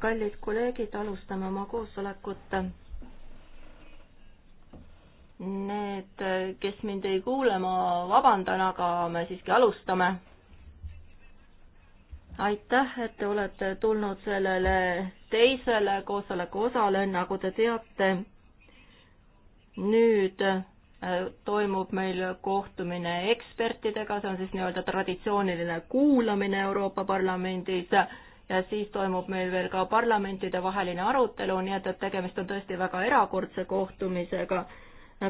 kallid kolleegid, alustame oma koosolekut. Need, kes mind ei kuule, ma vabandan, aga me siiski alustame. aitäh, et te olete tulnud sellele teisele koosoleku osale, nagu te teate. nüüd Äh, toimub meil kohtumine ekspertidega, see on siis nii-öelda traditsiooniline kuulamine Euroopa Parlamendis ja siis toimub meil veel ka parlamentidevaheline arutelu, nii et, et tegemist on tõesti väga erakordse kohtumisega.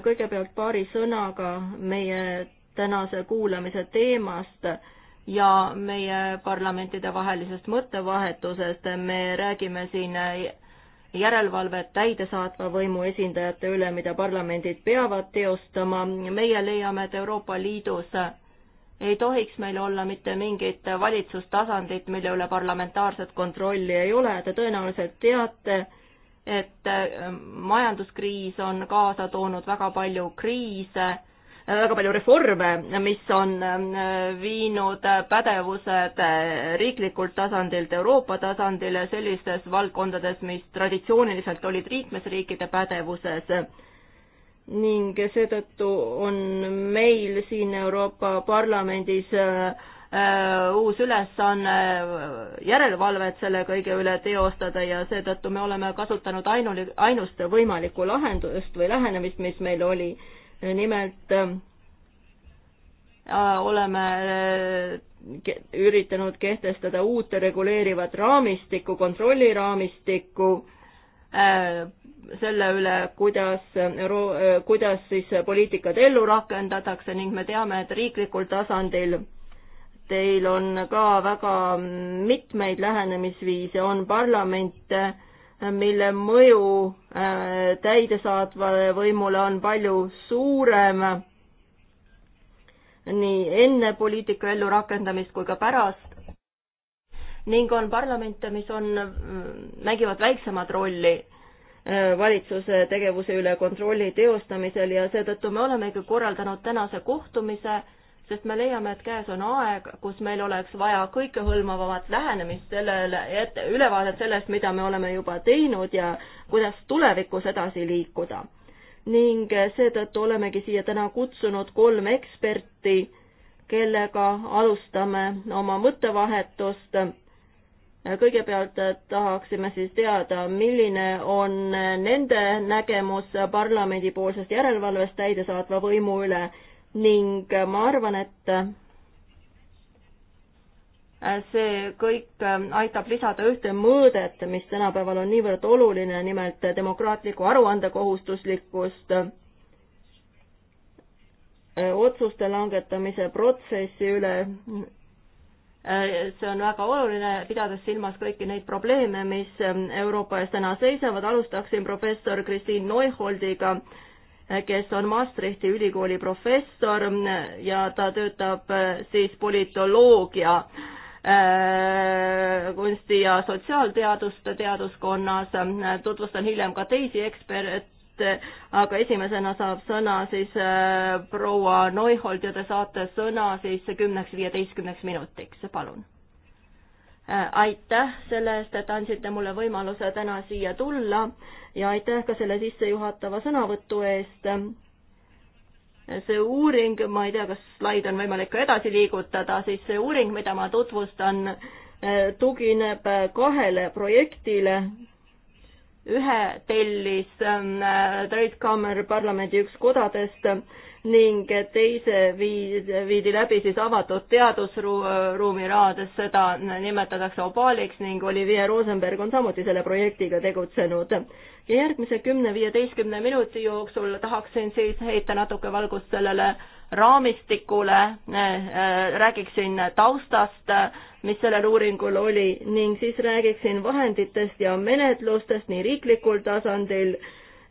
kõigepealt paari sõnaga meie tänase kuulamise teemast ja meie parlamentidevahelisest mõttevahetusest. me räägime siin järelevalvet täidesaatva võimu esindajate üle, mida parlamendid peavad teostama. meie leiame, et Euroopa Liidus ei tohiks meil olla mitte mingit valitsustasandit, mille üle parlamentaarset kontrolli ei ole. Te tõenäoliselt teate, et ähm, majanduskriis on kaasa toonud väga palju kriise väga palju reforme, mis on äh, viinud pädevused äh, riiklikult tasandilt Euroopa tasandile sellistes valdkondades, mis traditsiooniliselt olid liikmesriikide pädevuses ning seetõttu on meil siin Euroopa Parlamendis äh, uus ülesanne järelevalvet selle kõige üle teostada ja seetõttu me oleme kasutanud ainul-, ainust võimalikku lahendust või lähenemist, mis meil oli nimelt äh, oleme äh, üritanud kehtestada uut reguleerivat raamistikku, kontrolliraamistikku äh, selle üle, kuidas, kuidas siis poliitikat ellu rakendatakse ning me teame, et riiklikul tasandil teil on ka väga mitmeid lähenemisviise, on parlament, mille mõju äh, täidesaatvale võimule on palju suurem nii enne poliitika ellurakendamist kui ka pärast ning on parlamente, mis on, mm, mängivad väiksemat rolli äh, valitsuse tegevuse üle kontrolli teostamisel ja seetõttu me olemegi korraldanud tänase kohtumise sest me leiame, et käes on aeg, kus meil oleks vaja kõikehõlmavamat lähenemist sellele, et ülevaadet sellest, mida me oleme juba teinud ja kuidas tulevikus edasi liikuda. ning seetõttu olemegi siia täna kutsunud kolm eksperti, kellega alustame oma mõttevahetust. kõigepealt tahaksime siis teada, milline on nende nägemus parlamendipoolsest järelevalvest täidesaatva võimu üle ning ma arvan, et äh, see kõik äh, aitab lisada ühte mõõdet, mis tänapäeval on niivõrd oluline, nimelt demokraatlikku aruandekohustuslikkust, äh, otsuste langetamise protsessi üle. see on väga oluline, pidades silmas kõiki neid probleeme, mis Euroopa ees täna seisavad. alustaksin professor Kristiin Neuholdiga kes on Maastrichti ülikooli professor ja ta töötab äh, siis politoloogia äh, kunsti- ja sotsiaalteaduste teaduskonnas, tutvustan hiljem ka teisi eksperte, aga esimesena saab sõna siis äh, proua Neuhold ja te saate sõna siis kümneks-viieteistkümneks minutiks, palun. Äh, aitäh selle eest, et andsite mulle võimaluse täna siia tulla ja aitäh ka selle sissejuhatava sõnavõtu eest. see uuring, ma ei tea, kas slaid on võimalik ka edasi liigutada, siis see uuring, mida ma tutvustan, äh, tugineb kahele projektile. ühe tellis ähm, äh, Trade Camera parlamendi üks kodadest ning teise viis, viidi läbi siis avatud teadusruumi raades, seda nimetatakse Obaaliks ning Olivier Rosenberg on samuti selle projektiga tegutsenud. ja järgmise kümne-viieteistkümne minuti jooksul tahaksin siis heita natuke valgust sellele raamistikule, äh, räägiksin taustast, mis sellel uuringul oli ning siis räägiksin vahenditest ja menetlustest nii riiklikul tasandil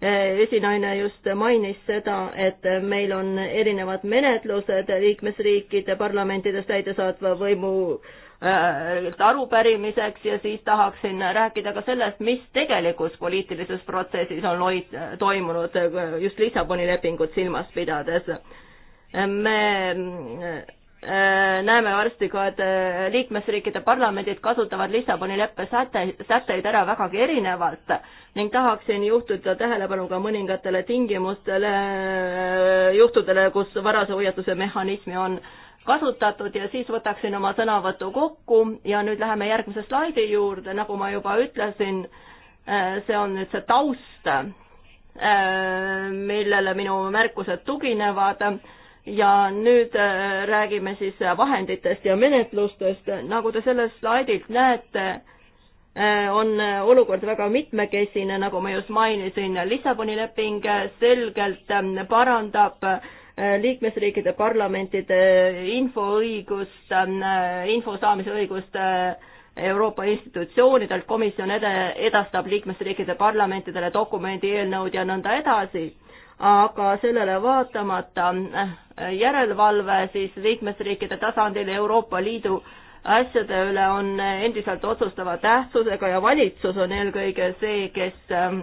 Eh, esinaine just mainis seda, et meil on erinevad menetlused liikmesriikide parlamentides täidesaatva võimu eh, arupärimiseks ja siis tahaksin rääkida ka sellest, mis tegelikus poliitilises protsessis on loid, toimunud just Lissaboni lepingut silmas pidades. Eh, me näeme varsti ka, et liikmesriikide parlamendid kasutavad Lissaboni leppe säte, sätteid ära vägagi erinevalt ning tahaksin juhtida tähelepanu ka mõningatele tingimustele, juhtudele, kus varase hoiatuse mehhanismi on kasutatud ja siis võtaksin oma sõnavõtu kokku ja nüüd läheme järgmise slaidi juurde, nagu ma juba ütlesin, see on nüüd see taust, millele minu märkused tuginevad ja nüüd räägime siis vahenditest ja menetlustest, nagu te sellest slaidilt näete, Äh, on äh, olukord väga mitmekesine, nagu ma just mainisin, Lissaboni leping äh, selgelt ähm, parandab liikmesriikide parlamentide infoõigust, ähm, info saamise õigust Euroopa institutsioonidelt, komisjon ede-, edastab liikmesriikide parlamentidele dokumendi eelnõud ja nõnda edasi, aga sellele vaatamata järelevalve siis liikmesriikide tasandil Euroopa Liidu äh, asjade üle on endiselt otsustava tähtsusega ja valitsus on eelkõige see, kes ähm,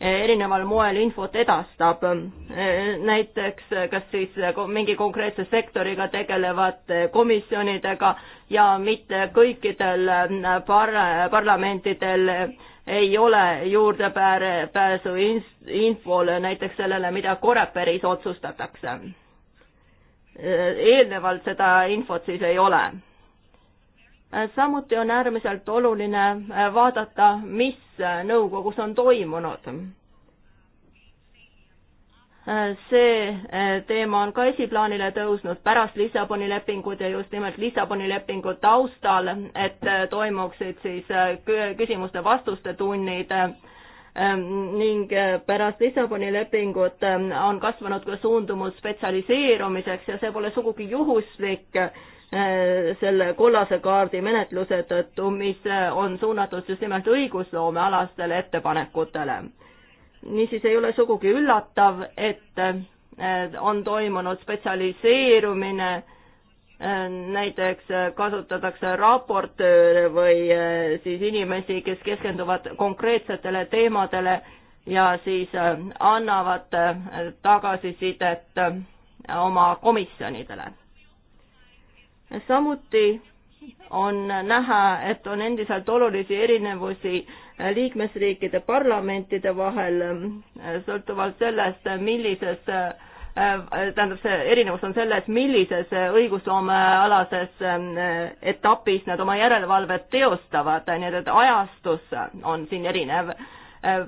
erineval moel infot edastab. Äh, näiteks kas siis mingi konkreetse sektoriga tegelevate komisjonidega ja mitte kõikidel ähm, par-, parlamentidel ei ole juurdepääsu infole, näiteks sellele, mida Koreperis otsustatakse. Äh, eelnevalt seda infot siis ei ole Äh, samuti on äärmiselt oluline äh, vaadata, mis äh, nõukogus on toimunud. see teema on ka esiplaanile tõusnud pärast Lissaboni lepingut ja just nimelt Lissaboni lepingu taustal, et toimuksid siis küsimuste-vastuste tunnid ähm, ning pärast Lissaboni lepingut on kasvanud ka suundumus spetsialiseerumiseks ja see pole sugugi juhuslik Äh, selle kollase kaardi menetluse tõttu, mis äh, on suunatud just nimelt õigusloomealastele ettepanekutele. niisiis ei ole sugugi üllatav, et äh, on toimunud spetsialiseerumine näiteks kasutatakse raportööre või siis inimesi, kes keskenduvad konkreetsetele teemadele ja siis annavad tagasisidet oma komisjonidele samuti on näha, et on endiselt olulisi erinevusi liikmesriikide parlamentide vahel, sõltuvalt sellest, millises, tähendab, see erinevus on selles, millises õigusloomealases etapis nad oma järelevalvet teostavad, nii et ajastus on siin erinev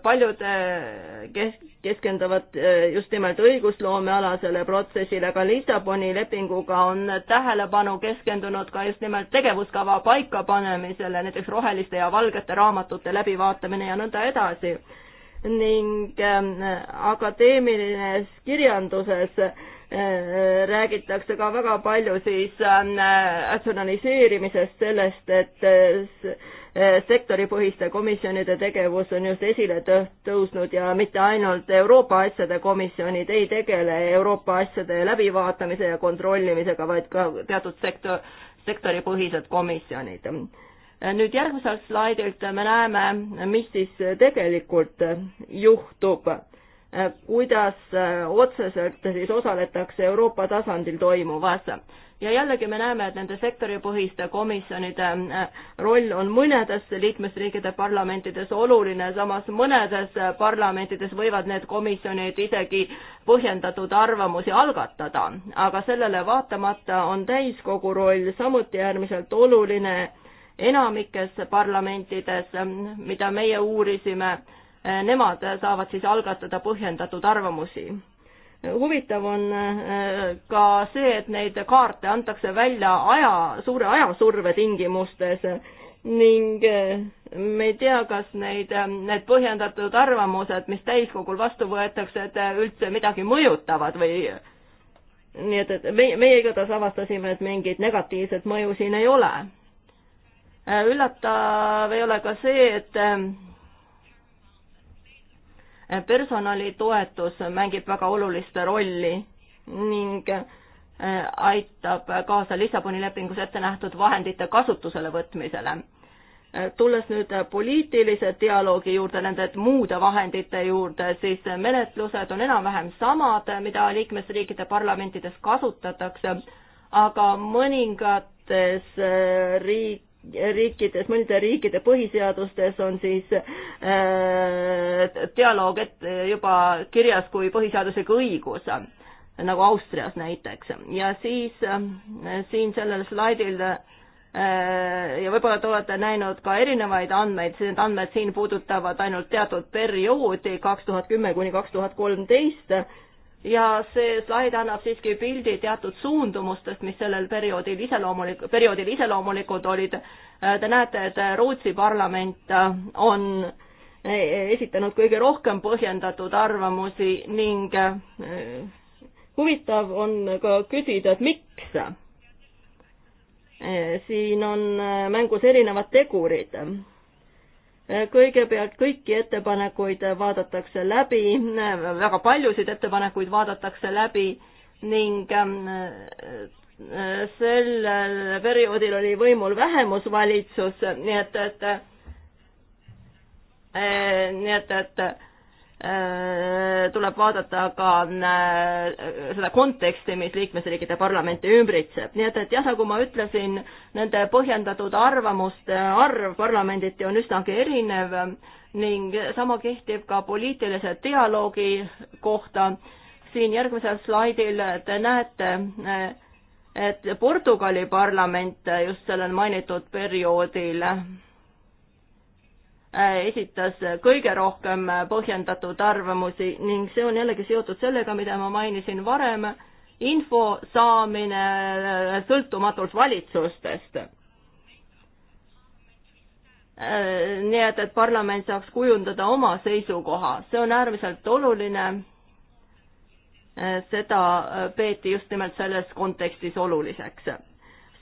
paljud kesk, keskenduvad eh, just nimelt õigusloomealasele protsessile, aga Lissaboni lepinguga on tähelepanu keskendunud ka just nimelt tegevuskava paikapanemisele, näiteks roheliste ja valgete raamatute läbivaatamine ja nõnda edasi. ning eh, akadeemilises kirjanduses eh, räägitakse ka väga palju siis äh, ratsionaliseerimisest, sellest, et äh, Äh, sektoripõhiste komisjonide tegevus on just esile tõusnud ja mitte ainult Euroopa asjade komisjonid ei tegele Euroopa asjade läbivaatamise ja kontrollimisega, vaid ka teatud sektor, sektoripõhised komisjonid. Äh, nüüd järgmiselt slaidilt me näeme, mis siis tegelikult juhtub kuidas äh, otseselt siis osaletakse Euroopa tasandil toimuvas. ja jällegi me näeme, et nende sektoripõhiste komisjonide äh, roll on mõnedes liikmesriikide parlamentides oluline, samas mõnedes parlamentides võivad need komisjonid isegi põhjendatud arvamusi algatada, aga sellele vaatamata on täiskogu roll samuti äärmiselt oluline enamikes parlamentides, äh, mida meie uurisime Äh, nemad saavad siis algatada põhjendatud arvamusi. huvitav on äh, ka see, et neid kaarte antakse välja aja, suure ajasurve tingimustes ning äh, me ei tea, kas neid, need põhjendatud arvamused, mis täiskogul vastu võetakse, et üldse midagi mõjutavad või nii et, et meie, meie igatahes avastasime, et mingit negatiivset mõju siin ei ole. üllatav ei ole ka see, et personalitoetus mängib väga olulist rolli ning äh, aitab kaasa Lissaboni lepingus ette nähtud vahendite kasutusele võtmisele. Äh, tulles nüüd poliitilise dialoogi juurde, nende muude vahendite juurde, siis menetlused on enam-vähem samad, mida liikmesriikide parlamentides kasutatakse, aga mõningates äh, riik-, riikides, mõnede riikide põhiseadustes on siis äh, dialoog et äh, juba kirjas kui põhiseaduslik õigus, nagu Austrias näiteks. ja siis äh, siin sellel slaidil ja võib-olla te olete näinud ka erinevaid andmeid, need andmed siin puudutavad ainult teatud perioodi, kaks tuhat kümme kuni kaks tuhat kolmteist, ja see slaid annab siiski pildi teatud suundumustest, mis sellel perioodil iseloomulik, perioodil iseloomulikud olid. Äh, te näete, et Rootsi parlament äh, on äh, esitanud kõige rohkem põhjendatud arvamusi ning huvitav on ka küsida, et miks. siin on mängus erinevad tegurid kõigepealt kõiki ettepanekuid vaadatakse läbi, väga paljusid ettepanekuid vaadatakse läbi ning ähm, sellel perioodil oli võimul vähemusvalitsus, nii et, et nii et, et Äh, tuleb vaadata ka äh, seda konteksti, mis liikmesriikide parlamente ümbritseb. nii et, et jah, nagu ma ütlesin, nende põhjendatud arvamuste arv parlamenditi on üsnagi erinev ning sama kehtib ka poliitilise dialoogi kohta. siin järgmisel slaidil te näete, äh, et Portugali parlament just sellel mainitud perioodil Äh, esitas kõige rohkem põhjendatud arvamusi ning see on jällegi seotud sellega, mida ma mainisin varem, info saamine äh, sõltumatult valitsustest. Äh, nii et, et parlament saaks kujundada oma seisukoha, see on äärmiselt oluline. seda peeti just nimelt selles kontekstis oluliseks.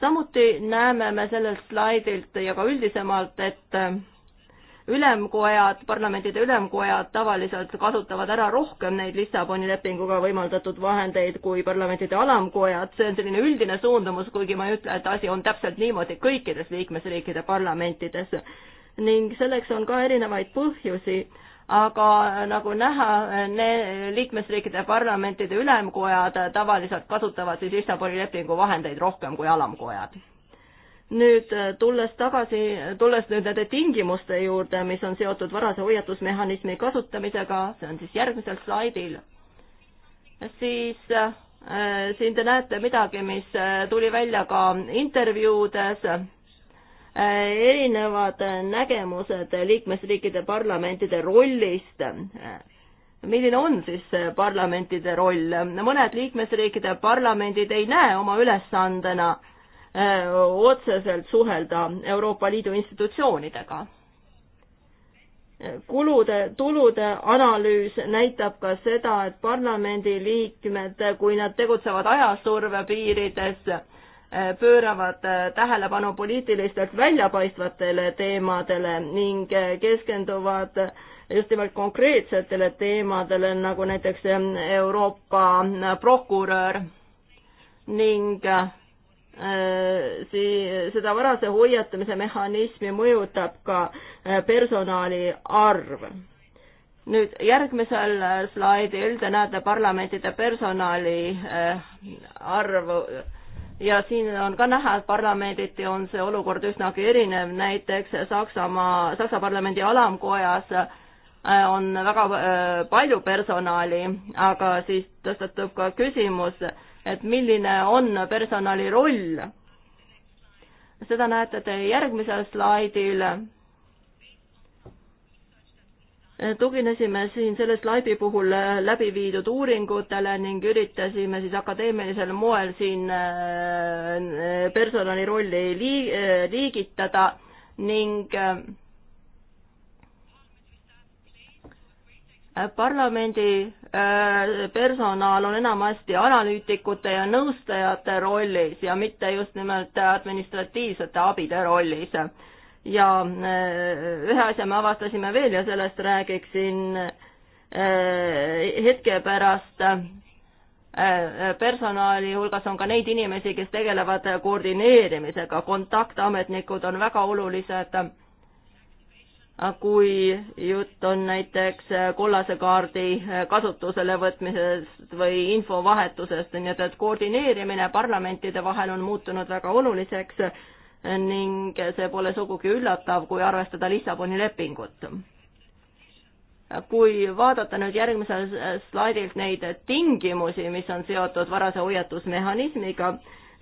samuti näeme me sellelt slaidilt ja ka üldisemalt, et ülemkojad, parlamendide ülemkojad tavaliselt kasutavad ära rohkem neid Lissaboni lepinguga võimaldatud vahendeid kui parlamentide alamkojad, see on selline üldine suundumus, kuigi ma ei ütle, et asi on täpselt niimoodi kõikides liikmesriikide parlamentides. ning selleks on ka erinevaid põhjusi, aga nagu näha, liikmesriikide parlamentide ülemkojad tavaliselt kasutavad siis Lissaboni lepingu vahendeid rohkem kui alamkojad nüüd äh, tulles tagasi, tulles nüüd nende tingimuste juurde, mis on seotud varase hoiatusmehhanismi kasutamisega, see on siis järgmisel slaidil, siis äh, siin te näete midagi, mis äh, tuli välja ka intervjuudes äh,, erinevad nägemused liikmesriikide parlamentide rollist äh, milline on siis parlamentide roll? mõned liikmesriikide parlamendid ei näe oma ülesandena äh, Äh, otseselt suhelda Euroopa Liidu institutsioonidega. kulude, tulude analüüs näitab ka seda, et parlamendiliikmed, kui nad tegutsevad ajasurve piirides, äh, pööravad äh, tähelepanu poliitilistelt väljapaistvatele teemadele ning keskenduvad just nimelt konkreetsetele teemadele, nagu näiteks Euroopa prokurör ning Äh, sii-, seda varase hoiatamise mehhanismi mõjutab ka äh, personali arv. nüüd järgmisel äh, slaidil te näete parlamentide personali arvu ja siin on ka näha, et parlamenditi on see olukord üsnagi erinev, näiteks Saksamaa, Saksa parlamendi alamkojas on väga palju personali, aga siis tõstatub ka küsimus, et milline on personali roll. seda näete te järgmisel slaidil. tuginesime siin selle slaidi puhul läbi viidud uuringutele ning üritasime siis akadeemilisel moel siin äh, personali rolli äh, liigitada ning äh, parlamendi äh, personal on enamasti analüütikute ja nõustajate rollis ja mitte just nimelt administratiivsete abide rollis. ja äh, ühe asja me avastasime veel ja sellest räägiksin äh, hetke pärast. personali hulgas on ka neid inimesi, kes tegelevad koordineerimisega, kontaktametnikud on väga olulised Ah, kui jutt on näiteks eh, kollase kaardi eh, kasutusele võtmisest või infovahetusest, nii et, et koordineerimine parlamentide vahel on muutunud väga oluliseks eh, ning see pole sugugi üllatav, kui arvestada Lissaboni lepingut. Ah, kui vaadata nüüd järgmisel slaidilt neid tingimusi, mis on seotud varase hoiatusmehhanismiga,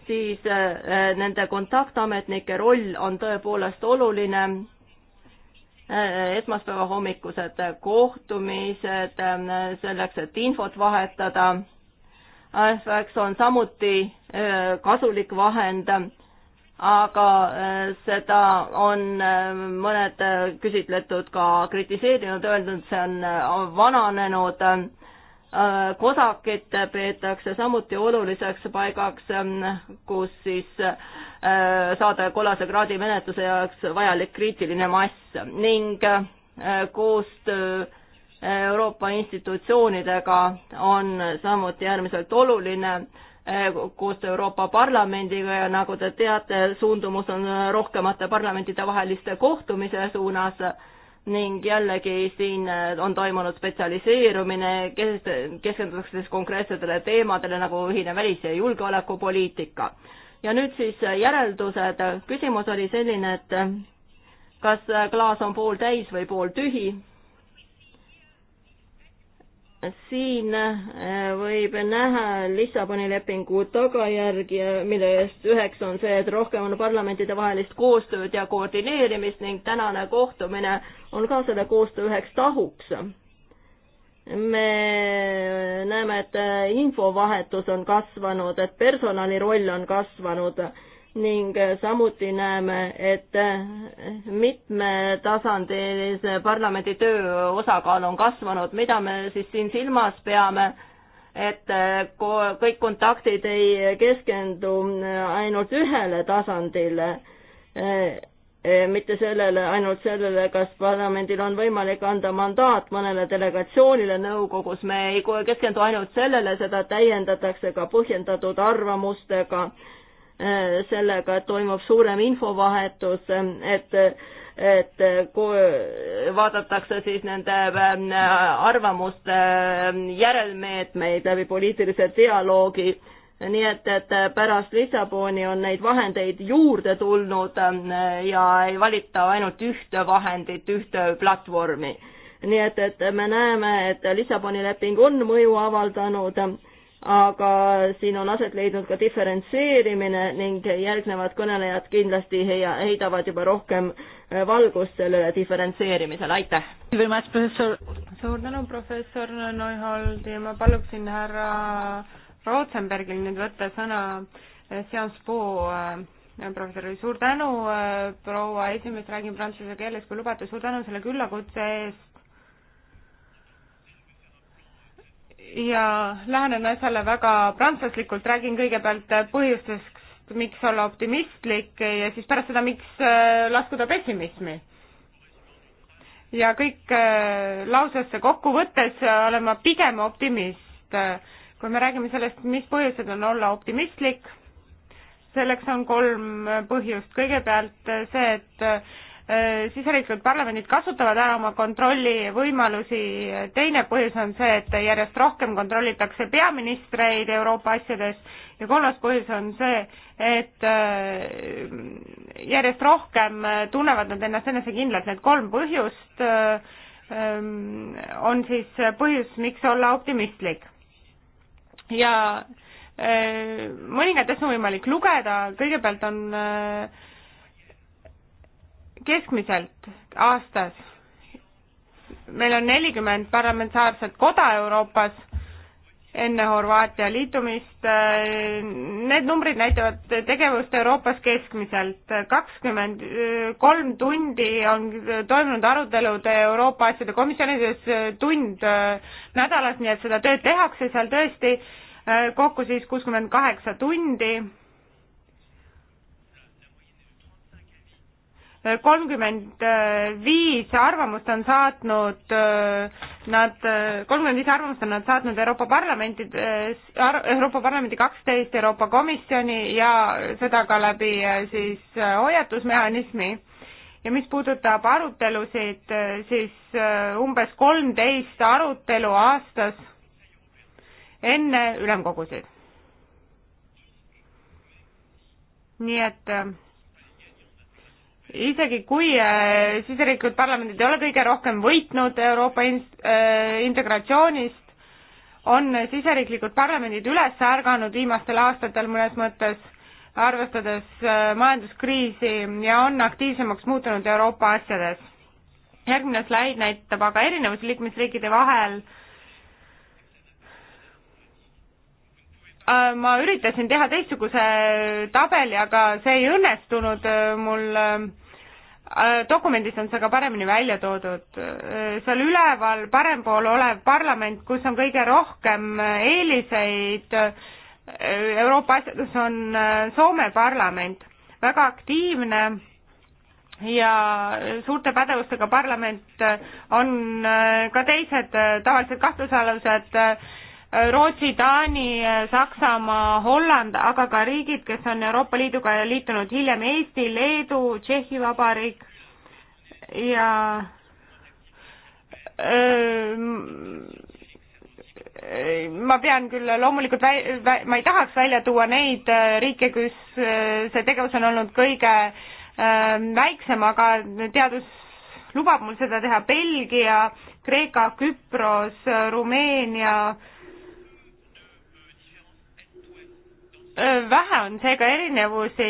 siis nende kontaktametnike roll on tõepoolest oluline esmaspäeva hommikused kohtumised ähm, selleks, et infot vahetada. AFX on samuti äh, kasulik vahend, aga äh, seda on äh, mõned küsitletud ka kritiseerinud, öelnud, see on vananenud Kodakit peetakse samuti oluliseks paigaks, ähm, kus siis äh, saada kollase kraadi menetluse jaoks vajalik kriitiline mass ning äh, koostöö äh, Euroopa institutsioonidega on samuti äärmiselt oluline koostöö Euroopa Parlamendiga ja nagu te teate, suundumus on rohkemate parlamentide vaheliste kohtumise suunas ning jällegi siin äh, on toimunud spetsialiseerumine, keskendutakse siis konkreetsetele teemadele nagu ühine välis- ja julgeolekupoliitika. ja nüüd siis äh, järeldused, küsimus oli selline, et äh, kas klaas on pooltäis või pooltühi siin äh, võib näha Lissaboni lepingu tagajärgi, äh, mille eest üheks on see, et rohkem on parlamentidevahelist koostööd ja koordineerimist ning tänane kohtumine on ka selle koostöö üheks tahuks. me näeme, et äh, infovahetus on kasvanud, et personali roll on kasvanud ning samuti näeme, et mitmetasandilise parlamendi töö osakaal on kasvanud, mida me siis siin silmas peame, et kõik kontaktid ei keskendu ainult ühele tasandile, e, mitte sellele, ainult sellele, kas parlamendil on võimalik anda mandaat mõnele delegatsioonile nõukogus, me ei keskendu ainult sellele, seda täiendatakse ka põhjendatud arvamustega Äh, sellega, et toimub suurem infovahetus, et et vaadatakse siis nende äh, arvamuste äh, järelmeetmeid läbi poliitilise dialoogi, nii et, et pärast Lissaboni on neid vahendeid juurde tulnud ja ei valita ainult ühte vahendit, ühte platvormi. nii et, et me näeme, et Lissaboni leping on mõju avaldanud aga siin on aset leidnud ka diferentseerimine ning järgnevad kõnelejad kindlasti heidavad juba rohkem äh, valgust sellele diferentseerimisele, aitäh! suur tänu, professor Neuhold ja ma paluksin härra Rotsenbergil nüüd võtta sõna, äh, äh, professor, suur tänu, proua esimees, räägin prantsuse keeles, kui lubate, suur tänu selle küllakutse eest ja lähenen asjale väga prantslaslikult, räägin kõigepealt põhjustest, miks olla optimistlik ja siis pärast seda, miks äh, laskuda pessimismi. ja kõik äh, lausesse kokku võttes äh, olen ma pigem optimist. kui me räägime sellest, mis põhjused on olla optimistlik, selleks on kolm põhjust. kõigepealt see, et Äh, siseriiklikud parlamendid kasutavad ära oma kontrollivõimalusi, teine põhjus on see, et järjest rohkem kontrollitakse peaministreid Euroopa asjades ja kolmas põhjus on see, et äh, järjest rohkem tunnevad nad ennast enesekindlalt, need kolm põhjust äh, ähm, on siis põhjus, miks olla optimistlik. ja mõningatest on võimalik lugeda, kõigepealt on äh, keskmiselt aastas. meil on nelikümmend parlamentaarset koda Euroopas enne Horvaatia liitumist. Need numbrid näitavad tegevust Euroopas keskmiselt. kakskümmend kolm tundi on toimunud arutelud Euroopa asjade komisjonides, tund nädalas, nii et seda tööd tehakse seal tõesti kokku siis kuuskümmend kaheksa tundi kolmkümmend viis arvamust on saatnud äh, nad, äh, kolmkümmend viis arvamust on nad saatnud Euroopa Parlamenti, Euroopa Parlamendi kaksteist Euroopa Komisjoni ja seda ka läbi äh, siis hoiatusmehhanismi. ja mis puudutab arutelusid, siis umbes kolmteist arutelu aastas enne ülemkogusid. nii et isegi kui äh, siseriiklikud parlamendid ei ole kõige rohkem võitnud Euroopa inst, äh, integratsioonist, on siseriiklikud parlamendid üles ärganud viimastel aastatel mõnes mõttes, arvestades äh, majanduskriisi ja on aktiivsemaks muutunud Euroopa asjades. järgmine slaid näitab aga erinevusi liikmesriikide vahel äh, Äh, ma üritasin teha teistsuguse tabeli, aga see ei õnnestunud äh, mul. Äh, dokumendis on see ka paremini välja toodud. seal üleval parempool olev parlament, kus on kõige rohkem eeliseid Euroopa asjades, on Soome parlament, väga aktiivne ja suurte pädevustega parlament on ka teised tavaliselt kahtlusalused äh, Rootsi, Taani, Saksamaa, Holland, aga ka riigid, kes on Euroopa Liiduga liitunud hiljem, Eesti, Leedu, Tšehhi Vabariik ja ma pean küll loomulikult vä-, vä-, ma ei tahaks välja tuua neid äh, riike, kus äh, see tegevus on olnud kõige äh, väiksem, aga teadus lubab mul seda teha, Belgia, Kreeka, Küpros, Rumeenia äh,, vähe on seega erinevusi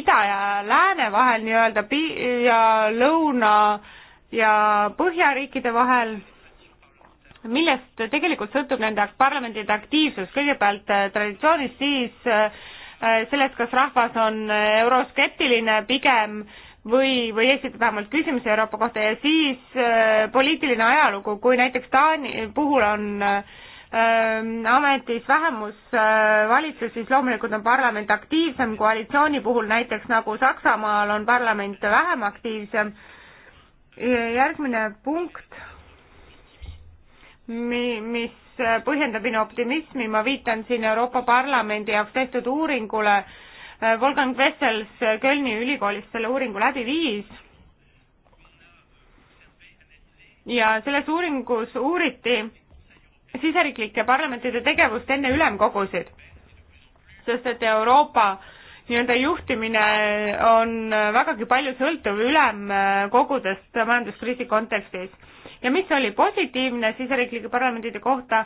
ida ja lääne vahel nii-öelda pi- ja lõuna ja põhjariikide vahel, millest tegelikult sõltub nende parlamendide aktiivsus, kõigepealt traditsioonist, siis sellest, kas rahvas on euroskeptiline pigem või, või esitab vähemalt küsimusi Euroopa kohta ja siis poliitiline ajalugu, kui näiteks Taani puhul on äh, Ehm, ametis vähemusvalitsus, äh, siis loomulikult on parlament aktiivsem koalitsiooni puhul, näiteks nagu Saksamaal on parlament vähem aktiivsem. järgmine punkt, mis äh, põhjendab minu optimismi, ma viitan siin Euroopa Parlamendi jaoks tehtud uuringule, äh, Wolfgang Wessels Kölni ülikoolist selle uuringu läbi viis ja selles uuringus uuriti siseriiklike parlamentide tegevust enne ülemkogusid, sest et Euroopa nii-öelda juhtimine on vägagi palju sõltuv ülemkogudest majanduskriisi kontekstis. ja mis oli positiivne siseriiklike parlamendide kohta,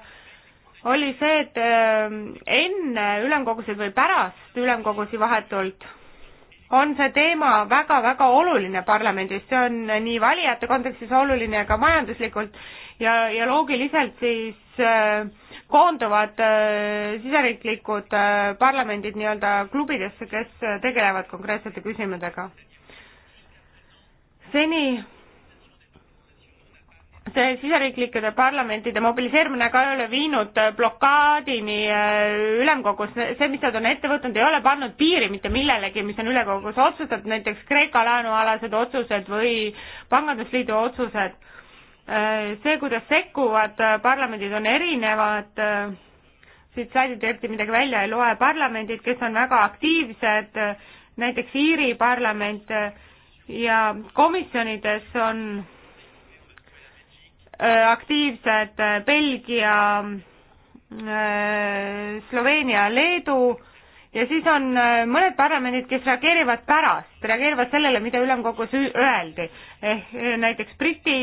oli see, et äh, enne ülemkogusid või pärast ülemkogusi vahetult on see teema väga-väga oluline parlamendis, see on nii valijate kontekstis oluline ka majanduslikult ja, ja loogiliselt siis Äh, koonduvad äh, siseriiklikud äh, parlamendid nii-öelda klubidesse, kes tegelevad konkreetsete küsimusega. seni see siseriiklikede parlamentide mobiliseerimine ka ei ole viinud blokaadini ülemkogus, see, mis nad on ette võtnud, ei ole pannud piiri mitte millelegi, mis on ülekogus otsustatud, näiteks Kreeka laenualased otsused või pangandusliidu otsused Äh, see, kuidas sekkuvad äh, parlamendid, on erinevad, äh, siit slaidilt eriti midagi välja ei loe, parlamendid, kes on väga aktiivsed, näiteks Iiri parlament ja komisjonides on aktiivsed Belgia, Sloveenia, Leedu ja siis on äh, mõned parlamendid, kes reageerivad pärast, reageerivad sellele, mida ülemkogus öeldi. ehk äh, näiteks Briti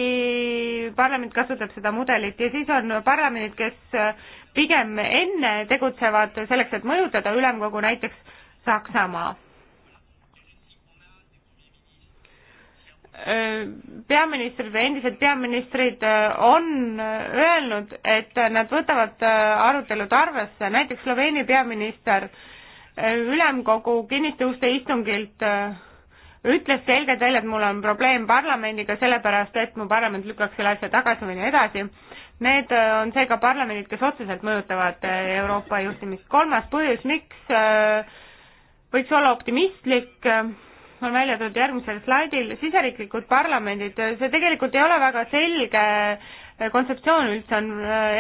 parlament kasutab seda mudelit ja siis on parlamendid, kes äh, pigem enne tegutsevad selleks, et mõjutada ülemkogu, näiteks Saksamaa. peaministrid või endised peaministrid on öelnud, et nad võtavad arutelud arvesse, näiteks Sloveenia peaminister äh, ülemkogu kinnituste istungilt äh, ütles selgelt välja, et mul on probleem parlamendiga, sellepärast et mu parlament lükkaks selle asja tagasi või nii edasi. Need äh, on seega parlamendid, kes otseselt mõjutavad äh, Euroopa juhtimist. kolmas põhjus, miks võiks olla optimistlik, on välja toodud järgmisel slaidil, siseriiklikud parlamendid, see tegelikult ei ole väga selge kontseptsioon üldse, on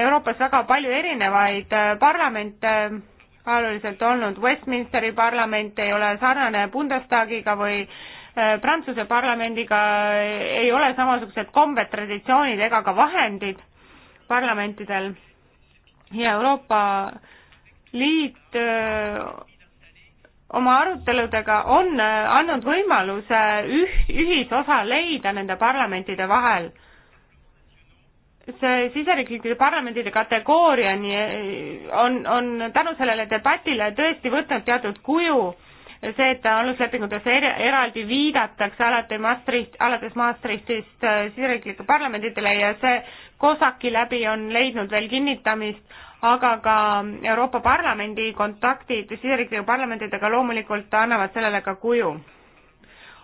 Euroopas väga palju erinevaid parlamente ajalooliselt olnud. Westminsteri parlament ei ole sarnane Bundestagiga või äh, Prantsuse parlamendiga ei ole samasugused kombed, traditsioonid ega ka vahendid parlamentidel ja Euroopa Liit öö, äh, oma aruteludega on äh, andnud võimaluse üh-, ühisosa leida nende parlamentide vahel see siseriiklike parlamendide kategooria on, on tänu sellele debatile tõesti võtnud teatud kuju, see, et aluslepingutes er-, eraldi viidatakse alati Maastricht, alates Maastrichtist äh, siseriiklike parlamendidele ja see COSAC-i läbi on leidnud veel kinnitamist, aga ka Euroopa Parlamendi kontaktid siseriiklike parlamentidega loomulikult annavad sellele ka kuju.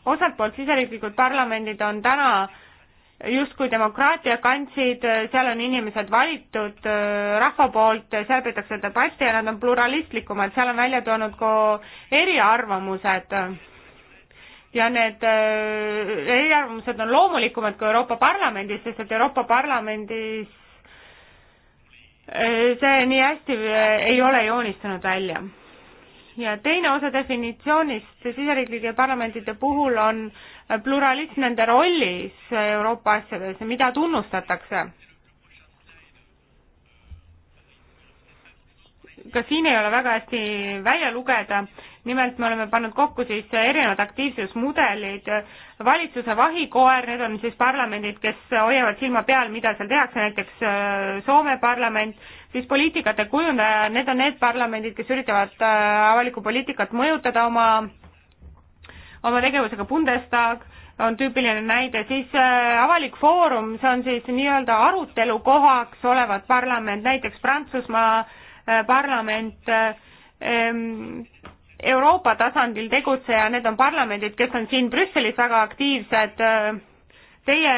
osalt poolt siseriiklikud parlamendid on täna äh, justkui demokraatia kantsid, seal on inimesed valitud äh, rahva poolt, seal peetakse debatti ja nad on pluralistlikumad, seal on välja toonud ka eriarvamused. ja need äh, eriarvamused on loomulikumad kui Euroopa Parlamendis, sest et Euroopa Parlamendis äh, see nii hästi ei ole joonistunud välja. ja teine osa definitsioonist siseriiklike parlamentide puhul on äh, pluralism nende rollis Euroopa asjades, mida tunnustatakse. ka siin ei ole väga hästi välja lugeda, nimelt me oleme pannud kokku siis erinevad aktiivsusmudelid, valitsuse vahikoer, need on siis parlamendid, kes hoiavad silma peal, mida seal tehakse, näiteks äh, Soome parlament, siis poliitikate kujundaja, need on need parlamendid, kes üritavad äh, avalikku poliitikat mõjutada oma oma tegevusega Bundestag on tüüpiline näide, siis äh, avalik foorum, see on siis nii-öelda arutelu kohaks olevat parlament, näiteks Prantsusmaa äh, parlament, äh, Euroopa tasandil tegutseja, need on parlamendid, kes on siin Brüsselis väga aktiivsed, teie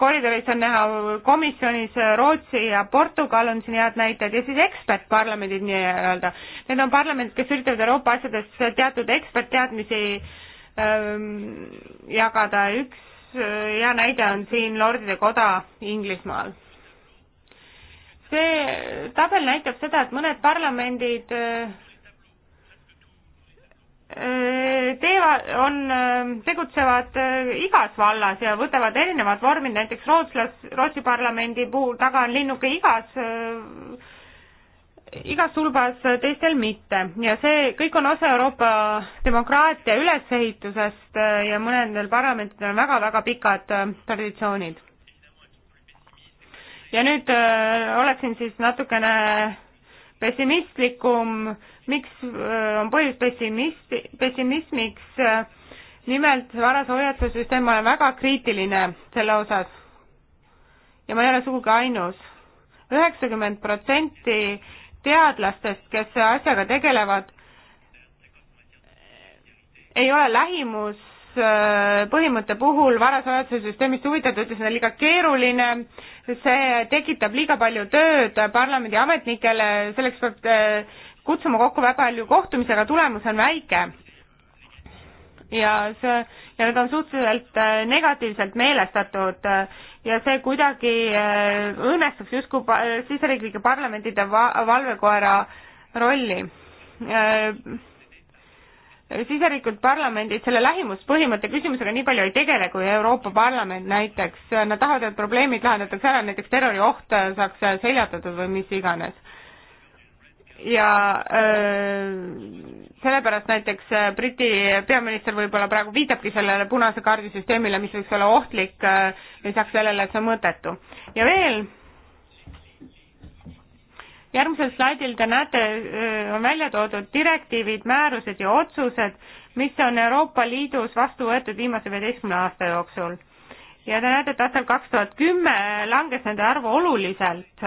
koridoris on näha komisjonis Rootsi ja Portugal on siin head näited ja siis ekspertparlamendid nii-öelda. Need on parlamendid, kes üritavad Euroopa asjades teatud ekspertteadmisi ähm, jagada. üks äh, hea näide on siin Lordide Koda Inglismaal. see tabel näitab seda, et mõned parlamendid äh, Äh, teevad, on, äh, tegutsevad äh, igas vallas ja võtavad erinevad vormid, näiteks rootslas, Rootsi parlamendi puhul taga on linnuke igas, igas tulbas, teistel mitte. ja see kõik on osa Euroopa demokraatia ülesehitusest ja mõnedel parlamentidel on väga-väga pikad traditsioonid. ja nüüd öö, oleksin siis natukene pessimistlikum, miks äh, on põhjus pessimist, pessimismiks, äh, nimelt varase hoiatussüsteem, ma olen väga kriitiline selle osas ja ma ei ole sugugi ainus. üheksakümmend protsenti teadlastest, kes asjaga tegelevad, ei ole lähimus Äh, põhimõtte puhul varasajatuse süsteemist huvitatud, ütles, et see on liiga keeruline, see tekitab liiga palju tööd parlamendi ametnikele, selleks peab äh, kutsuma kokku väga palju kohtumisi, aga tulemus on väike. ja see, ja need on suhteliselt äh, negatiivselt meelestatud ja see kuidagi õõnestaks justkui siseriiklike parlamentide valvekoera rolli siseriiklikud parlamendid selle lähimuspõhimõtte küsimusega nii palju ei tegele kui Euroopa Parlament näiteks. Nad tahavad, et probleemid lahendatakse ära, näiteks terrorioht saaks seljatatud või mis iganes. ja öö, äh, sellepärast näiteks äh, Briti peaminister võib-olla praegu viitabki sellele punase kaardi süsteemile, mis võiks olla ohtlik lisaks äh, sellele, et see on mõttetu. ja veel järgmisel slaidil te näete, on välja toodud direktiivid, määrused ja otsused, mis on Euroopa Liidus vastu võetud viimase viieteistkümne aasta jooksul. ja te näete, et aastal kaks tuhat kümme langes nende arv oluliselt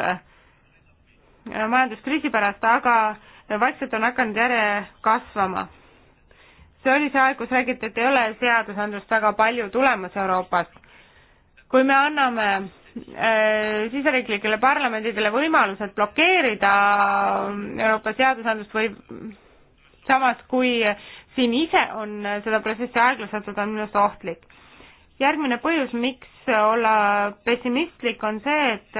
majanduskriisi pärast, aga vaikselt on hakanud järje kasvama. see oli see aeg, kus räägiti, et ei ole seadusandlust väga palju tulemas Euroopast. kui me anname Äh, siseriiklikele parlamendidele võimalused blokeerida Euroopa seadusandlust või samas, kui siin ise on seda protsessi aeglustatud, on minu arust ohtlik. järgmine põhjus, miks olla pessimistlik, on see, et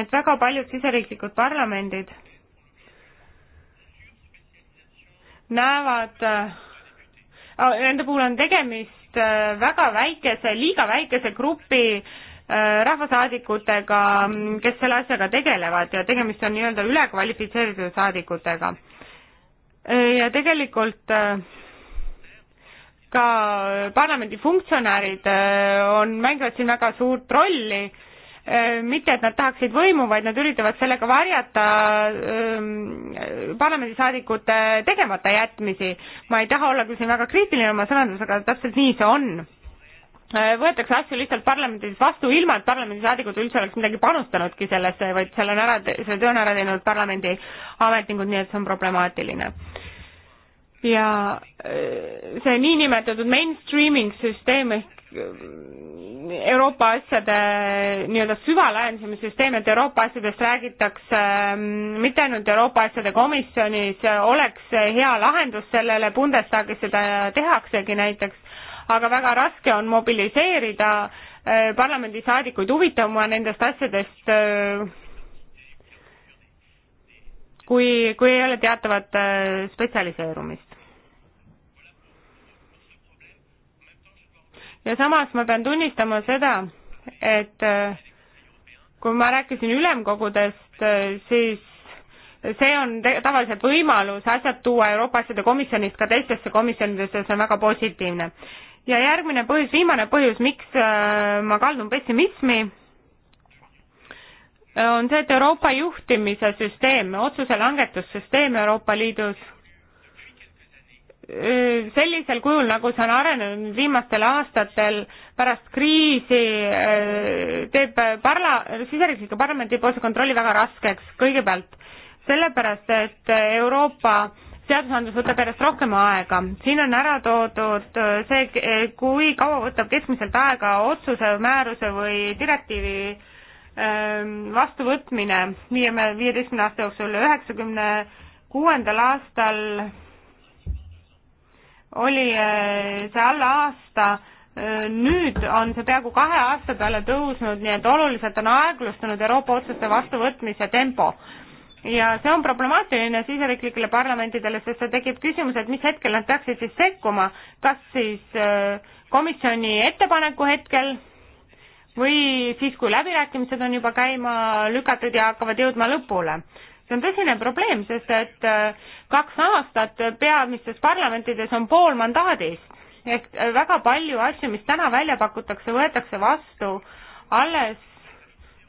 et väga paljud siseriiklikud parlamendid näevad äh, Äh, nende puhul on tegemist äh, väga väikese, liiga väikese grupi äh, rahvasaadikutega, mm, kes selle asjaga tegelevad ja tegemist on nii-öelda ülekvalifitseeritud saadikutega. ja tegelikult ka parlamendi funktsionäärid on, mängivad siin väga suurt rolli Äh, mitte, et nad tahaksid võimu, vaid nad üritavad sellega varjata ähm, parlamendisaadikute tegemata jätmisi. ma ei taha olla küll siin väga kriitiline oma sõnades, aga täpselt nii see on. Äh, võetakse asju lihtsalt parlamendis vastu, ilma et parlamendisaadikud üldse oleks midagi panustanudki sellesse, vaid seal on ära, selle töö on ära teinud parlamendi ametnikud, nii et see on problemaatiline ja äh, see niinimetatud mainstreaming süsteem ehk Euroopa asjade nii-öelda süvaläänemisest teeme, et Euroopa asjadest räägitakse ähm, mitte ainult Euroopa asjade komisjonis, äh, oleks hea lahendus sellele, Bundestagis seda tehaksegi näiteks, aga väga raske on mobiliseerida äh, parlamendisaadikuid huvitama nendest asjadest, äh, kui, kui ei ole teatavat spetsialiseerumist. ja samas ma pean tunnistama seda, et äh, kui ma rääkisin ülemkogudest, äh, siis see on tavaliselt võimalus asjad tuua Euroopa asjade komisjonist ka teistesse komisjonidesse, see on väga positiivne. ja järgmine põhjus, viimane põhjus, miks äh, ma kaldun pessimismi, on see, et Euroopa juhtimise süsteem, otsuse langetussüsteem Euroopa Liidus sellisel kujul, nagu see on arenenud viimastel aastatel pärast kriisi, teeb parla-, siseriikliku parlamendi poolse kontrolli väga raskeks kõigepealt sellepärast, et Euroopa seadusandlus võtab järjest rohkem aega. siin on ära toodud see, kui kaua võtab keskmiselt aega otsuse, määruse või direktiivi ähm, vastuvõtmine viie, viieteistkümne aasta jooksul, üheksakümne kuuendal aastal oli eh, see alla aasta, eh, nüüd on see peaaegu kahe aasta peale tõusnud, nii et oluliselt on aeglustunud Euroopa otsuste vastuvõtmise tempo. ja see on problemaatiline siseriiklikele parlamentidele, sest see tekib küsimus, et mis hetkel nad peaksid siis sekkuma, kas siis eh, komisjoni ettepaneku hetkel või siis, kui läbirääkimised on juba käima lükatud ja hakkavad jõudma lõpule see on tõsine probleem, sest et äh, kaks aastat peamistes parlamentides on pool mandaadist ehk äh, väga palju asju, mis täna välja pakutakse, võetakse vastu alles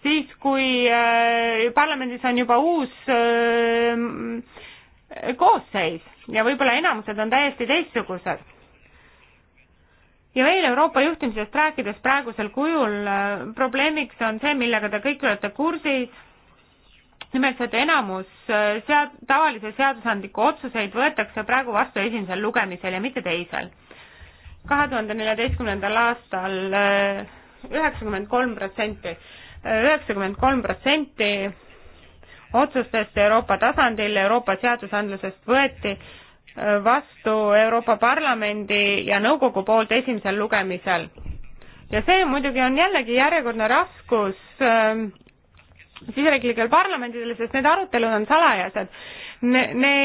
siis, kui äh, parlamendis on juba uus koosseis ja võib-olla enamused on täiesti teistsugused. ja veel Euroopa juhtimisest rääkides praegusel kujul probleemiks on see, millega te kõik olete kursis nimelt, et enamus äh, sead-, tavalise seadusandliku otsuseid võetakse praegu vastu esimesel lugemisel ja mitte teisel. kahe tuhande neljateistkümnendal aastal äh, üheksakümmend kolm protsenti, äh, üheksakümmend kolm protsenti otsustest Euroopa tasandil, Euroopa seadusandlusest võeti vastu Euroopa Parlamendi ja Nõukogu poolt esimesel lugemisel. ja see muidugi on jällegi järjekordne raskus äh, siseriiklikel parlamentidel, sest need arutelud on salajased ne,. Ne,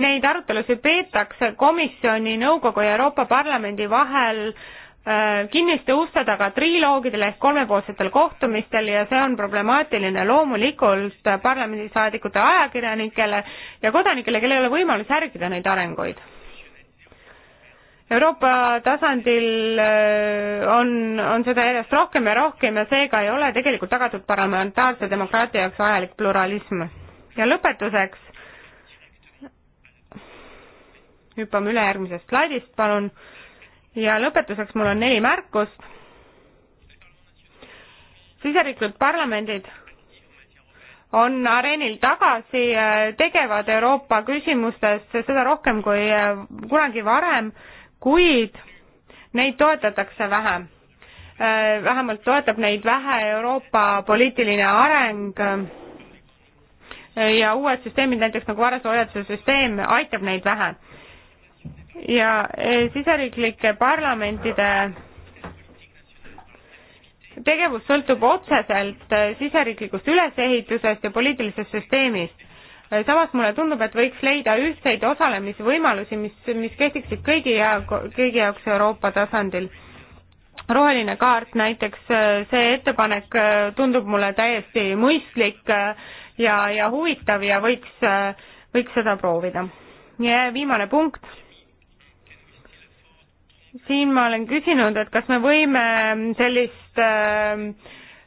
neid arutelusid peetakse komisjoni, nõukogu ja Euroopa Parlamendi vahel äh, kinniste uste taga triloogidel ehk kolmepoolsetel kohtumistel ja see on problemaatiline loomulikult parlamendisaadikute ajakirjanikele ja kodanikele, kellel ei ole võimalus järgida neid arenguid Euroopa tasandil äh, on, on seda järjest rohkem ja rohkem ja seega ei ole tegelikult tagatud parlamentaarse demokraatia jaoks vajalik pluralism. ja lõpetuseks hüppame üle järgmisest slaidist, palun. ja lõpetuseks mul on neli märkust. siseriiklikud parlamendid on areenil tagasi, äh, tegevad Euroopa küsimustes seda rohkem kui äh, kunagi varem kuid neid toetatakse vähe. Äh, vähemalt toetab neid vähe Euroopa poliitiline areng äh, ja uued süsteemid, näiteks nagu varase hoiatuse süsteem, aitab neid vähe. ja äh, siseriiklike parlamentide tegevus sõltub otseselt siseriiklikust ülesehitusest ja poliitilisest süsteemist. Äh, samas mulle tundub, et võiks leida ühtseid osalemisvõimalusi, mis, mis kehtiksid kõigi ja kõigi jaoks Euroopa tasandil. roheline kaart näiteks, äh, see ettepanek äh, tundub mulle täiesti mõistlik ja, ja huvitav ja võiks, võiks seda proovida. ja viimane punkt. siin ma olen küsinud, et kas me võime sellist äh,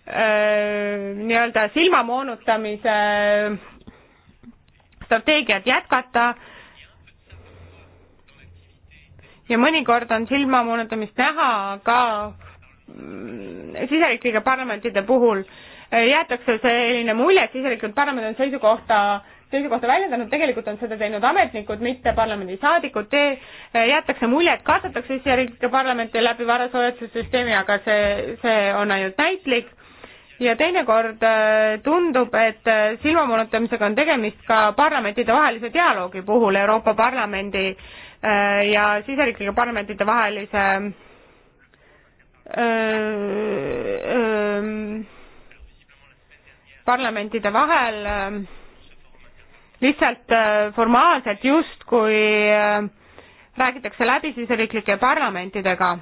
äh, nii-öelda silmamoonutamise äh, strateegiat jätkata ja mõnikord on silmamoonutamist näha ka mm, siseriiklike parlamentide puhul eh, jäetakse selline mulje, et siseriiklikud parlamendid on seisukohta, seisukohta väljendanud, tegelikult on seda teinud ametnikud, mitte parlamendisaadikud, eh, jäetakse mulje, et kaasatakse siseriiklikke parlamente läbi varasoojatuse süsteemi, aga see, see on ainult näitlik ja teinekord äh, tundub, et äh, silmamoonutamisega on tegemist ka parlamentidevahelise dialoogi puhul Euroopa Parlamendi äh, ja siseriiklike parlamentide vahelise ähm, parlamentide vahel lihtsalt formaalselt justkui räägitakse läbi siseriiklike parlamentidega,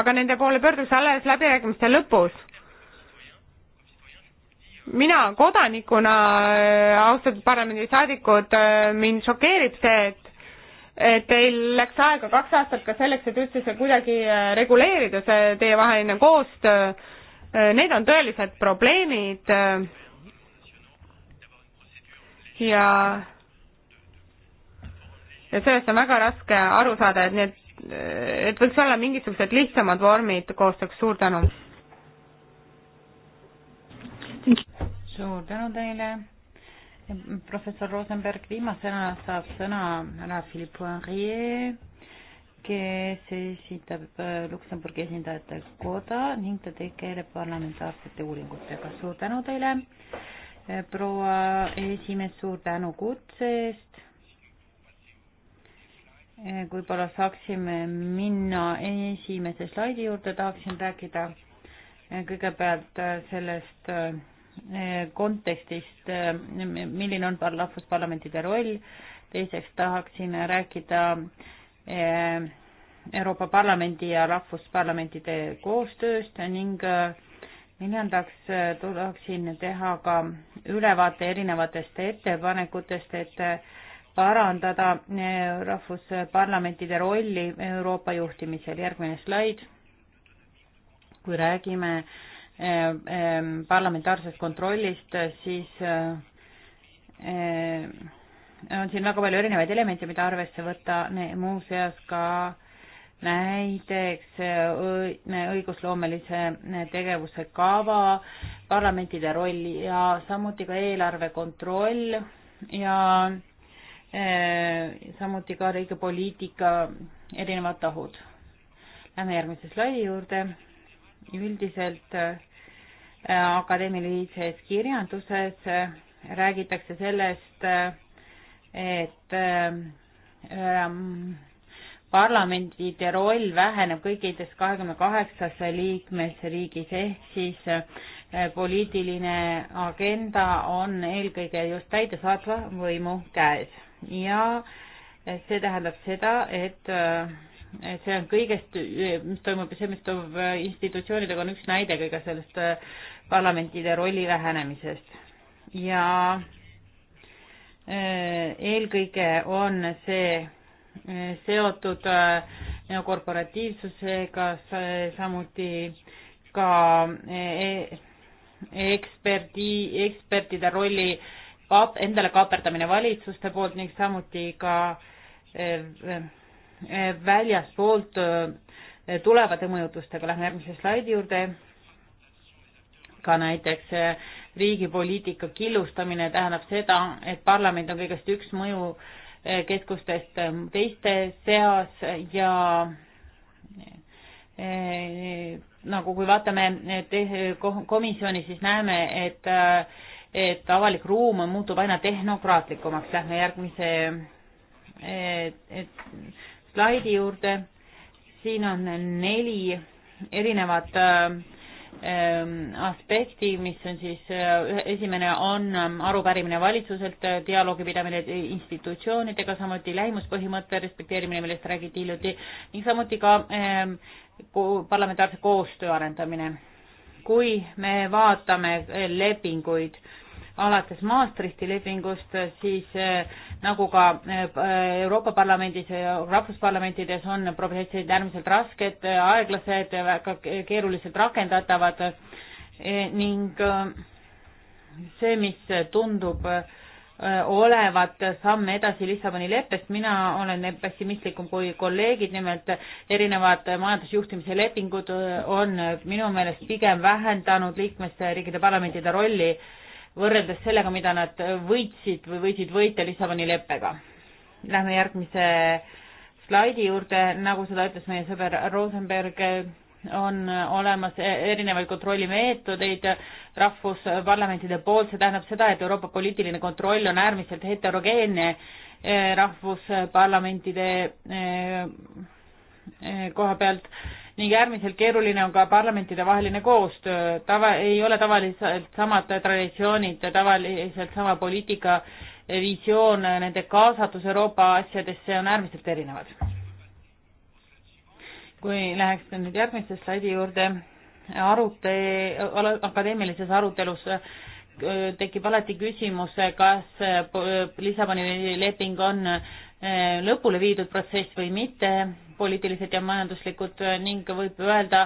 aga nende poole pöördutakse alles läbirääkimiste lõpus mina kodanikuna, äh, austatud parlamendisaadikud, äh, mind šokeerib see, et et teil läks aega kaks aastat ka selleks, et üldse see kuidagi äh, reguleerida, see teievaheline koostöö. Need on tõelised probleemid. ja, ja sellest on väga raske aru saada, et need, et võiks olla mingisugused lihtsamad vormid koostööks. suur tänu suur tänu teile. professor Rosenberg, viimasena saab sõna härra Philippe Poirier, kes esitab äh, Luksemburgi esindajate koda ning ta tegeleb parlamentaarsete uuringutega. suur tänu teile, äh, proua esimees, suur tänu kutse eest võib-olla äh, saaksime minna esimese slaidi juurde, tahaksin rääkida kõigepealt sellest Eh, kontekstist, eh, milline on rahvusparlamentide roll, teiseks tahaksin rääkida eh, Euroopa Parlamendi ja rahvusparlamentide koostööst ning neljandaks tahaksin teha ka ülevaate erinevatest ettepanekutest, et parandada rahvusparlamentide rolli Euroopa juhtimisel. järgmine slaid. kui räägime äh, Ehm, parlamentaarsest kontrollist, siis ehm, on siin väga palju erinevaid elemente, mida arvesse võtta, muuseas ka näiteks õigusloomelise tegevuse kava, parlamentide roll ja samuti ka eelarve kontroll ja ehm, samuti ka riigi poliitika erinevad tahud. Lähme järgmise slaidi juurde üldiselt äh, akadeemilises kirjanduses äh, räägitakse sellest, äh, et ähm, parlamendide roll väheneb kõikides kahekümne kaheksas liikmesriigis ehk siis poliitiline agenda on eelkõige just täidesaatva võimu käes ja see tähendab seda, et et see on kõigest, mis toimub, see, mis toimub äh, institutsioonidega, on üks näide kõige sellest äh, parlamentide rolli vähenemisest. ja äh, eelkõige on see seotud korporatiivsusega, samuti ka e-, eksperdi, ekspertide rolli kap-, endale kaaperdamine valitsuste poolt ning samuti ka väljaspoolt äh, tulevate mõjutustega. Lähme järgmise slaidi juurde. ka näiteks äh, riigi poliitika killustamine tähendab seda, et parlament on kõigest üks mõjukeskustest äh, teiste seas ja nagu kui vaatame komisjoni, siis näeme, et, et avalik ruum muutub aina tehnokraatlikumaks. Lähme järgmise et, et slaidi juurde. siin on neli erinevat ähm, aspekti, mis on siis, äh, esimene on ähm, arupärimine valitsuselt, äh, dialoogi pidamine institutsioonidega, samuti lähimuspõhimõtte respekteerimine, millest räägiti hiljuti, ning samuti ka ähm, parlamentaarse koostöö arendamine. kui me vaatame äh, lepinguid, alates Maastrichti lepingust, siis eh, nagu ka eh, Euroopa Parlamendis ja rahvusparlamentides on protsessid äärmiselt rasked, aeglased, väga keeruliselt rakendatavad eh, ning see, mis tundub olevat samm edasi Lissaboni leppest, mina olen pessimistlikum kui kolleegid, nimelt erinevad majandusjuhtimise lepingud on minu meelest pigem vähendanud liikmesriikide parlamentide rolli äh, võrreldes sellega, mida nad võitsid või võisid võita Lissaboni leppega. Lähme järgmise slaidi juurde, nagu seda ütles meie sõber Rosenberg, on olemas e- erinevaid kontrollimeetodeid rahvusparlamentide poolt, see tähendab seda, et Euroopa poliitiline kontroll on äärmiselt heterogeenne e, rahvusparlamentide e, koha pealt ning äärmiselt keeruline on ka parlamentidevaheline koostöö. tava, ei ole tavaliselt samad traditsioonid, tavaliselt sama poliitika visioon, nende kaasatus Euroopa asjadesse on äärmiselt erinevad. kui läheks nüüd järgmise slaidi juurde, arute-, akadeemilises arutelus tekib alati küsimus, kas Lissaboni leping on Eh, lõpule viidud protsess või mitte, poliitilised ja majanduslikud eh, ning võib öelda,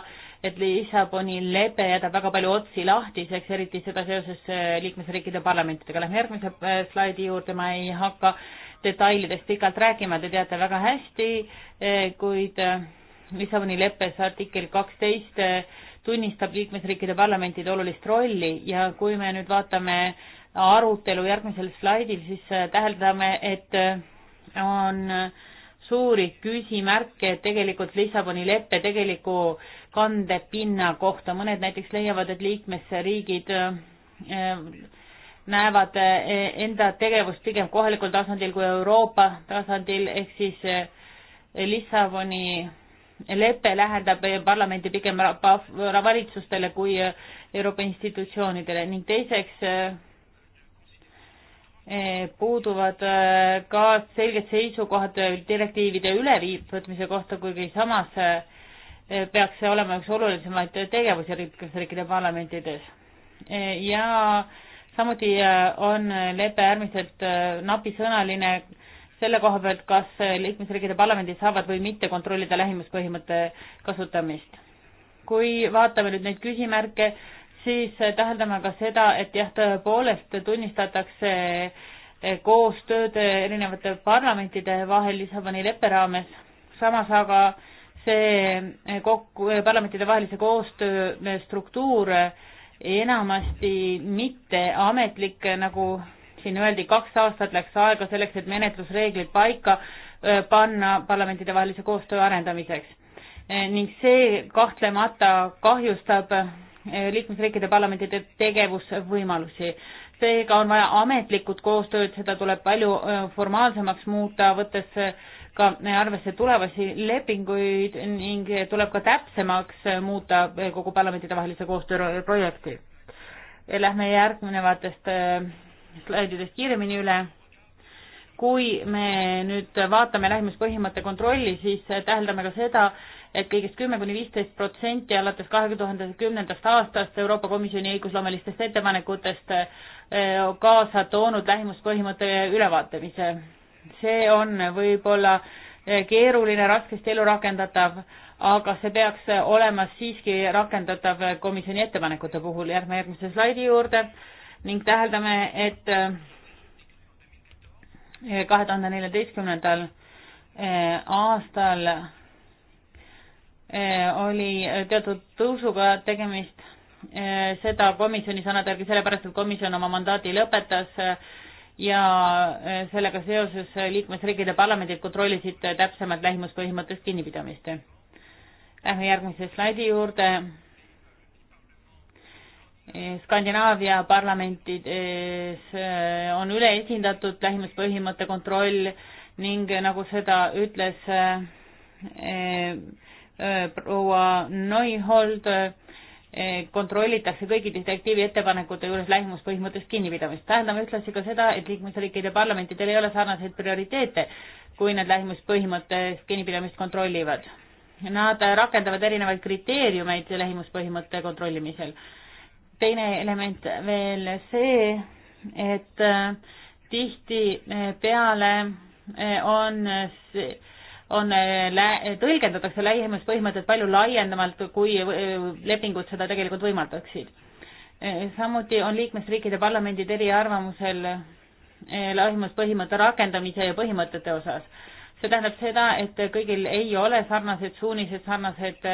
et Lissaboni lepe jätab väga palju otsi lahtiseks, eriti seda seoses eh, liikmesriikide parlamentidega. Lähme järgmise slaidi juurde, ma ei hakka detailidest pikalt rääkima, te teate väga hästi, kuid Lissaboni leppes artikkel kaksteist tunnistab liikmesriikide parlamentide olulist rolli ja kui me nüüd vaatame arutelu järgmisel slaidil, siis täheldame, et on suuri küsimärke tegelikult Lissaboni leppe tegeliku kandepinna kohta. mõned näiteks leiavad, et liikmesriigid äh, näevad äh, enda tegevust pigem kohalikul tasandil kui Euroopa tasandil, ehk siis äh, Lissaboni lepe lähendab parlamenti pigem valitsustele kui Euroopa institutsioonidele ning teiseks Eh, puuduvad eh, ka selged seisukohad eh, direktiivide ülevõtmise kohta, kuigi samas peaks see olema üks olulisemaid tegevusi liikmesriikide parlamentides. ja samuti on lepe äärmiselt napisõnaline selle koha pealt, kas liikmesriikide parlamendid saavad või mitte kontrollida lähimuspõhimõtte kasutamist. kui vaatame nüüd neid küsimärke, siis täheldame ka seda, et jah, tõepoolest tunnistatakse eh, koostööd eh, erinevate parlamentide vahel Lissaboni leppe raames, samas aga see eh, kokku, parlamentidevahelise koostöö struktuur enamasti mitteametlik, nagu siin öeldi, kaks aastat läks aega selleks, et menetlusreeglid paika panna parlamentidevahelise koostöö arendamiseks. ning see kahtlemata kahjustab liikmesriikide parlamentide tegevusvõimalusi. seega on vaja ametlikud koostööd, seda tuleb palju äh, formaalsemaks muuta, võttes äh, ka arvesse tulevasi lepinguid ning tuleb ka täpsemaks äh, muuta kogu parlamentidevahelise koostöö projekti. Lähme järgnevatest slaididest kiiremini üle kui me nüüd vaatame lähimuspõhimõtte kontrolli, siis täheldame ka seda, et kõigest kümme kuni viisteist protsenti alates kahe tuhande kümnendast aastast Euroopa Komisjoni õigusloomelistest ettepanekutest eh, kaasa toonud lähimuspõhimõtte ülevaatamise. see on võib-olla eh, keeruline, raskesti elu rakendatav, aga see peaks olema siiski rakendatav komisjoni ettepanekute puhul. Järgme järgmise slaidi juurde ning täheldame, et eh, kahe tuhande neljateistkümnendal aastal Eh, oli eh, teatud tõusuga tegemist, eh, seda komisjonis annatati sellepärast, et komisjon oma mandaadi lõpetas ja sellega seoses liikmesriikide parlamendid kontrollisid täpsemalt lähimuspõhimõttest kinnipidamist. Lähme järgmise slaidi juurde. Skandinaavia parlamentides on üleesindatud lähimuspõhimõtte kontroll ning nagu seda ütles eh, Äh, proua Neuhold äh, kontrollitakse kõigi direktiivi ettepanekute juures lähimuspõhimõttest kinnipidamist. tähendame ühtlasi ka seda, et liikmesriikide parlamentidel ei ole sarnaseid prioriteete, kui nad lähimuspõhimõttest kinnipidamist kontrollivad. Nad rakendavad erinevaid kriteeriumeid lähimuspõhimõtte kontrollimisel. teine element veel see, et äh, tihtipeale on see on, äh, tõlgendatakse lähimuspõhimõtet palju laiendamalt, kui äh, lepingud seda tegelikult võimaldaksid. Äh, samuti on liikmesriikide parlamendid eriarvamusel lähimuspõhimõtte rakendamise ja põhimõtete osas. see tähendab seda, et kõigil ei ole sarnased suunised, sarnased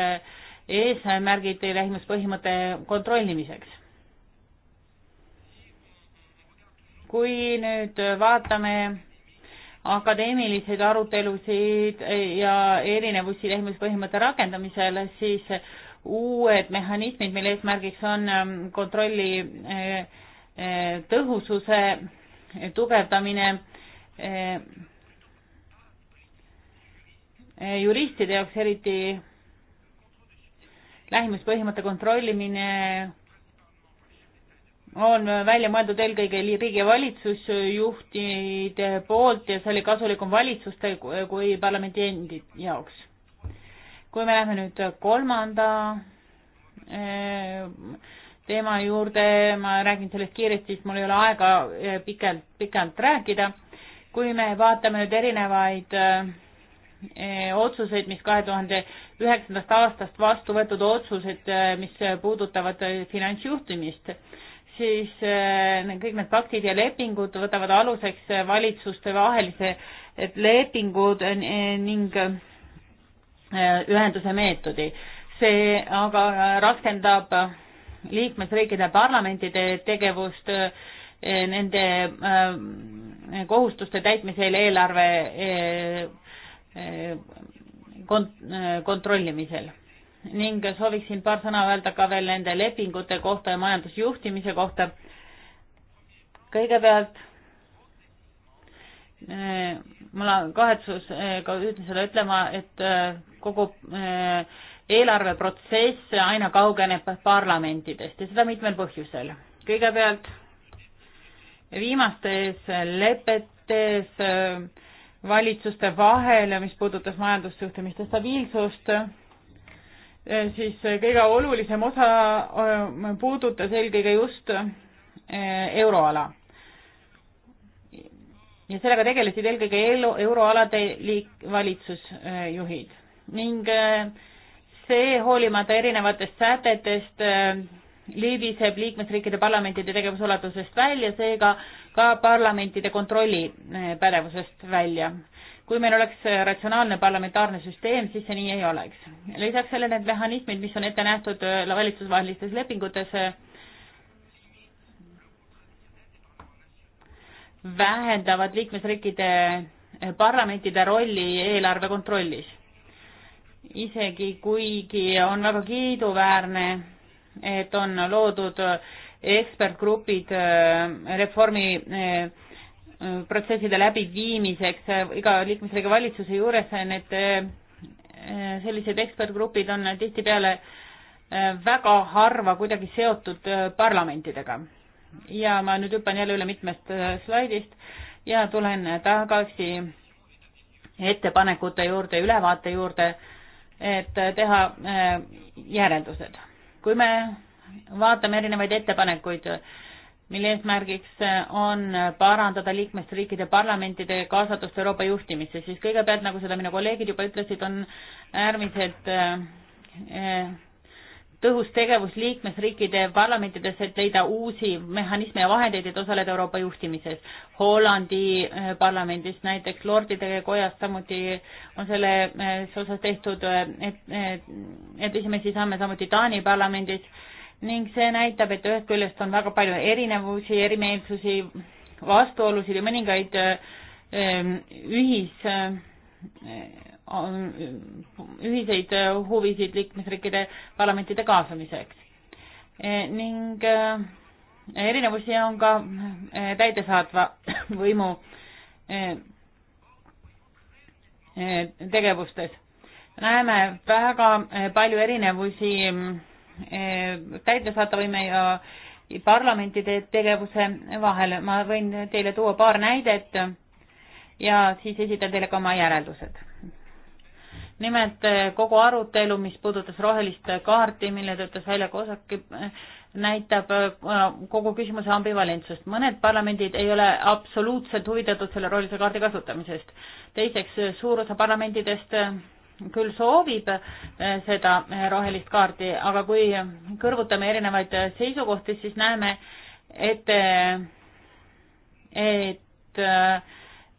eesmärgid lähimuspõhimõtte kontrollimiseks. kui nüüd vaatame akadeemiliseid arutelusid ja erinevusi lehmispõhimõtte rakendamisel, siis uued mehhanismid, mille eesmärgiks on ähm, kontrolli äh, äh, tõhususe tugevdamine äh, juristide jaoks eriti lähimuspõhimõtte kontrollimine on välja mõeldud eelkõige riigi valitsusjuhtide poolt ja see oli kasulikum valitsuste kui parlamendi endi jaoks. kui me läheme nüüd kolmanda eh, teema juurde, ma räägin sellest kiiresti, sest mul ei ole aega eh, pikalt, pikalt rääkida. kui me vaatame nüüd erinevaid eh, otsuseid, mis kahe tuhande üheksandast aastast vastu võetud otsused, mis puudutavad finantsjuhtimist siis äh, kõik need paktid ja lepingud võtavad aluseks äh, valitsuste vahelise lepingud äh, ning ühenduse meetodi. see aga raskendab liikmesriikide parlamentide tegevust nende kohustuste täitmisel eelarve kont-, kontrollimisel ning sooviksin paar sõna öelda ka veel nende lepingute kohta ja majandusjuhtimise kohta. kõigepealt eh, mul on kahetsus eh, ka üldisele ütlema, et eh, kogu eelarveprotsess aina kaugeneb parlamentidest ja seda mitmel põhjusel. kõigepealt viimastes lepetes valitsuste vahel, mis puudutas majandussuhtemiste stabiilsust, Äh, siis äh, kõige olulisem osa äh, puudutas eelkõige just euroala. ja sellega tegelesid eelkõige euroalade liik-, valitsusjuhid ning see hoolimata erinevatest sätetest libiseb liikmesriikide parlamentide tegevusulatusest välja, seega ka parlamentide kontrolli pädevusest välja kui meil oleks ratsionaalne parlamentaarne süsteem, siis see nii ei oleks. lisaks sellele need mehhanismid, mis on ette nähtud äh, valitsusvahelistes lepingutes, äh, vähendavad liikmesriikide äh, parlamentide rolli eelarve kontrollis. isegi kuigi on väga kiiduväärne, et on loodud ekspertgrupid reformi protsesside läbiviimiseks äh, iga liikmesriigi valitsuse juures, äh, need äh, sellised ekspertgrupid on tihtipeale väga harva kuidagi seotud parlamentidega. ja ma nüüd hüppan jälle üle mitmest slaidist ja tulen tagasi ettepanekute juurde, ülevaate juurde, et teha järeldused. kui me vaatame erinevaid ettepanekuid, mille eesmärgiks äh, on parandada liikmesriikide parlamentide kaasatust Euroopa juhtimisse, siis kõigepealt, nagu seda minu kolleegid juba ütlesid, on äärmiselt äh, äh, tõhus tegevus liikmesriikide parlamentides, et leida uusi mehhanisme ja vahendeid, et osaleda Euroopa juhtimises. Hollandi parlamendis näiteks, Lordide kojas samuti on selles osas tehtud et, et, et esimesi samme, samuti Taani parlamendis ning see näitab, et ühest küljest on väga palju erinevusi, erimeelsusi, vastuolusid ja mõningaid ähm, ühis, äh, ühiseid äh, huvisid liikmesriikide parlamentide kaasamiseks. Äh, ning erinevusi on ka täidesaatva võimu tegevustes. näeme väga palju erinevusi mm, Eh, täidesaatva võime ja parlamentide tegevuse vahel. ma võin teile tuua paar näidet ja siis esitan teile ka oma järeldused. nimelt eh, kogu arutelu, mis puudutas rohelist kaarti, mille töötas välja Kosaki, eh, näitab kogu küsimuse ambivalentsust. mõned parlamendid ei ole absoluutselt huvitatud selle rohelise kaardi kasutamisest. teiseks, suur osa parlamentidest küll soovib eh, seda eh, rohelist kaarti, aga kui kõrvutame erinevaid seisukohti, siis näeme, et, eh, et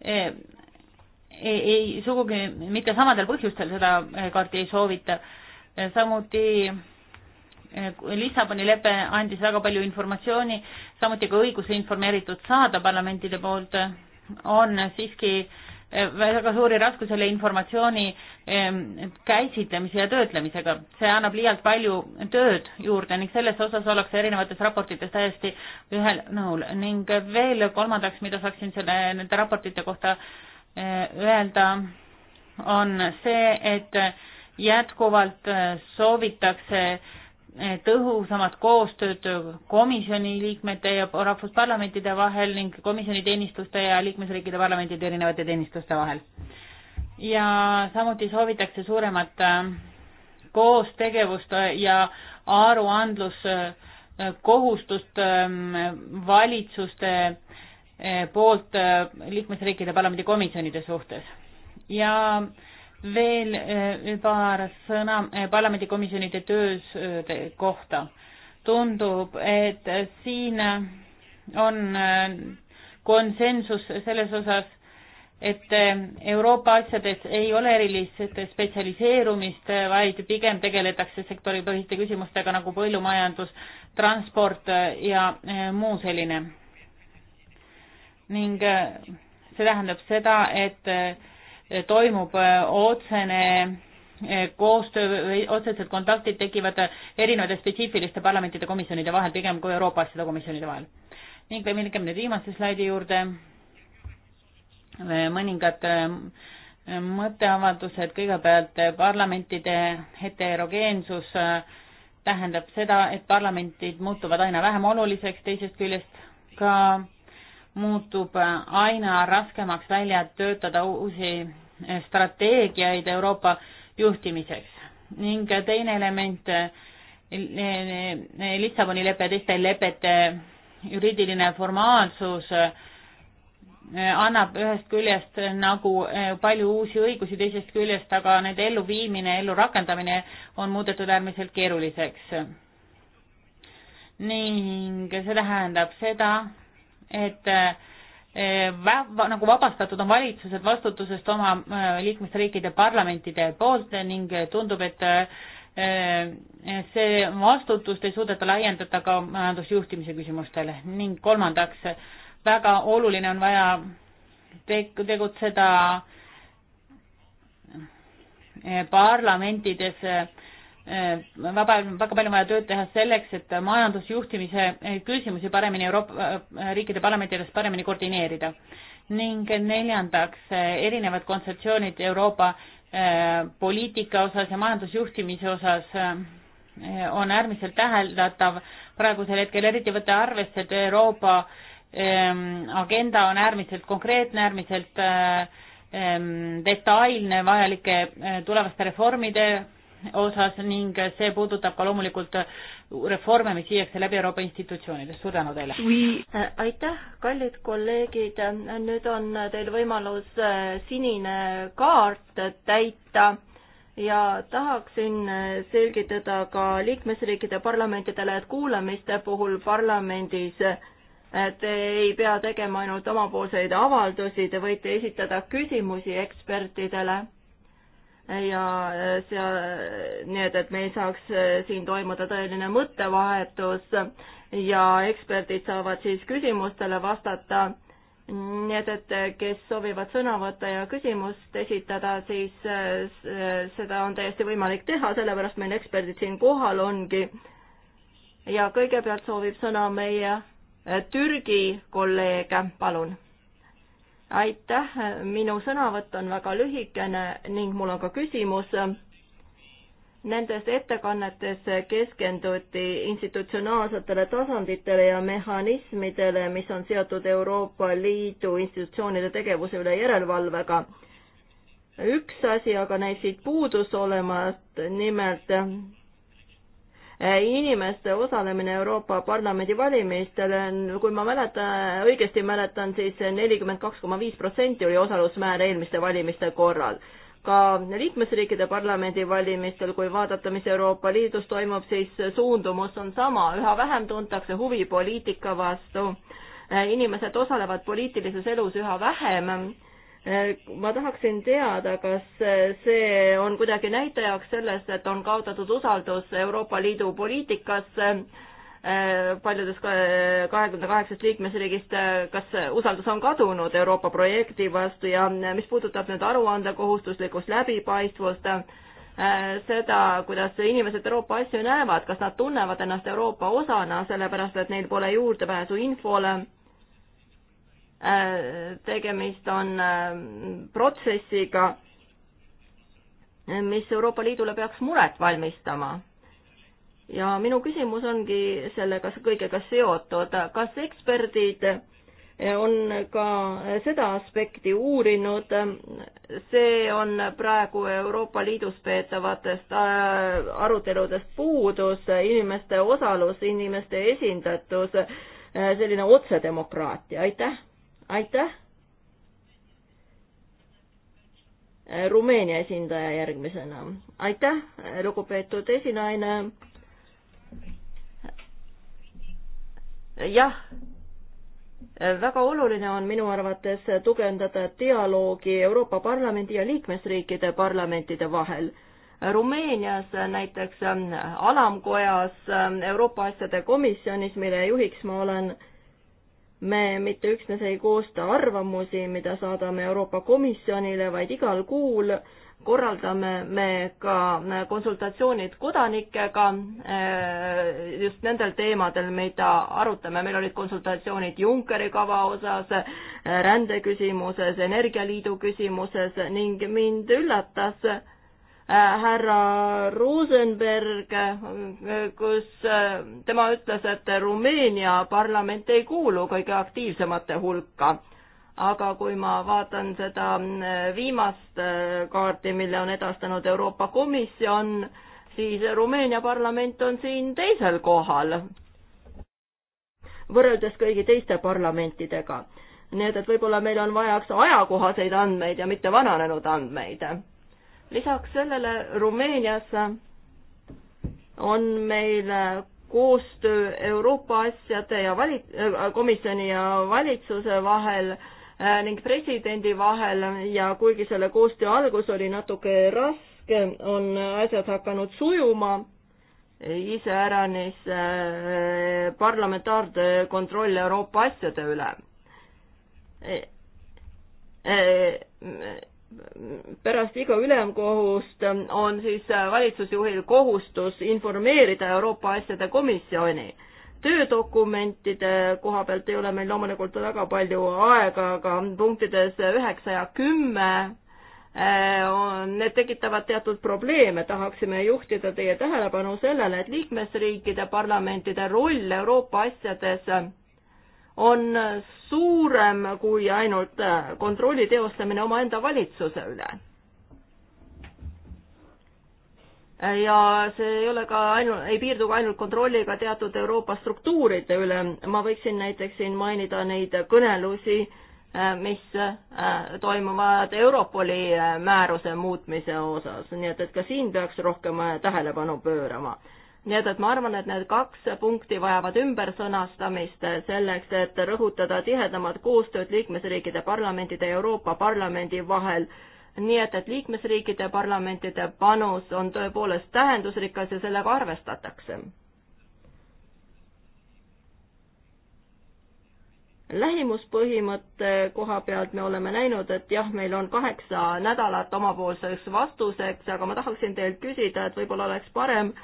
ei, ei sugugi mitte samadel põhjustel seda kaarti ei soovita. samuti Lissaboni lepe andis väga palju informatsiooni, samuti ka õiguse informeeritud saada parlamentide poolt, on siiski äh, väga suuri raskusi oli informatsiooni käsitlemise ja töötlemisega. see annab liialt palju tööd juurde ning selles osas ollakse erinevates raportites täiesti ühel nõul ning veel kolmandaks, mida saaksin selle, nende raportite kohta eh, öelda, on see, et jätkuvalt eh, soovitakse tõhusamat koostööd komisjoni liikmete ja rahvusparlamentide vahel ning komisjoni teenistuste ja liikmesriikide parlamentide erinevate teenistuste vahel. ja samuti soovitakse suuremat äh, koostegevust ja aruandluskohustust äh, ähm, valitsuste äh, poolt liikmesriikide parlamendikomisjonide suhtes ja äh, veel eh, paar sõna eh, parlamendikomisjonide töös eh, kohta. tundub, et siin on konsensus selles osas, et Euroopa asjades ei ole erilist spetsialiseerumist, vaid pigem tegeletakse sektoripõhiste küsimustega nagu põllumajandus, transport ja muu selline. ning see tähendab seda, et toimub äh, otsene äh, koostöö, otsesed kontaktid tekivad erinevate spetsiifiliste parlamentide komisjonide vahel, pigem kui Euroopa asjade komisjonide vahel. ning mingem nüüd viimase slaidi juurde, äh, mõningad mõtteavaldused, kõigepealt parlamentide heterogeensus tähendab seda, et parlamentid muutuvad aina vähem oluliseks, teisest küljest ka muutub aina raskemaks välja töötada uusi strateegiaid Euroopa juhtimiseks. ning teine element, Lissaboni lepe ja teiste lepete juriidiline formaalsus eh, annab ühest küljest nagu eh, palju uusi õigusi, teisest küljest aga nende elluviimine, ellurakendamine on muudetud äärmiselt keeruliseks. ning see tähendab seda, et eh, vä-, nagu vabastatud on valitsused vastutusest oma eh, liikmesriikide parlamentide poolt ning tundub, et eh, see vastutust ei suudeta laiendada ka majandusjuhtimise küsimustele ning kolmandaks, väga oluline on vaja teg-, tegutseda parlamentides äh, Äh, vaba, väga palju on vaja tööd teha selleks, et majandusjuhtimise äh, küsimusi paremini Euroopa äh, riikide parlamentides paremini koordineerida. ning neljandaks, erinevad kontseptsioonid Euroopa poliitika osas ja majandusjuhtimise osas on äärmiselt täheldatav praegusel hetkel, eriti võtta arvesse, et Euroopa ähm, agenda on äärmiselt konkreetne, äärmiselt ähm, detailne vajalike tulevaste reformide osas ning see puudutab ka loomulikult reforme, mis viiakse läbi Euroopa institutsioonides. suur tänu teile! aitäh, kallid kolleegid, nüüd on teil võimalus äh, sinine kaart täita ja tahaksin äh, selgitada ka liikmesriikide parlamentidele, et kuulamiste puhul parlamendis äh, Te ei pea tegema ainult omapoolseid avaldusi, te võite esitada küsimusi ekspertidele ja äh, seal, äh, nii et, et meil saaks äh, siin toimuda tõeline mõttevahetus ja eksperdid saavad siis küsimustele vastata. nii et, et kes soovivad sõna võtta ja küsimust esitada, siis seda on täiesti võimalik teha, sellepärast meil eksperdid siin kohal ongi. ja kõigepealt soovib sõna meie Türgi kolleeg, palun aitäh, minu sõnavõtt on väga lühikene ning mul on ka küsimus. Nendes ettekannetes keskenduti institutsionaalsetele tasanditele ja mehhanismidele, mis on seotud Euroopa Liidu institutsioonide tegevuse üle järelevalvega. üks asi aga näib siit puudus olevat, nimelt Eh, inimeste osalemine Euroopa Parlamendi valimistel on, eh, kui ma mäletan, õigesti mäletan siis, siis nelikümmend kaks koma viis protsenti oli osalusmäär eelmiste valimiste korral. ka liikmesriikide parlamendivalimistel, kui vaadata, mis Euroopa Liidus toimub, siis suundumus on sama, üha vähem tuntakse huvi poliitika vastu, eh, inimesed osalevad poliitilises elus üha vähem Äh, ma tahaksin teada, kas see on kuidagi näitajaks sellest, et on kaotatud usaldus Euroopa Liidu poliitikasse äh, paljudes kahekümne kaheksast liikmesriigist, äh, kas usaldus on kadunud Euroopa projekti vastu ja mis puudutab nüüd aruande kohustuslikkust, läbipaistvust, seda, kuidas inimesed Euroopa asju näevad, kas nad tunnevad ennast Euroopa osana, sellepärast et neil pole juurdepääsu infole Äh, tegemist on äh, protsessiga, mis Euroopa Liidule peaks muret valmistama. ja minu küsimus ongi sellega kõigega seotud, kas eksperdid on ka seda aspekti uurinud, see on praegu Euroopa Liidus peetavatest äh, aruteludest puudus, inimeste osalus, inimeste esindatus, selline otsedemokraatia, aitäh aitäh. Rumeenia esindaja järgmisena. aitäh, lugupeetud esinaine. jah, väga oluline on minu arvates tugevdada dialoogi Euroopa Parlamendi ja liikmesriikide parlamentide vahel Rumeenias näiteks ähm, alamkojas ähm, Euroopa asjade komisjonis, mille juhiks ma olen, me mitte üksnes ei koosta arvamusi, mida saadame Euroopa Komisjonile, vaid igal kuul korraldame me ka äh, konsultatsioonid kodanikega äh, just nendel teemadel, mida arutame. meil olid konsultatsioonid Junckeri kava osas, äh, rändeküsimuses, energialiidu küsimuses ning mind üllatas, Äh, härra Rosenberg, äh, kus äh, tema ütles, et Rumeenia parlament ei kuulu kõige aktiivsemate hulka. aga kui ma vaatan seda viimast kaarti, mille on edastanud Euroopa Komisjon, siis Rumeenia parlament on siin teisel kohal võrreldes kõigi teiste parlamentidega. nii et, et võib-olla meil on vajaks ajakohaseid andmeid ja mitte vananenud andmeid lisaks sellele Rumeenias on meil koostöö Euroopa asjade ja vali-, äh, komisjoni ja valitsuse vahel äh, ning presidendi vahel ja kuigi selle koostöö algus oli natuke raske, on asjad hakanud sujuma iseäranis äh, parlamentaarne kontroll Euroopa asjade üle pärast iga ülemkohust on siis valitsusjuhil kohustus informeerida Euroopa asjade komisjoni. töödokumentide koha pealt ei ole meil loomulikult väga palju aega, aga punktides üheksa ja kümme eh, on, need tekitavad teatud probleeme, tahaksime juhtida teie tähelepanu sellele, et liikmesriikide parlamentide roll Euroopa asjades on suurem kui ainult äh, kontrolli teostamine omaenda valitsuse üle. ja see ei ole ka ainult, ei piirdu ka ainult kontrolliga teatud Euroopa struktuuride üle, ma võiksin näiteks siin mainida neid kõnelusi, äh, mis äh, toimuvad Europoli määruse muutmise osas, nii et, et ka siin peaks rohkem tähelepanu pöörama nii et, et ma arvan, et need kaks punkti vajavad ümbersõnastamist selleks, et rõhutada tihedamat koostööd liikmesriikide parlamentide ja Euroopa Parlamendi vahel. nii et, et liikmesriikide parlamentide panus on tõepoolest tähendusrikas ja sellega arvestatakse. lähimuspõhimõtte koha pealt me oleme näinud, et jah, meil on kaheksa nädalat omapoolseks vastuseks, aga ma tahaksin teilt küsida, et võib-olla oleks parem äh,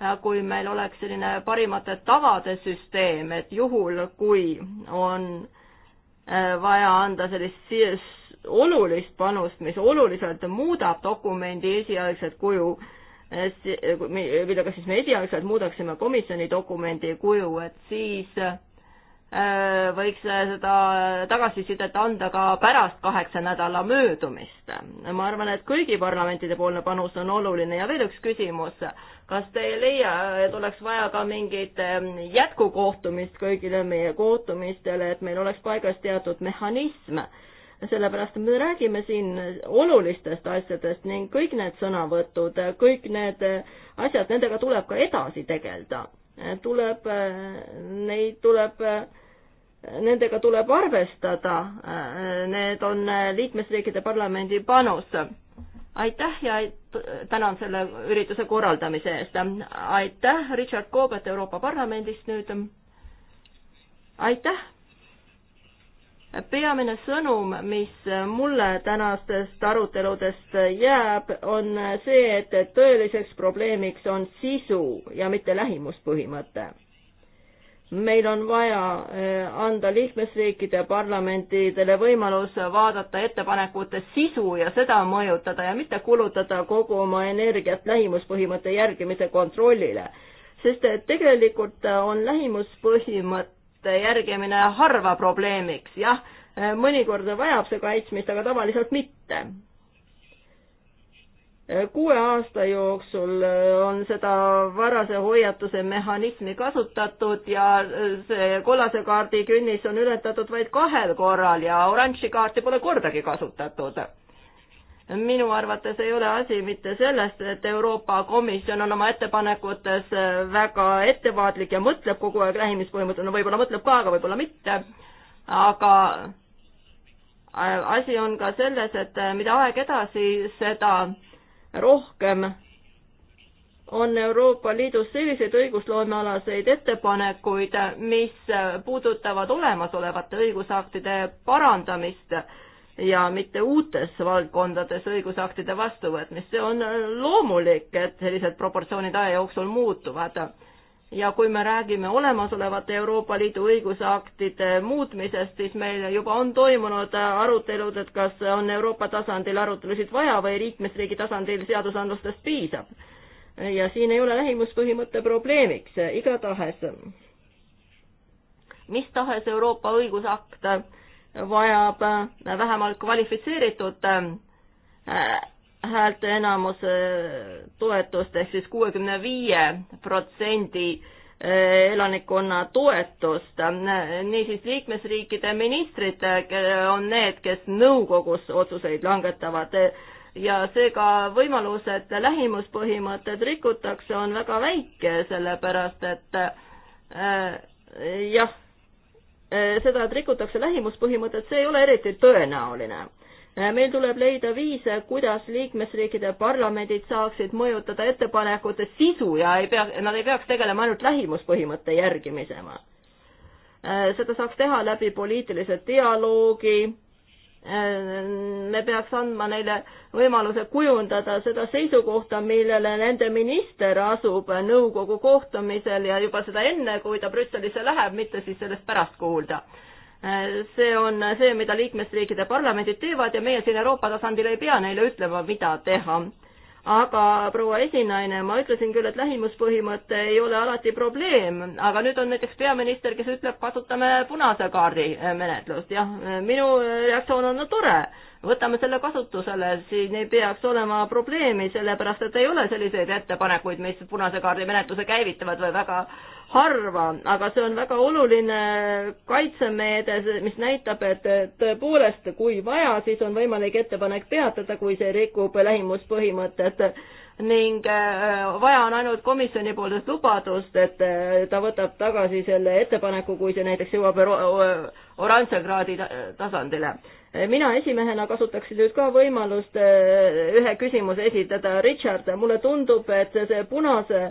Äh, kui meil oleks selline parimate tavade süsteem, et juhul, kui on äh, vaja anda sellist olulist panust, mis oluliselt muudab dokumendi esialgset kuju, äh, millega siis me esialgselt muudaksime komisjoni dokumendi kuju, et siis Äh, võiks äh, seda tagasisidet anda ka pärast kaheksa nädala möödumist. ma arvan, et kõigi parlamentide poolne panus on oluline ja veel üks küsimus. kas te ei leia, et oleks vaja ka mingit ähm, jätkukohtumist kõigile meie kohtumistele, et meil oleks paigas teatud mehhanism? sellepärast, et me räägime siin olulistest asjadest ning kõik need sõnavõtud, kõik need äh, asjad, nendega tuleb ka edasi tegeleda tuleb, äh, neid tuleb, äh, nendega tuleb arvestada. Äh, need on liikmesriikide parlamendi panus. aitäh ja tänan selle ürituse korraldamise eest. aitäh, Richard Koobet Euroopa Parlamendist nüüd. aitäh peamine sõnum, mis mulle tänastest aruteludest jääb, on see, et tõeliseks probleemiks on sisu ja mitte lähimuspõhimõte. meil on vaja eh, anda liikmesriikide parlamentidele võimalus vaadata ettepanekute sisu ja seda mõjutada ja mitte kulutada kogu oma energiat lähimuspõhimõtte järgimise kontrollile sest eh, tegelikult on lähimuspõhimõte järgimine harva probleemiks, jah, mõnikord vajab see kaitsmist, aga tavaliselt mitte. kuue aasta jooksul on seda varase hoiatuse mehhanismi kasutatud ja see kollase kaardi künnis on ületatud vaid kahel korral ja oranži kaarti pole kordagi kasutatud minu arvates ei ole asi mitte selles, et Euroopa Komisjon on oma ettepanekutes äh, väga ettevaatlik ja mõtleb kogu aeg lähimispõhimõttel, no võib-olla mõtleb ka, aga võib-olla mitte, aga äh, asi on ka selles, et äh, mida aeg edasi, seda rohkem on Euroopa Liidus selliseid õigusloomealaseid ettepanekuid, mis puudutavad olemasolevate õigusaktide parandamist ja mitte uutes valdkondades õigusaktide vastuvõtmist, see on loomulik, et sellised proportsioonid aja jooksul muutuvad ja kui me räägime olemasolevate Euroopa Liidu õigusaktide muutmisest, siis meil juba on toimunud arutelud, et kas on Euroopa tasandil arutelusid vaja või liikmesriigi tasandil seadusandlustest piisab. ja siin ei ole lähimuspõhimõtte probleemiks, igatahes mis tahes Euroopa õigusakt vajab äh, vähemalt kvalifitseeritud äh, häälte enamuse äh, toetust ehk siis kuuekümne viie protsendi elanikkonna toetust. niisiis liikmesriikide ministrid on need, kes nõukogus otsuseid langetavad ja seega võimalus, et lähimuspõhimõtted rikutakse, on väga väike, sellepärast et äh, jah Eh, seda, et rikutakse lähimuspõhimõtet, see ei ole eriti tõenäoline. Eh, meil tuleb leida viise, kuidas liikmesriikide parlamendid saaksid mõjutada ettepanekute sisu ja ei pea, nad ei peaks tegelema ainult lähimuspõhimõtte järgimisega. Eh, seda saaks teha läbi poliitilise dialoogi Äh, me peaks andma neile võimaluse kujundada seda seisukohta, millele nende minister asub nõukogu kohtumisel ja juba seda enne, kui ta Brüsselisse läheb, mitte siis sellest pärast kuulda. Äh, see on see, mida liikmesriikide parlamendid teevad ja meie siin Euroopa tasandil ei pea neile ütlema, mida teha aga proua esinaine, ma ütlesin küll, et lähimuspõhimõte ei ole alati probleem, aga nüüd on näiteks peaminister, kes ütleb, kasutame punase kaardi äh, menetlust, jah, äh, minu reaktsioon on no, tore. võtame selle kasutusele, siin ei peaks olema probleemi, sellepärast et ei ole selliseid ettepanekuid, mis punase kaardi menetluse käivitavad või väga äh, harva, aga see on väga oluline kaitsemeede, mis näitab, et tõepoolest, kui vaja, siis on võimalik ettepanek peatada, kui see rikub lähimuspõhimõtet ning äh, vaja on ainult komisjoni poolset lubadust, et äh, ta võtab tagasi selle ettepaneku, kui see näiteks jõuab oranžse kraadi tasandile. mina esimehena kasutaksin nüüd ka võimalust äh, ühe küsimuse esitada. Richard, mulle tundub, et see punase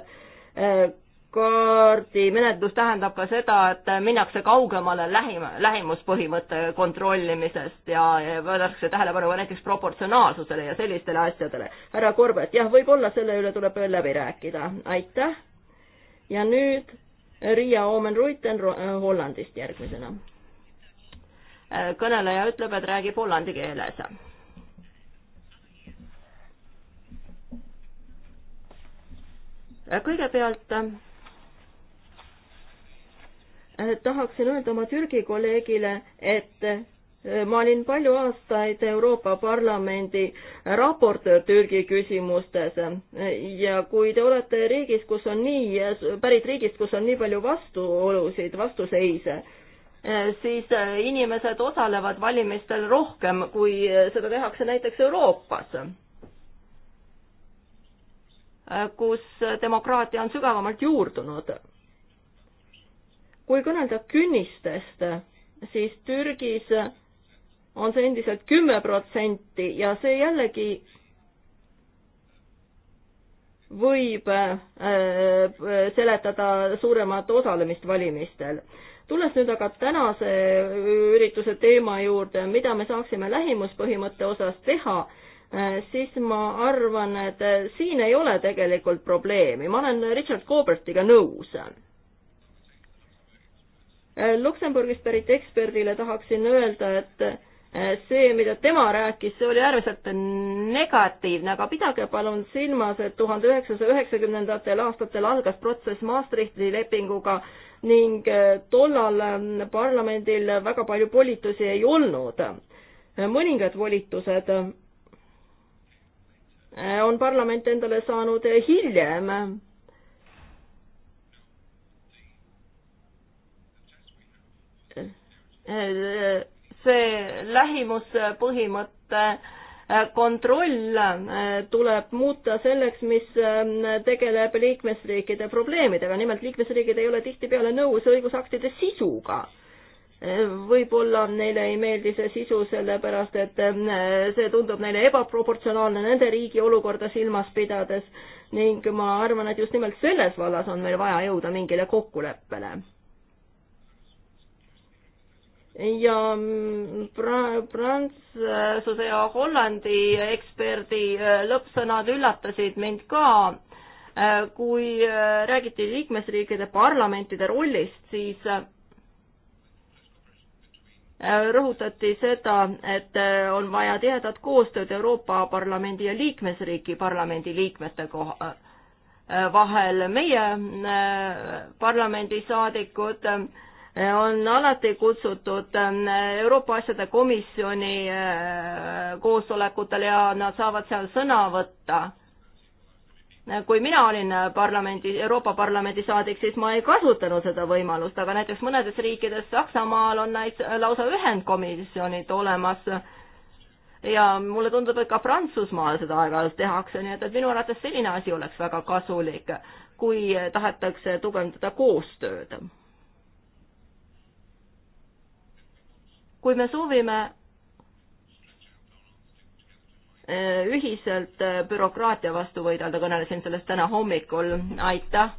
kaardi menetlus tähendab ka seda, et minnakse kaugemale lähim-, lähimuspõhimõtte kontrollimisest ja, ja pööratakse tähelepanu ka näiteks proportsionaalsusele ja sellistele asjadele. härra Korbet, jah, võib-olla selle üle tuleb veel läbi rääkida, aitäh. ja nüüd Riia Oomen-Ruiten äh, Hollandist järgmisena. Äh, kõneleja ütleb, et räägib hollandi keeles äh, kõigepealt Äh, tahaksin öelda oma Türgi kolleegile, et äh, ma olin palju aastaid Euroopa Parlamendi raportöör Türgi küsimustes äh, ja kui te olete riigis, kus on nii, pärit riigist, kus on nii palju vastuolusid, vastuseise, siis inimesed osalevad valimistel rohkem, kui seda tehakse näiteks Euroopas, kus demokraatia on sügavamalt juurdunud kui kõnelda künnistest, siis Türgis on see endiselt kümme protsenti ja see jällegi võib äh, seletada suuremat osalemist valimistel. tulles nüüd aga tänase ürituse teema juurde, mida me saaksime lähimuspõhimõtte osas teha, äh, siis ma arvan, et siin ei ole tegelikult probleemi, ma olen Richard Colbertiga nõus Äh, Luksemburgist pärit eksperdile tahaksin öelda, et äh, see, mida tema rääkis, see oli äärmiselt negatiivne, aga pidage palun silmas, et tuhande üheksasaja üheksakümnendatel aastatel algas protsess Maastrichti lepinguga ning äh, tollal ähm, parlamendil väga palju volitusi ei olnud. mõningad volitused on parlament endale saanud hiljem see lähimuspõhimõte kontroll äh, tuleb muuta selleks, mis äh, tegeleb liikmesriikide probleemidega, nimelt liikmesriigid ei ole tihtipeale nõus õigusaktide sisuga. Äh, võib-olla neile ei meeldi see sisu, sellepärast et see tundub neile ebaproportsionaalne nende riigi olukorda silmas pidades ning ma arvan, et just nimelt selles vallas on meil vaja jõuda mingile kokkuleppele ja mm, pra-, Prantsuse ja Hollandi eksperdi äh, lõppsõnad üllatasid mind ka. Äh, kui äh, räägiti liikmesriikide parlamentide rollist, siis rõhutati seda, et on vaja tihedat koostööd Euroopa Parlamendi ja liikmesriigi parlamendi liikmete koha, vahel. meie parlamendisaadikud äh, on alati kutsutud ähm, Euroopa Asjade Komisjoni äh, koosolekutel ja nad saavad seal sõna võtta. kui mina olin parlamendi, Euroopa Parlamendi saadik, siis ma ei kasutanud seda võimalust, aga näiteks mõnedes riikides, Saksamaal on näit-, lausa ühendkomisjonid olemas ja mulle tundub, et ka Prantsusmaal seda aeg-ajalt tehakse, nii et, et minu arvates selline asi oleks väga kasulik, kui tahetakse tugevdada koostööd kui me soovime äh, ühiselt äh, bürokraatia vastu võidelda, kõnelesin sellest täna hommikul, aitäh.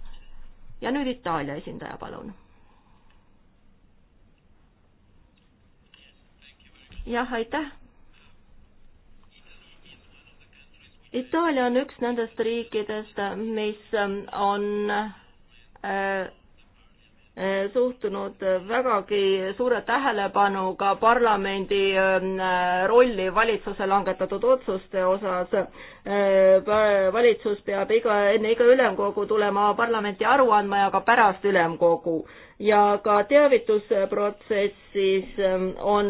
ja nüüd Itaalia esindaja, palun. jah, aitäh. Itaalia on üks nendest riikidest, mis ähm, on äh, Äh, suhtunud vägagi suure tähelepanuga parlamendi ähm, äh, rolli valitsuse langetatud otsuste osas. Äh, valitsus peab iga, enne iga ülemkogu tulema parlamenti aru andma ja ka pärast ülemkogu ja ka teavitusprotsessis ähm, on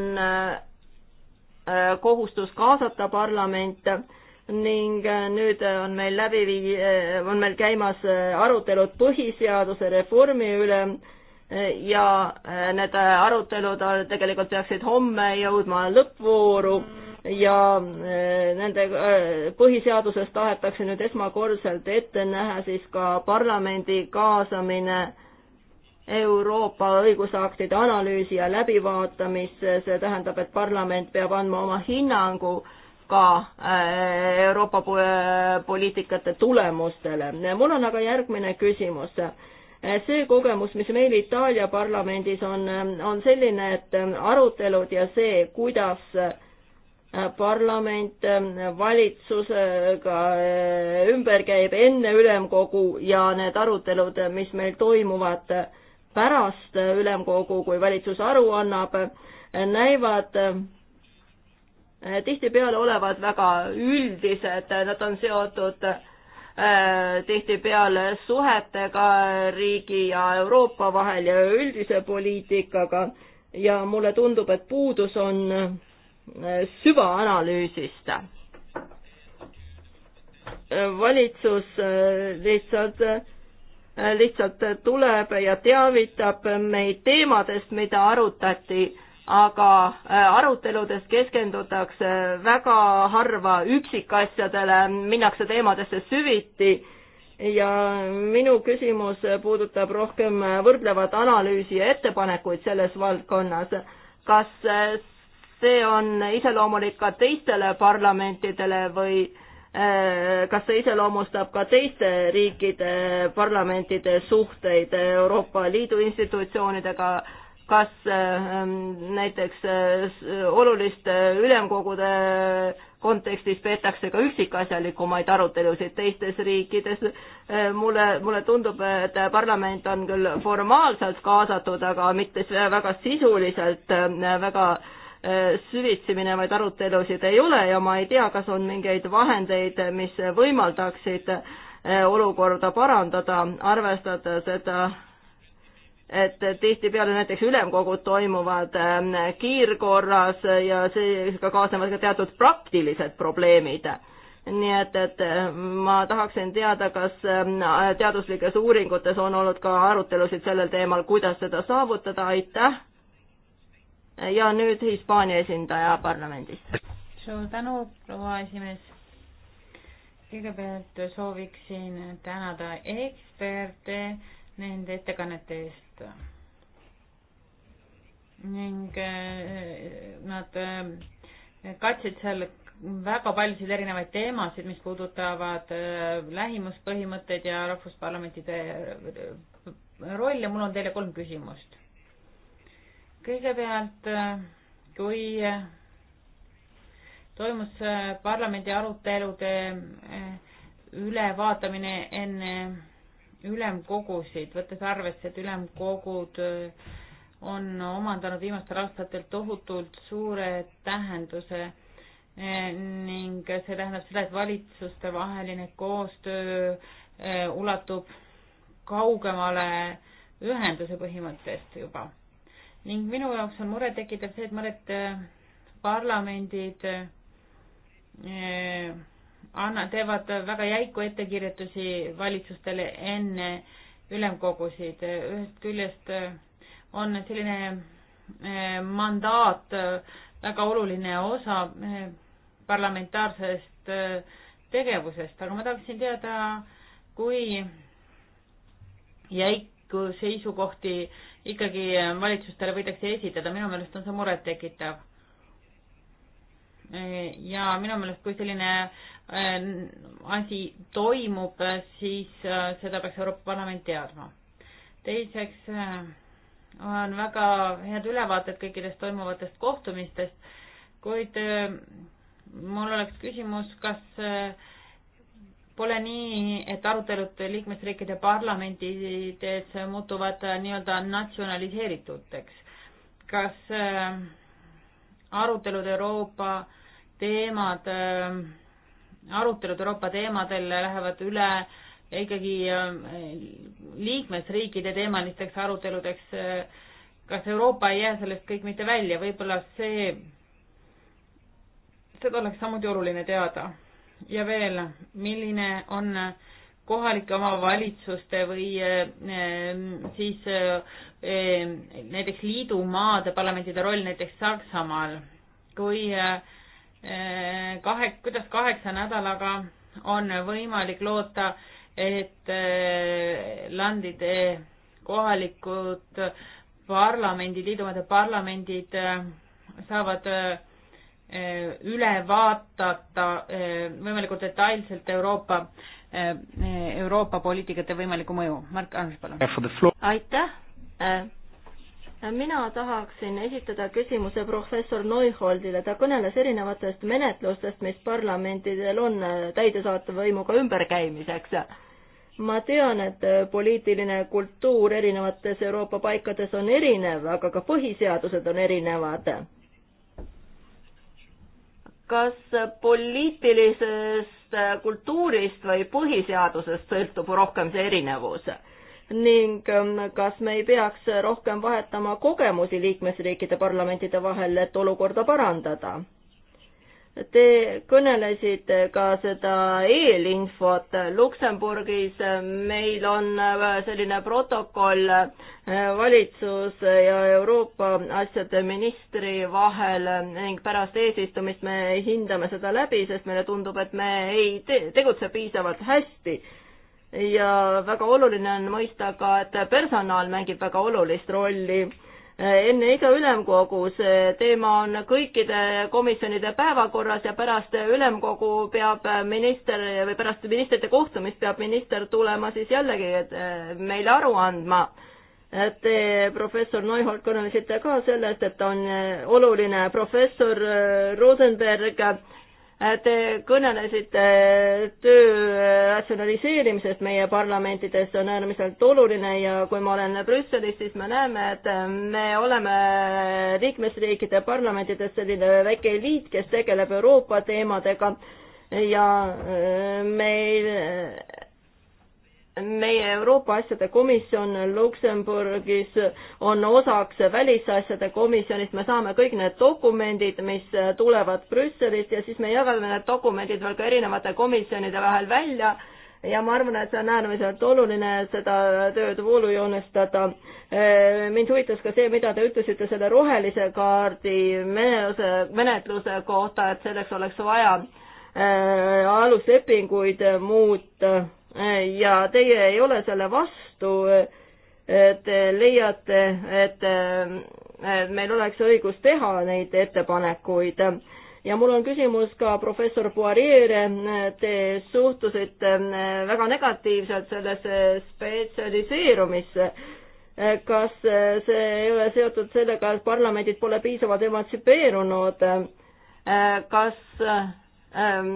kohustus kaasata parlament ning äh, nüüd äh, on meil läbi vii-, äh, on meil käimas arutelud põhiseaduse reformi üle ja need arutelud tegelikult peaksid homme jõudma lõppvooru ja nende põhiseaduses tahetakse nüüd esmakordselt ette näha siis ka parlamendi kaasamine Euroopa õigusaktide analüüsi ja läbivaatamisse, see tähendab, et parlament peab andma oma hinnangu äh, ka äh, Euroopa äh, poliitikate tulemustele. mul on aga järgmine küsimus. Äh, see kogemus, mis meil Itaalia parlamendis on, on selline, et arutelud ja see, kuidas parlament valitsusega ümber käib enne ülemkogu ja need arutelud, mis meil toimuvad pärast ülemkogu, kui valitsus aru annab, näivad Äh, tihtipeale olevat väga üldised, äh, nad on seotud äh, tihtipeale suhetega riigi ja Euroopa vahel ja üldise poliitikaga ja mulle tundub, et puudus on süvaanalüüsist. valitsus lihtsalt, lihtsalt tuleb ja teavitab meid teemadest, mida arutati aga äh, aruteludes keskendutakse äh, väga harva üksikasjadele, minnakse teemadesse süviti ja minu küsimus puudutab rohkem äh, võrdlevat analüüsi ja ettepanekuid selles valdkonnas. kas see on iseloomulik ka teistele parlamentidele või kas see iseloomustab ka teiste riikide parlamentide suhteid Euroopa Liidu institutsioonidega, kas ähm, näiteks äh, oluliste ülemkogude kontekstis peetakse ka üksikasjalikumaid arutelusid teistes riikides. Äh, mulle, mulle tundub, et parlament on küll formaalselt kaasatud, aga mitte väga sisuliselt, äh, väga süvitsi minevaid arutelusid ei ole ja ma ei tea, kas on mingeid vahendeid, mis võimaldaksid olukorda parandada, arvestades, et et tihtipeale näiteks ülemkogud toimuvad ähm, kiirkorras ja seega kaasnevad ka teatud praktilised probleemid. nii et, et ähm, ma tahaksin teada, kas ähm, teaduslikes uuringutes on olnud ka arutelusid sellel teemal, kuidas seda saavutada, aitäh. ja nüüd Hispaania esindaja parlamendis. suur tänu, proua esimees kõigepealt sooviksin tänada eksperte nende ettekannete eest. ning äh, nad äh, katsid seal väga paljusid erinevaid teemasid, mis puudutavad äh, lähimuspõhimõtteid ja rahvusparlamentide rolli. mul on teile kolm küsimust. kõigepealt, kui toimus parlamendi arutelude ülevaatamine enne ülemkogusid, võttes arvesse, et ülemkogud äh, on omandanud viimastel aastatel tohutult suure tähenduse äh, ning see tähendab seda, et valitsuste vaheline koostöö äh, ulatub kaugemale ühenduse põhimõttest juba. ning minu jaoks on murettekitav see, et mõned parlamendid anna, teevad väga jäiku ettekirjutusi valitsustele enne ülemkogusid. ühest küljest äh, on selline äh, mandaat äh, väga oluline osa parlamentaarsest tegevusest, aga ma tahaksin teada, kui jäiku seisukohti ikkagi valitsustele võidakse esitada, minu meelest on see murettekitav. ja minu meelest, kui selline Äh, asi toimub, äh, siis äh, seda peaks Euroopa Parlament teadma. teiseks on väga head ülevaated kõikidest toimuvatest kohtumistest, kuid mul oleks küsimus, kas pole nii, et arutelud liikmesriikide parlamentides muutuvad nii-öelda natsionaliseerituteks? kas arutelud Euroopa teemad äh, arutelud Euroopa teemadel lähevad üle ikkagi äh, liikmesriikide teemalisteks aruteludeks. Äh, kas Euroopa ei jää sellest kõik mitte välja, võib-olla see, seda oleks samuti oluline teada. ja veel, milline on kohalike omavalitsuste või äh, siis näiteks liidumaade parlamentide roll näiteks Saksamaal, kui äh, Äh, kahe, kuidas kaheksa nädalaga on võimalik loota, et äh, landide äh, kohalikud parlamendid, liidumade parlamendid saavad üle vaatata võimalikult detailselt Euroopa, Euroopa poliitikate võimalikku mõju. Mark Arns, palun. aitäh mina tahaksin esitada küsimuse professor Neuholdile, ta kõneles erinevatest menetlustest, mis parlamentidel on äh, täidesaatva võimuga ümberkäimiseks. ma tean, et äh, poliitiline kultuur erinevates Euroopa paikades on erinev, aga ka põhiseadused on erinevad. kas äh, poliitilisest kultuurist või põhiseadusest sõltub rohkem see erinevus? ning ähm, kas me ei peaks rohkem vahetama kogemusi liikmesriikide parlamentide vahel, et olukorda parandada? Te kõnelesite ka seda eelinfot. Luksemburgis meil on äh, selline protokoll äh, valitsuse ja Euroopa asjade ministri vahel ning pärast eesistumist me hindame seda läbi, sest meile tundub, et me ei te tegutse piisavalt hästi ja väga oluline on mõista ka, et personal mängib väga olulist rolli. enne iga ülemkogu see teema on kõikide komisjonide päevakorras ja pärast ülemkogu peab minister või pärast ministrite kohtumist peab minister tulema siis jällegi eh, meile aru andma Te, eh, professor Neuhold, kõnelesite ka sellest, et on eh, oluline professor Rosenberg Äh, te kõnelesite äh, töö äh, ratsionaliseerimisest meie parlamentides, see on äärmiselt oluline ja kui ma olen Brüsselis, siis me näeme, et me oleme liikmesriikide parlamentides selline väike eliit, kes tegeleb Euroopa teemadega ja meil meie Euroopa asjade komisjon Luksemburgis on osaks välisasjade komisjonist, me saame kõik need dokumendid, mis tulevad Brüsselist ja siis me jagame need dokumendid veel ka erinevate komisjonide vahel välja ja ma arvan, et see on äärmiselt oluline seda tööd voolu joonestada. mind huvitas ka see, mida te ütlesite selle rohelise kaardi menetluse, menetluse kohta, et selleks oleks vaja äh, aluslepinguid muuta ja teie ei ole selle vastu, te leiate, et meil oleks õigus teha neid ettepanekuid. ja mul on küsimus ka professor Poiriere, te suhtusite väga negatiivselt sellesse spetsialiseerumisse kas see ei ole seotud sellega, et parlamendid pole piisavalt emantsipeerunud, kas ähm,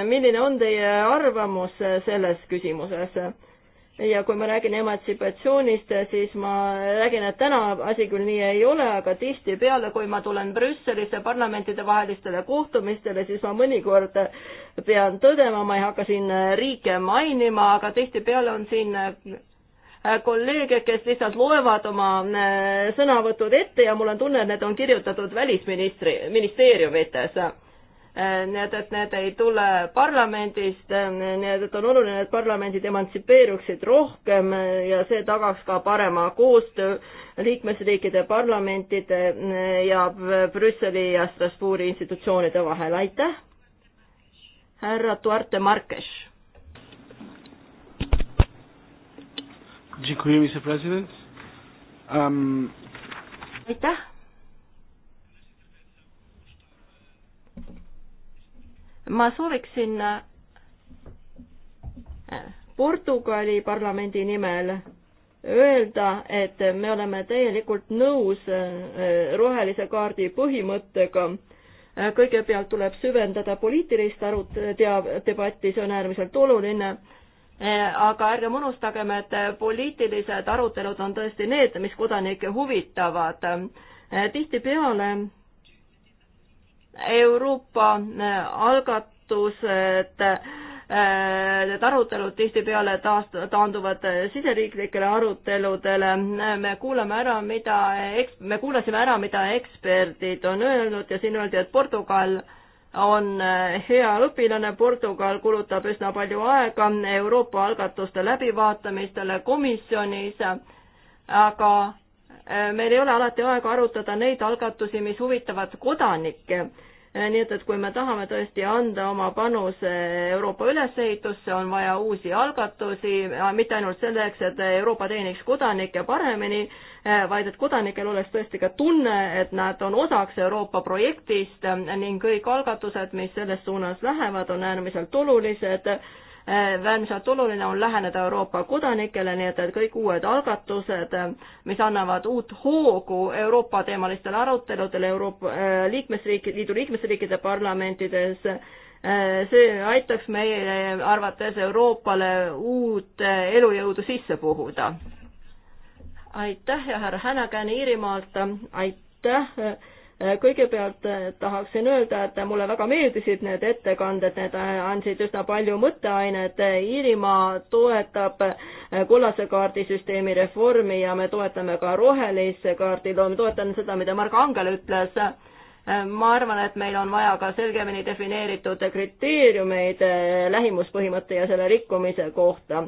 milline on teie arvamus selles küsimuses? ja kui ma räägin emantsipatsioonist, siis ma räägin, et täna asi küll nii ei ole, aga tihtipeale, kui ma tulen Brüsselisse parlamentidevahelistele kohtumistele, siis ma mõnikord pean tõdema, ma ei hakka siin riike mainima, aga tihtipeale on siin äh, kolleege, kes lihtsalt loevad oma äh, sõnavõtud ette ja mul on tunne, et need on kirjutatud välisministri, ministeeriumites Äh, nii et, et need ei tule parlamendist, äh, nii et, et on oluline, et parlamendid emantsipeeruksid rohkem äh, ja see tagaks ka parema koostöö liikmesriikide parlamentide ja Brüsseli ja Strasbourgi institutsioonide vahel, aitäh! härra Duarte Marques. Um, aitäh! ma sooviksin äh, Portugali parlamendi nimel öelda, et me oleme täielikult nõus äh, rohelise kaardi põhimõttega. Äh, kõigepealt tuleb süvendada poliitilist arut-, tea-, debatti, see on äärmiselt oluline aga ärgem unustagem, et poliitilised arutelud on tõesti need, mis kodanikke huvitavad. tihtipeale Euroopa äh, algatused äh, need arutelud tihtipeale taast-, taanduvad äh, siseriiklikele aruteludele, me kuulame ära, mida eks-, me kuulasime ära, mida eksperdid on öelnud ja siin öeldi, et Portugal on hea õpilane, Portugal kulutab üsna palju aega Euroopa algatuste läbivaatamistele komisjonis, aga Äh, meil ei ole alati aega arutada neid algatusi, mis huvitavad kodanikke. Äh, nii et, et kui me tahame tõesti anda oma panuse Euroopa ülesehitusse, on vaja uusi algatusi, äh, mitte ainult selleks, et Euroopa teeniks kodanikke paremini, vaid et kodanikel oleks tõesti ka tunne, et nad on osaks Euroopa projektist ning kõik algatused, mis selles suunas lähevad, on äärmiselt olulised Äh, äärmiselt oluline on läheneda Euroopa kodanikele, nii et, et kõik uued algatused, mis annavad uut hoogu Euroopa teemalistele aruteludele Euroopa äh, liikmesriikide, liidu liikmesriikide parlamentides, äh, see aitaks meie arvates Euroopale uut elujõudu sisse puhuda. aitäh ja härra Hänäkäni Iirimaalt, aitäh Äh, kõigepealt äh, tahaksin öelda, et mulle väga meeldisid need ettekanded, need äh, andsid üsna palju mõtteainet. Iirimaa toetab kollase kaardi süsteemi reformi ja me toetame ka rohelist kaardi loomi, toetan seda, mida Margo Angel ütles ma arvan, et meil on vaja ka selgemini defineeritud kriteeriumeid lähimuspõhimõtte ja selle rikkumise kohta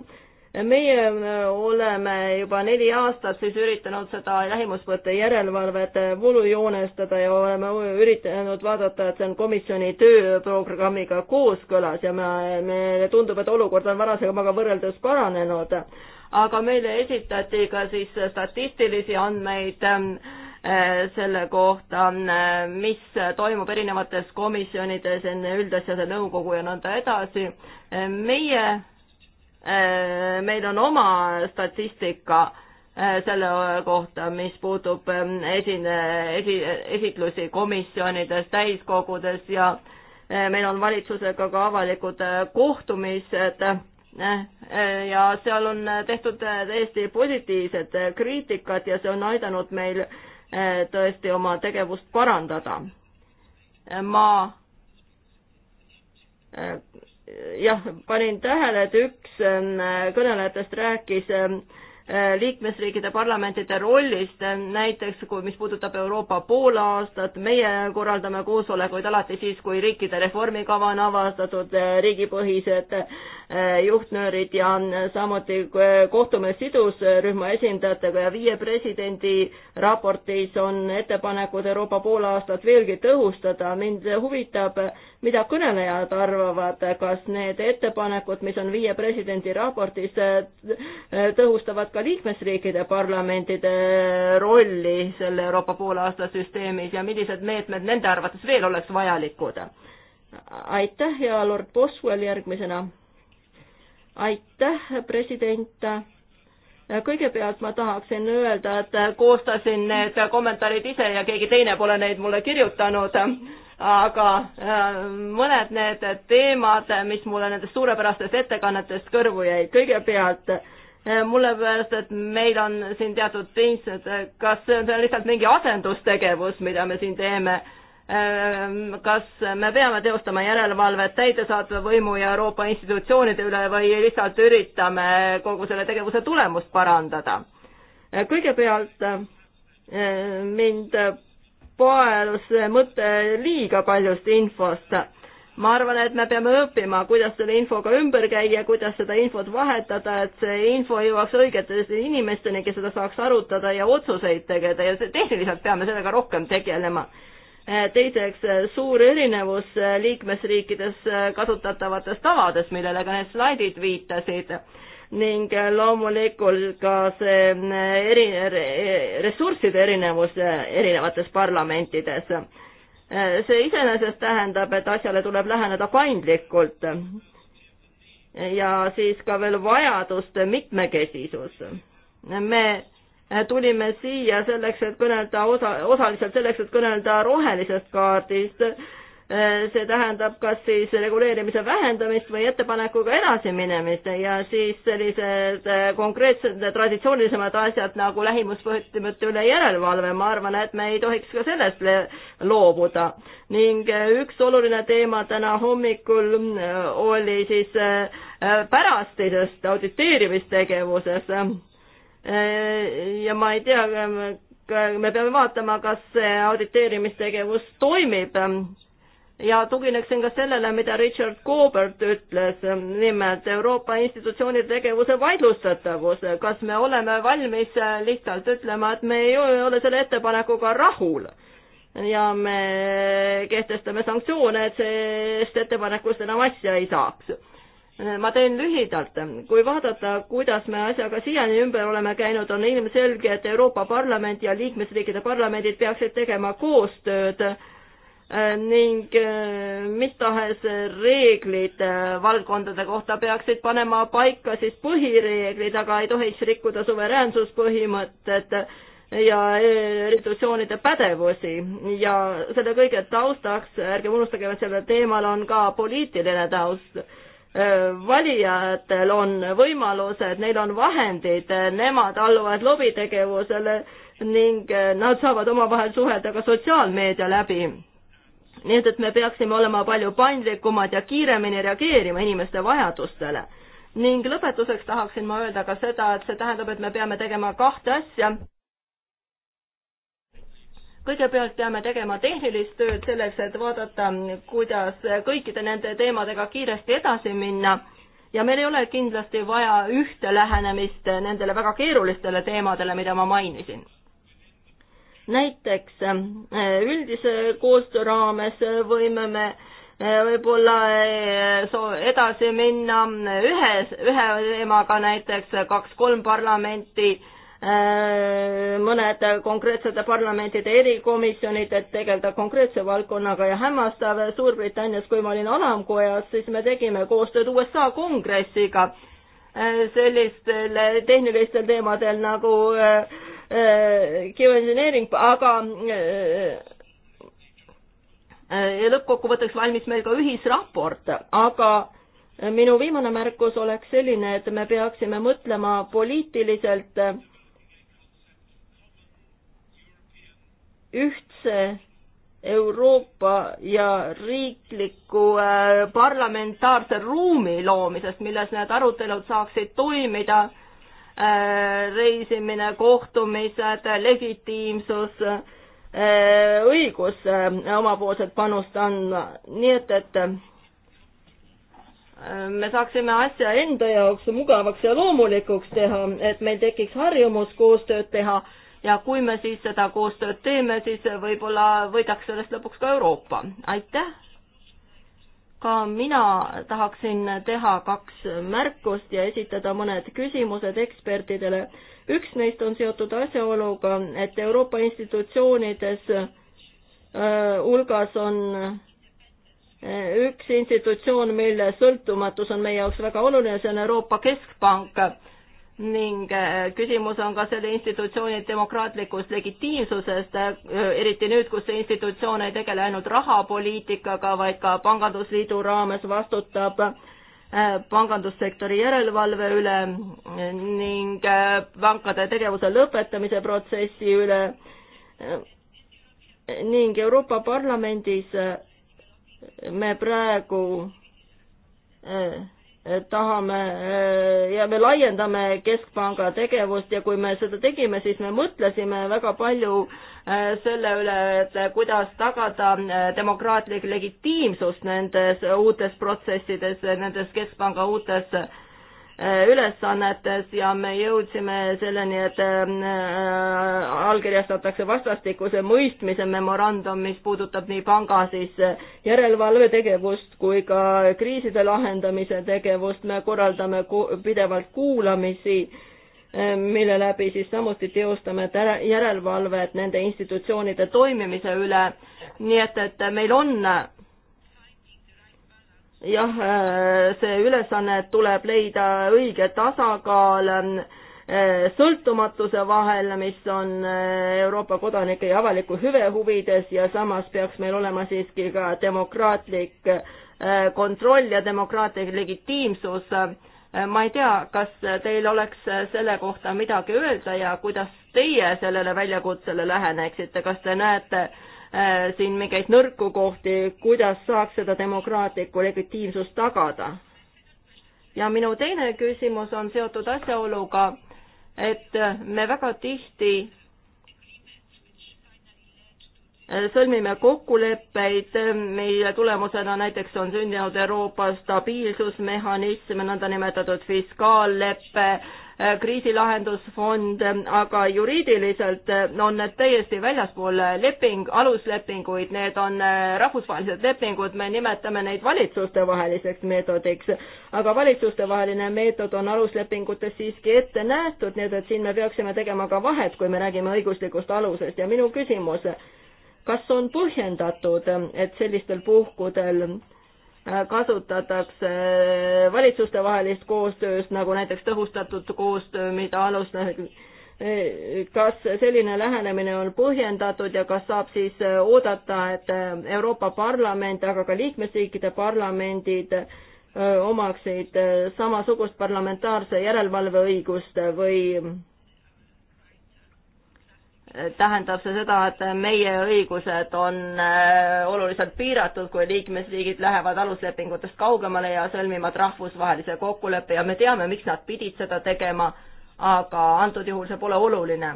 meie äh, oleme juba neli aastat siis üritanud seda lähimuspõhte järelevalvet äh, voolu joonestada ja oleme üritanud vaadata, et see on komisjoni tööprogrammiga kooskõlas ja me, meile tundub, et olukord on varasemaga võrreldes paranenud. aga meile esitati ka siis statistilisi andmeid ähm, äh, selle kohta, mis toimub erinevates komisjonides enne üldasjade nõukogu ja nõnda edasi. meie Äh, meil on oma statistika äh, selle kohta, mis puutub ähm, esine, esi, esitlusi komisjonides, täiskogudes ja äh, meil on valitsusega ka avalikud kohtumised ja seal on tehtud täiesti positiivsed kriitikat ja see on aidanud meil tõesti oma tegevust parandada. ma jah, panin tähele, et üks ähm, kõnelejatest rääkis ähm, äh, liikmesriikide parlamentide rollist, ähm, näiteks kui, mis puudutab Euroopa poolaastat, meie korraldame koosolekuid alati siis, kui riikide reformikava on avastatud, äh, riigipõhised juhtnöörid ja samuti kohtume sidusrühma esindajatega ja viie presidendi raportis on ettepanekud Euroopa pool aastat veelgi tõhustada. mind huvitab, mida kõnelejad arvavad, kas need ettepanekud, mis on viie presidendi raportis, tõhustavad ka liikmesriikide parlamentide rolli selle Euroopa poolaasta süsteemis ja millised meetmed nende arvates veel oleks vajalikud? aitäh ja Lord Boswell järgmisena aitäh, president kõigepealt ma tahaksin öelda, et koostasin need kommentaarid ise ja keegi teine pole neid mulle kirjutanud, aga äh, mõned need teemad, mis mulle nendest suurepärastest ettekannetest kõrvu jäid, kõigepealt äh, mulle pärast, et meil on siin teatud tintsed, kas see on lihtsalt mingi asendustegevus, mida me siin teeme Ähm, kas me peame teostama järelevalvet täidesaatva võimu ja Euroopa institutsioonide üle või lihtsalt üritame kogu selle tegevuse tulemust parandada. Äh, kõigepealt äh, mind paelus mõte liiga paljust infost. ma arvan, et me peame õppima, kuidas selle infoga ümber käia, kuidas seda infot vahetada, et see info jõuaks õigetesse inimesteni, kes seda saaks arutada ja otsuseid tegeda ja tehniliselt peame sellega rohkem tegelema Äh, teiseks, äh, suur erinevus äh, liikmesriikides kasutatavates tavades, millele ka need slaidid viitasid ning loomulikult ka see eri, ressursside erinevus erinevates parlamentides. see iseenesest tähendab, et asjale tuleb läheneda paindlikult ja siis ka veel vajaduste mitmekesisus. me tulime siia selleks, et kõnelda osa, osaliselt selleks, et kõnelda rohelisest kaardist. see tähendab kas siis reguleerimise vähendamist või ettepanekuga edasiminemist ja siis sellised konkreetsed traditsioonilisemad asjad nagu lähimuspõhimõtte üle järelevalve, ma arvan, et me ei tohiks ka sellest loobuda. ning üks oluline teema täna hommikul äh, oli siis äh, pärastisest auditeerimistegevusest Äh, ja ma ei tea, äh, me peame vaatama, kas see auditeerimistegevus toimib ja tugineksin ka sellele, mida Richard Cobert ütles, nimelt Euroopa institutsioonide tegevuse vaidlustatavus. kas me oleme valmis lihtsalt ütlema, et me ei ole selle ettepanekuga rahul ja me kehtestame sanktsioone, et sellest ettepanekust enam asja ei saaks ma teen lühidalt, kui vaadata, kuidas me asjaga siiani ümber oleme käinud, on ilmselge, et Euroopa Parlament ja liikmesriikide parlamendid peaksid tegema koostööd äh, ning äh, mis tahes reeglid äh, valdkondade kohta peaksid panema paika siis põhireeglid, aga ei tohiks rikkuda suveräänsuspõhimõtted ja institutsioonide pädevusi ja selle kõige taustaks, ärgem unustagem, et sellel teemal on ka poliitiline taust valijatel on võimalused, neil on vahendid, nemad alluvad lobitegevusele ning eh, nad saavad omavahel suhelda ka sotsiaalmeedia läbi. nii et, et me peaksime olema palju paindlikumad ja kiiremini reageerima inimeste vajadustele. ning lõpetuseks tahaksin ma öelda ka seda, et see tähendab, et me peame tegema kahte asja kõigepealt peame tegema tehnilist tööd selleks, et vaadata, kuidas kõikide nende teemadega kiiresti edasi minna ja meil ei ole kindlasti vaja ühte lähenemist nendele väga keerulistele teemadele, mida ma mainisin. näiteks eh, üldise koostöö raames võime me eh, võib-olla eh, edasi minna ühe, ühe teemaga näiteks kaks-kolm parlamenti Äh, mõned konkreetsete parlamentide erikomisjonid, et tegeleda konkreetse valdkonnaga ja hämmastav Suurbritannias, kui ma olin alamkojas, siis me tegime koostööd USA kongressiga äh, sellistel tehnilistel teemadel nagu äh, geoengineering, aga ja lõppkokkuvõtteks valmis meil ka ühisraport, aga minu viimane märkus oleks selline, et me peaksime mõtlema poliitiliselt äh, ühtse Euroopa ja riikliku äh, parlamentaarse ruumi loomisest, milles need arutelud saaksid toimida, äh, reisimine, kohtumised, legitiimsus, äh, õigus omapoolset panust andma, nii et, et me saaksime asja enda jaoks mugavaks ja loomulikuks teha, et meil tekiks harjumus koostööd teha ja kui me siis seda koostööd teeme, siis võib-olla võidaks sellest lõpuks ka Euroopa. aitäh! ka mina tahaksin teha kaks märkust ja esitada mõned küsimused ekspertidele. üks neist on seotud asjaoluga, et Euroopa institutsioonides hulgas on üks institutsioon, mille sõltumatus on meie jaoks väga oluline, see on Euroopa Keskpank ning äh, küsimus on ka selle institutsiooni demokraatlikust legitiimsusest, äh, eriti nüüd, kus see institutsioon ei tegele ainult rahapoliitikaga, vaid ka pangandusliidu raames vastutab äh, pangandussektori järelevalve üle ning pankade tegevuse lõpetamise protsessi üle ning Euroopa Parlamendis me praegu tahame äh, ja me laiendame Keskpanga tegevust ja kui me seda tegime, siis me mõtlesime väga palju äh, selle üle, et kuidas tagada äh, demokraatlik legitiimsus nendes uutes protsessides, nendes Keskpanga uutes Äh, ülesannetes ja me jõudsime selleni, et äh, äh, allkirjastatakse vastastikuse mõistmise memorandum, mis puudutab nii panga siis järelevalvetegevust kui ka kriiside lahendamise tegevust, me korraldame pidevalt kuulamisi, mille läbi siis samuti teostame järelevalvet nende institutsioonide toimimise üle, nii et, et meil on jah, äh, see ülesanne tuleb leida õige tasakaal äh, sõltumatuse vahel, mis on äh, Euroopa kodanike ja avaliku hüve huvides ja samas peaks meil olema siiski ka demokraatlik kontroll ja demokraatlik legitiimsus. ma ei tea, kas teil oleks selle kohta midagi öelda ja kuidas teie sellele väljakutsele läheneksite, kas te näete Äh, siin mingeid nõrku kohti, kuidas saaks seda demokraatlikku legitiimsust tagada. ja minu teine küsimus on seotud asjaoluga, et me väga tihti äh, sõlmime kokkuleppeid, mille tulemusena näiteks on sündinud Euroopa stabiilsusmehhanism, nõndanimetatud fiskaallepe, Äh, kriisilahendusfond, äh, aga juriidiliselt äh, on need täiesti väljaspool leping, aluslepinguid, need on rahvusvahelised lepingud, me nimetame neid valitsustevaheliseks meetodiks, aga valitsustevaheline meetod on aluslepingutes siiski ette nähtud, nii et, et siin me peaksime tegema ka vahet, kui me räägime õiguslikust alusest ja minu küsimus, kas on põhjendatud, et sellistel puhkudel kasutatakse valitsustevahelist koostöös, nagu näiteks tõhustatud koostöö, mida alustas kas selline lähenemine on põhjendatud ja kas saab siis oodata, et Euroopa Parlament, aga ka liikmesriikide parlamendid äh, omaksid samasugust parlamentaarse järelevalve õigust või tähendab see seda, et meie õigused on äh, oluliselt piiratud, kui liikmesriigid lähevad aluslepingutest kaugemale ja sõlmivad rahvusvahelise kokkuleppe ja me teame, miks nad pidid seda tegema, aga antud juhul see pole oluline.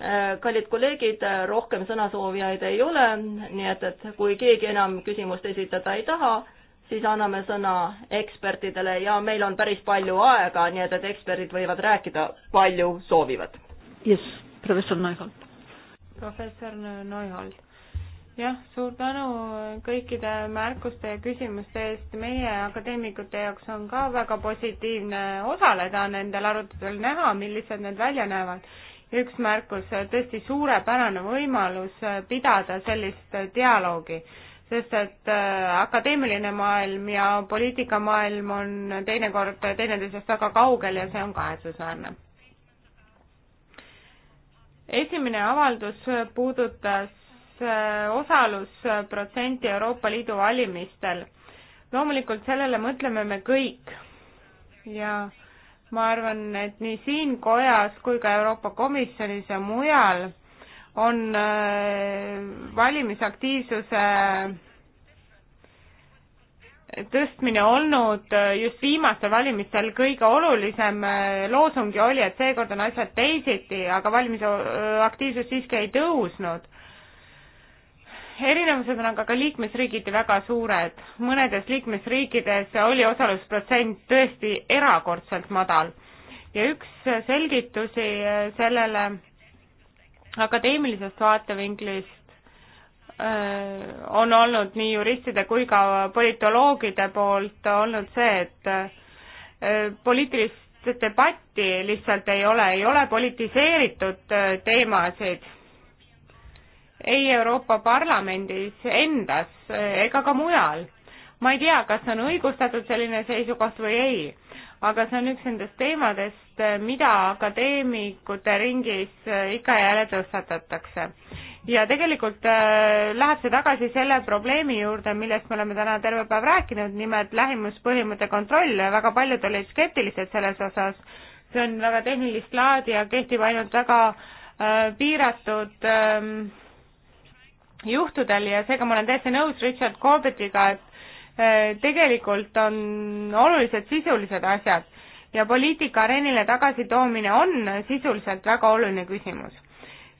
Äh, kallid kolleegid, rohkem sõnasoovijaid ei ole, nii et, et kui keegi enam küsimust esitada ei taha, siis anname sõna ekspertidele ja meil on päris palju aega, nii et, et eksperdid võivad rääkida, palju soovivad. just, professor Naihal professor Neuhold. jah, suur tänu kõikide märkuste ja küsimuste eest. meie akadeemikute jaoks on ka väga positiivne osaleda nendel aruteludel, näha, millised need välja näevad. üks märkus, tõesti suurepärane võimalus pidada sellist dialoogi sest et äh, akadeemiline maailm ja poliitikamaailm on teinekord teineteisest väga kaugel ja see on kahetsusväärne esimene avaldus puudutas äh, osalusprotsenti Euroopa Liidu valimistel. loomulikult sellele mõtleme me kõik ja ma arvan, et nii siin kojas kui ka Euroopa Komisjonis ja mujal on äh, valimisaktiivsuse tõstmine olnud äh, just viimastel valimistel kõige olulisem äh, loosungi oli, et seekord on asjad teisiti, aga valimisaktiivsus äh, siiski ei tõusnud. erinevused on aga ka liikmesriigiti väga suured, mõnedes liikmesriikides oli osalusprotsent tõesti erakordselt madal ja üks selgitusi sellele akadeemilisest vaatevinklist Äh, on olnud nii juristide kui ka politoloogide poolt olnud see, et äh, poliitilist debatti lihtsalt ei ole, ei ole politiseeritud äh, teemasid ei Euroopa Parlamendis endas ega ka mujal. ma ei tea, kas on õigustatud selline seisukoht või ei, aga see on üks nendest teemadest, mida akadeemikute ringis ikka ja jälle tõstatatakse ja tegelikult äh, läheb see tagasi selle probleemi juurde, millest me oleme täna terve päev rääkinud, nimelt lähimuspõhimõtte kontroll, väga paljud olid skeptilised selles osas, see on väga tehnilist laadi ja kehtib ainult väga äh, piiratud äh, juhtudel ja seega ma olen täiesti nõus Richard Corbettiga, et äh, tegelikult on olulised sisulised asjad ja poliitika areenile tagasitoomine on sisuliselt väga oluline küsimus.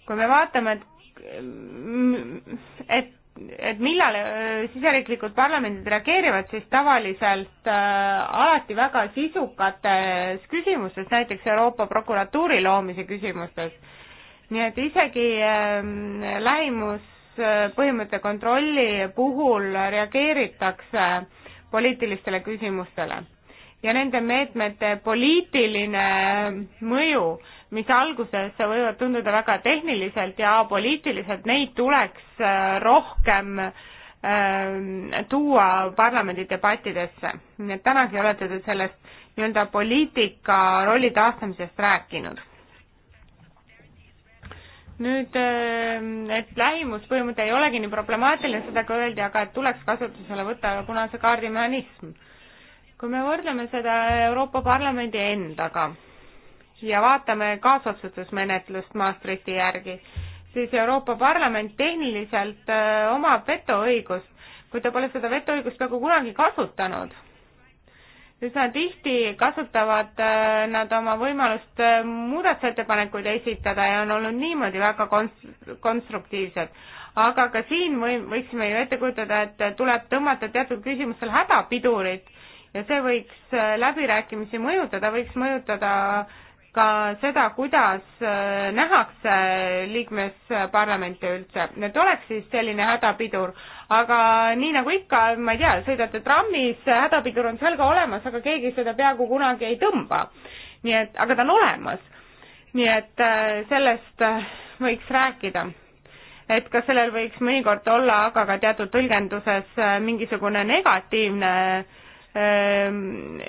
kui me vaatame, et et, et millal äh, siseriiklikud parlamendid reageerivad, siis tavaliselt äh, alati väga sisukates küsimustes, näiteks Euroopa prokuratuuri loomise küsimustes. nii et isegi ähm, äh, lähimuspõhimõtte äh, kontrolli puhul reageeritakse poliitilistele küsimustele ja nende meetmete poliitiline mõju äh, mis alguses võivad tunduda väga tehniliselt ja poliitiliselt, neid tuleks äh, rohkem äh, tuua parlamendi debattidesse. nii et tänagi olete te sellest nii-öelda poliitika rolli taastamisest rääkinud nüüd, äh, et lähimuspõhimõte ei olegi nii problemaatiline, seda ka öeldi, aga et tuleks kasutusele võtta punase kaardi mehhanism. kui me võrdleme seda Euroopa Parlamendi endaga, ja vaatame kaasotsustusmenetlust Maastrichti järgi, siis Euroopa Parlament tehniliselt äh, omab vetoõigust, kuid ta pole seda vetoõigust peaaegu kunagi kasutanud. üsna tihti kasutavad äh, nad oma võimalust äh, muudatusettepanekuid esitada ja on olnud niimoodi väga konst-, konstruktiivsed. aga ka siin või-, võiksime ju ette kujutada, et tuleb tõmmata teatud küsimustel hädapidurit ja see võiks läbirääkimisi mõjutada, võiks mõjutada äh, ka seda, kuidas äh, nähakse liikmesparlamente üldse, et oleks siis selline hädapidur, aga nii nagu ikka, ma ei tea, sõidate trammis, hädapidur on seal ka olemas, aga keegi seda peaaegu kunagi ei tõmba. nii et, aga ta on olemas. nii et äh, sellest äh, võiks rääkida et kas sellel võiks mõnikord olla aga ka teatud tõlgenduses mingisugune negatiivne äh, Ähm,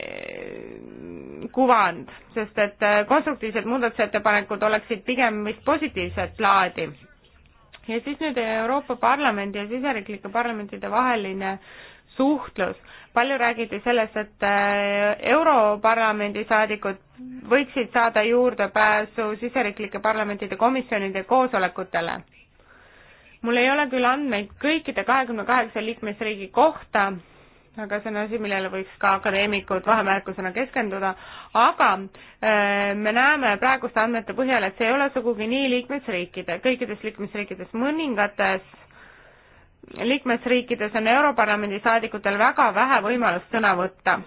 kuvand, sest et äh, konstruktiivsed muudatusettepanekud oleksid pigem vist positiivset laadi. ja siis nüüd Euroopa Parlamendi ja siseriiklike parlamentide vaheline suhtlus. palju räägiti sellest, et äh, Europarlamendi saadikud võiksid saada juurdepääsu siseriiklike parlamentide komisjonide koosolekutele. mul ei ole küll andmeid kõikide kahekümne kaheksa liikmesriigi kohta, aga see on asi, millele võiks ka akadeemikud vahemärkusena keskenduda, aga äh, me näeme praeguste andmete põhjal, et see ei ole sugugi nii liikmesriikide, kõikides liikmesriikides, mõningates liikmesriikides on Europarlamendi saadikutel väga vähe võimalust sõna võtta.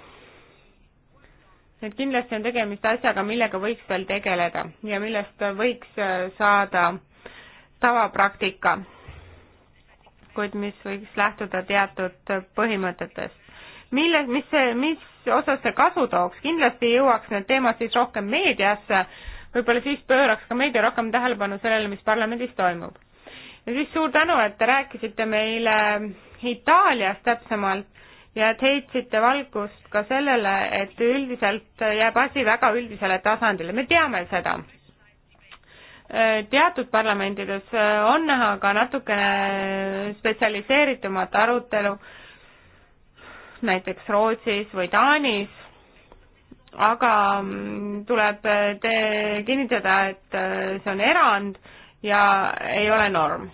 et kindlasti on tegemist asjaga, millega võiks veel tegeleda ja millest võiks äh, saada tavapraktika kuid mis võiks lähtuda teatud põhimõtetest. mille, mis see, mis osas see kasu tooks, kindlasti jõuaks need teemad siis rohkem meediasse, võib-olla siis pööraks ka meedia rohkem tähelepanu sellele, mis parlamendis toimub. ja siis suur tänu, et te rääkisite meile Itaaliast täpsemalt ja et heitsite valgust ka sellele, et üldiselt jääb asi väga üldisele tasandile, me teame seda teatud parlamendides äh, on näha ka natukene spetsialiseeritumat arutelu, näiteks Rootsis või Taanis, aga mm, tuleb äh, te-, kinnitada, et äh, see on erand ja ei ole norm.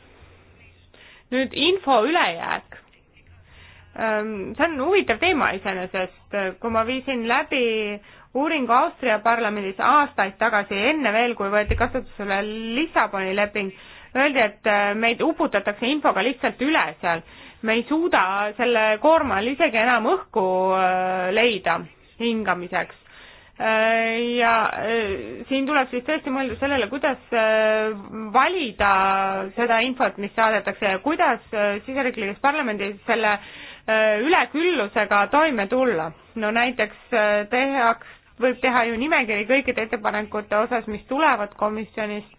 nüüd info ülejääk. Ähm, see on huvitav teema iseenesest, kui ma viisin läbi uuringu Austria parlamendis aastaid tagasi, enne veel, kui võeti kasutusele Lissaboni leping, öeldi, et äh, meid uputatakse infoga lihtsalt üle seal. me ei suuda selle koorma all isegi enam õhku äh, leida hingamiseks. Äh, ja siin tuleb siis tõesti mõelda sellele, kuidas valida seda infot, mis saadetakse ja kuidas siseriiklikus parlamendis selle üleküllusega toime tulla. no näiteks tehaks võib teha ju nimekiri kõikide ettepanekute osas, mis tulevad komisjonist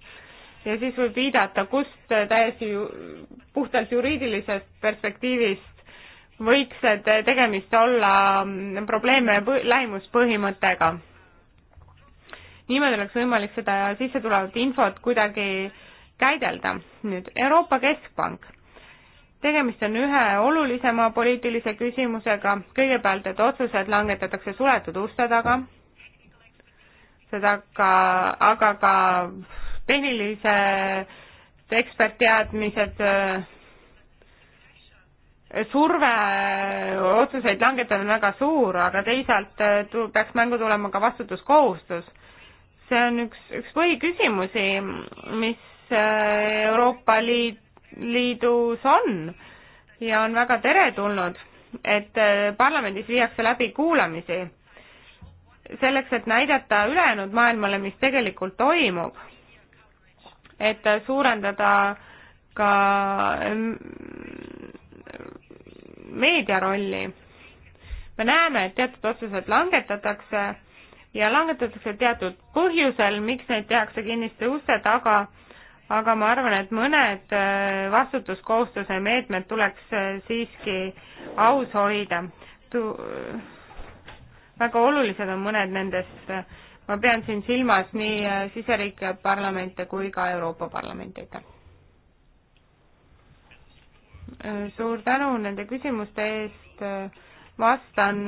ja siis võib viidata, kust täiesti ju, puhtalt juriidilisest perspektiivist võiks tegemist olla mm, probleeme lähimuspõhimõttega. niimoodi oleks võimalik seda sissetulevat infot kuidagi käidelda. nüüd Euroopa Keskpank. tegemist on ühe olulisema poliitilise küsimusega, kõigepealt, et otsused langetatakse suletud uste taga seda ka, aga ka tehnilised ekspertteadmised, äh, surve otsuseid langetada on väga suur, aga teisalt äh, peaks mängu tulema ka vastutuskohustus. see on üks, üks põhiküsimusi, mis äh, Euroopa Liit, Liidus on ja on väga teretulnud, et parlamendis viiakse läbi kuulamisi selleks, et näidata ülejäänud maailmale, mis tegelikult toimub, et suurendada ka mm, meedia rolli. me näeme, et teatud otsused langetatakse ja langetatakse teatud põhjusel, miks neid tehakse kinniste uste taga, aga ma arvan, et mõned äh, vastutuskohustuse meetmed tuleks äh, siiski aus hoida tu-, väga olulised on mõned nendest, ma pean siin silmas nii äh, siseriiklikke parlamente kui ka Euroopa Parlamenti, aitäh. Äh, suur tänu nende küsimuste eest, äh, vastan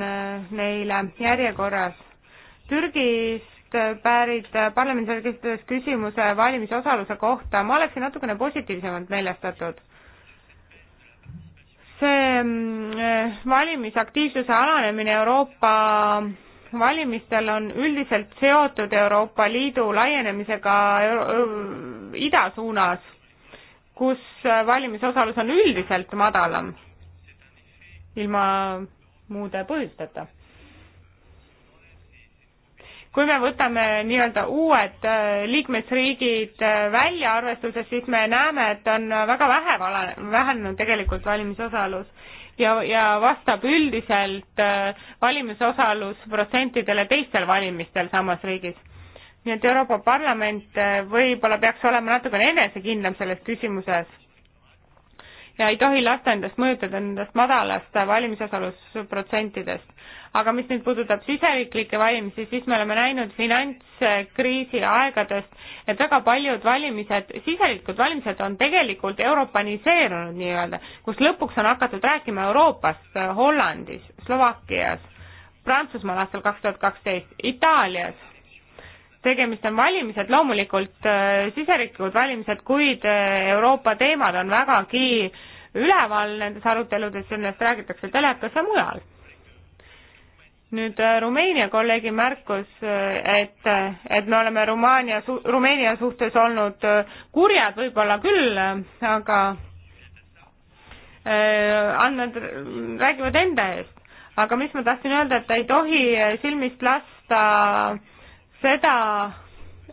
neile järjekorras. Türgist pärit parlamendis esitas küsimuse valimisosaluse kohta, ma oleksin natukene positiivsemalt meelestatud see mm, eh, valimisaktiivsuse alanemine Euroopa valimistel on üldiselt seotud Euroopa Liidu laienemisega ida suunas, kus eh, valimisosalus on üldiselt madalam ilma muude põhjusteta kui me võtame nii-öelda uued äh, liikmesriigid äh, välja arvestuses, siis me näeme, et on väga vähe vala, vähenenud tegelikult valimisosalus ja, ja vastab üldiselt äh, valimisosalusprotsentidele teistel valimistel samas riigis. nii et Euroopa Parlament võib-olla peaks olema natukene enesekindlam selles küsimuses ja ei tohi lasta endast mõjutada nendest madalast valimisosalusprotsentidest aga mis nüüd puudutab siseriiklikke valimisi, siis me oleme näinud finantskriisi aegadest, et väga paljud valimised, siseriiklikud valimised on tegelikult europaniseerunud nii-öelda, kus lõpuks on hakatud rääkima Euroopast Hollandis, Slovakkias, Prantsusmaal aastal kaks tuhat kaksteist, Itaalias, tegemist on valimised, loomulikult äh, siseriiklikud valimised, kuid äh, Euroopa teemad on vägagi üleval nendes aruteludes, sellest räägitakse telekas ja mujal nüüd äh, Rumeenia kolleegi märkus, äh, et, äh, et me oleme Rumaania, Rumeenia suhtes olnud kurjad võib-olla küll, aga andmed räägivad enda eest. aga mis ma tahtsin öelda, et ei tohi silmist lasta seda,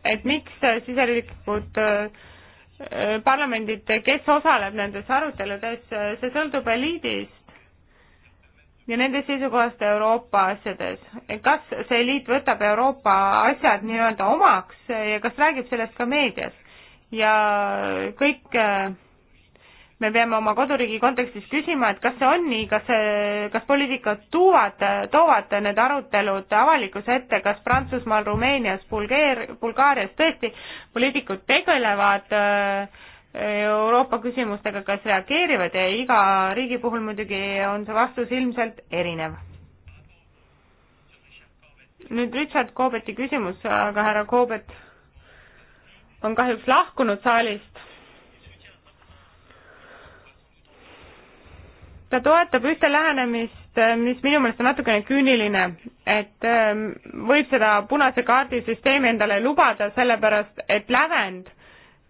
et miks siseriiklikud parlamendid, kes osaleb nendes aruteludes, see sõltub eliidist ja nende seisukohast Euroopa asjades. kas see liit võtab Euroopa asjad nii-öelda omaks ja kas räägib sellest ka meedias? ja kõik eh, me peame oma koduriigi kontekstis küsima, et kas see on nii, kas see, kas poliitikud tuuvad, toovad need arutelud avalikkuse ette, kas Prantsusmaal, Rumeenias, Bulgeer-, Bulgaarias tõesti poliitikud tegelevad äh, Euroopa küsimustega kas reageerivad ja iga riigi puhul muidugi on see vastus ilmselt erinev. nüüd Richard Corbeti küsimus, aga härra Corbet on kahjuks lahkunud saalist. ta toetab ühte lähenemist, mis minu meelest on natukene küüniline, et ähm, võib seda punase kaardi süsteemi endale lubada, sellepärast et lävend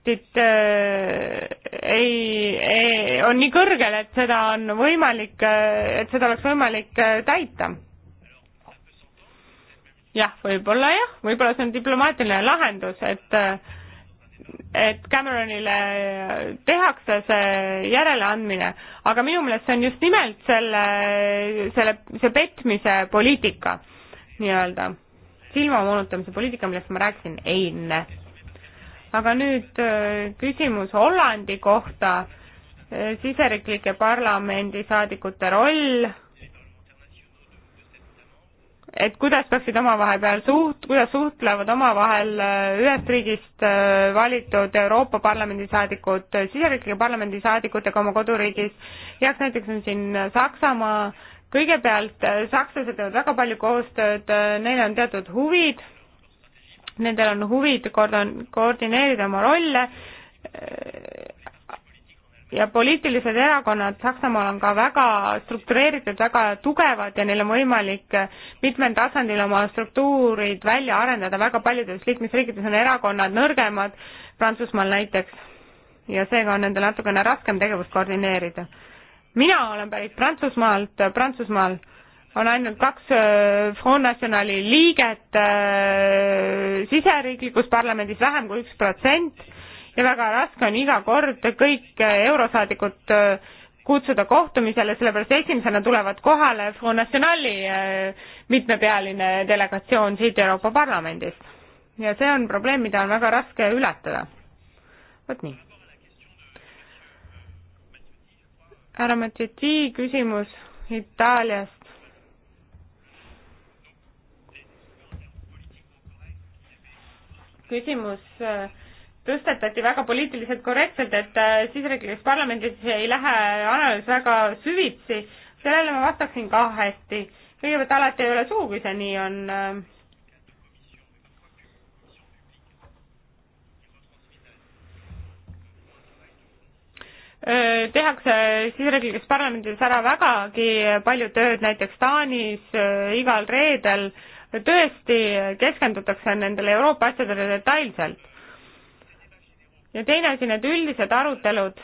protsendit äh, ei, ei, on nii kõrgel, et seda on võimalik, äh, et seda oleks võimalik äh, täita. jah, võib-olla jah, võib-olla see on diplomaatiline lahendus, et et Cameronile tehakse see järeleandmine, aga minu meelest see on just nimelt selle, selle, see petmise poliitika nii-öelda, silmamoonutamise poliitika, millest ma rääkisin eile aga nüüd äh, küsimus Hollandi kohta, äh, siseriiklike parlamendisaadikute roll, et kuidas peaksid omavahepeal suht-, kuidas suhtlevad omavahel äh, ühest riigist valitud Euroopa Parlamendi saadikud siseriiklike parlamendisaadikutega oma koduriigis, heaks näiteks on siin Saksamaa, kõigepealt sakslased teevad väga palju koostööd, neil on teatud huvid nendel on huvid koordon-, koordineerida oma rolle äh, ja poliitilised erakonnad Saksamaal on ka väga struktureeritud, väga tugevad ja neil on võimalik mitmel tasandil oma struktuurid välja arendada, väga paljudes liikmesriikides on erakonnad nõrgemad, Prantsusmaal näiteks, ja seega on nendel natukene raskem tegevust koordineerida. mina olen pärit Prantsusmaalt, Prantsusmaal, Prantsusmaal on ainult kaks äh, Front Nationali liiget äh, siseriiklikus parlamendis, vähem kui üks protsent ja väga raske on iga kord kõik äh, eurosaadikud kutsuda kohtumisele, sellepärast esimesena tulevad kohale Front Nationali mitmepealine delegatsioon siit Euroopa Parlamendist. ja see on probleem, mida on väga raske ületada. vot nii. härra Matjeti küsimus Itaaliast küsimus äh, tõstatati väga poliitiliselt korrektselt, et äh, siseriiklikus parlamendis ei lähe analüüs väga süvitsi, sellele ma vastaksin kahesti. kõigepealt alati ei ole sugugi see nii, on äh, tehakse siseriiklikes parlamendides ära vägagi palju tööd, näiteks Taanis igal reedel äh, tõesti keskendutakse nendele Euroopa asjadele detailselt. ja teine asi, need üldised arutelud,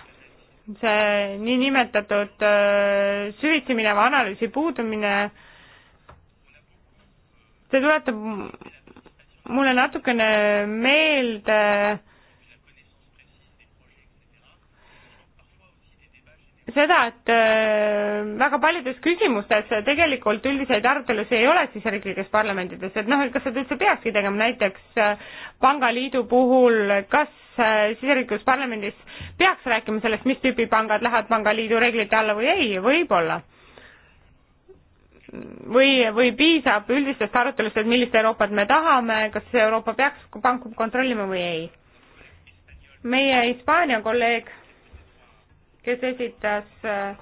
see niinimetatud äh, süvitsi mineva analüüsi puudumine, see tuletab mulle natukene meelde seda, et äh, väga paljudes küsimustes tegelikult üldiseid arutelusid ei ole siseriiklikes parlamentides, et noh, et kas seda üldse peakski tegema, näiteks äh, pangaliidu puhul, kas äh, siseriiklikus parlamendis peaks rääkima sellest, mis tüüpi pangad lähevad pangaliidu reeglite alla või ei, võib-olla. või, või piisab üldistest arutelust, et millist Euroopat me tahame, kas Euroopa peaks panku kontrollima või ei. meie Hispaania kolleeg kes esitas äh,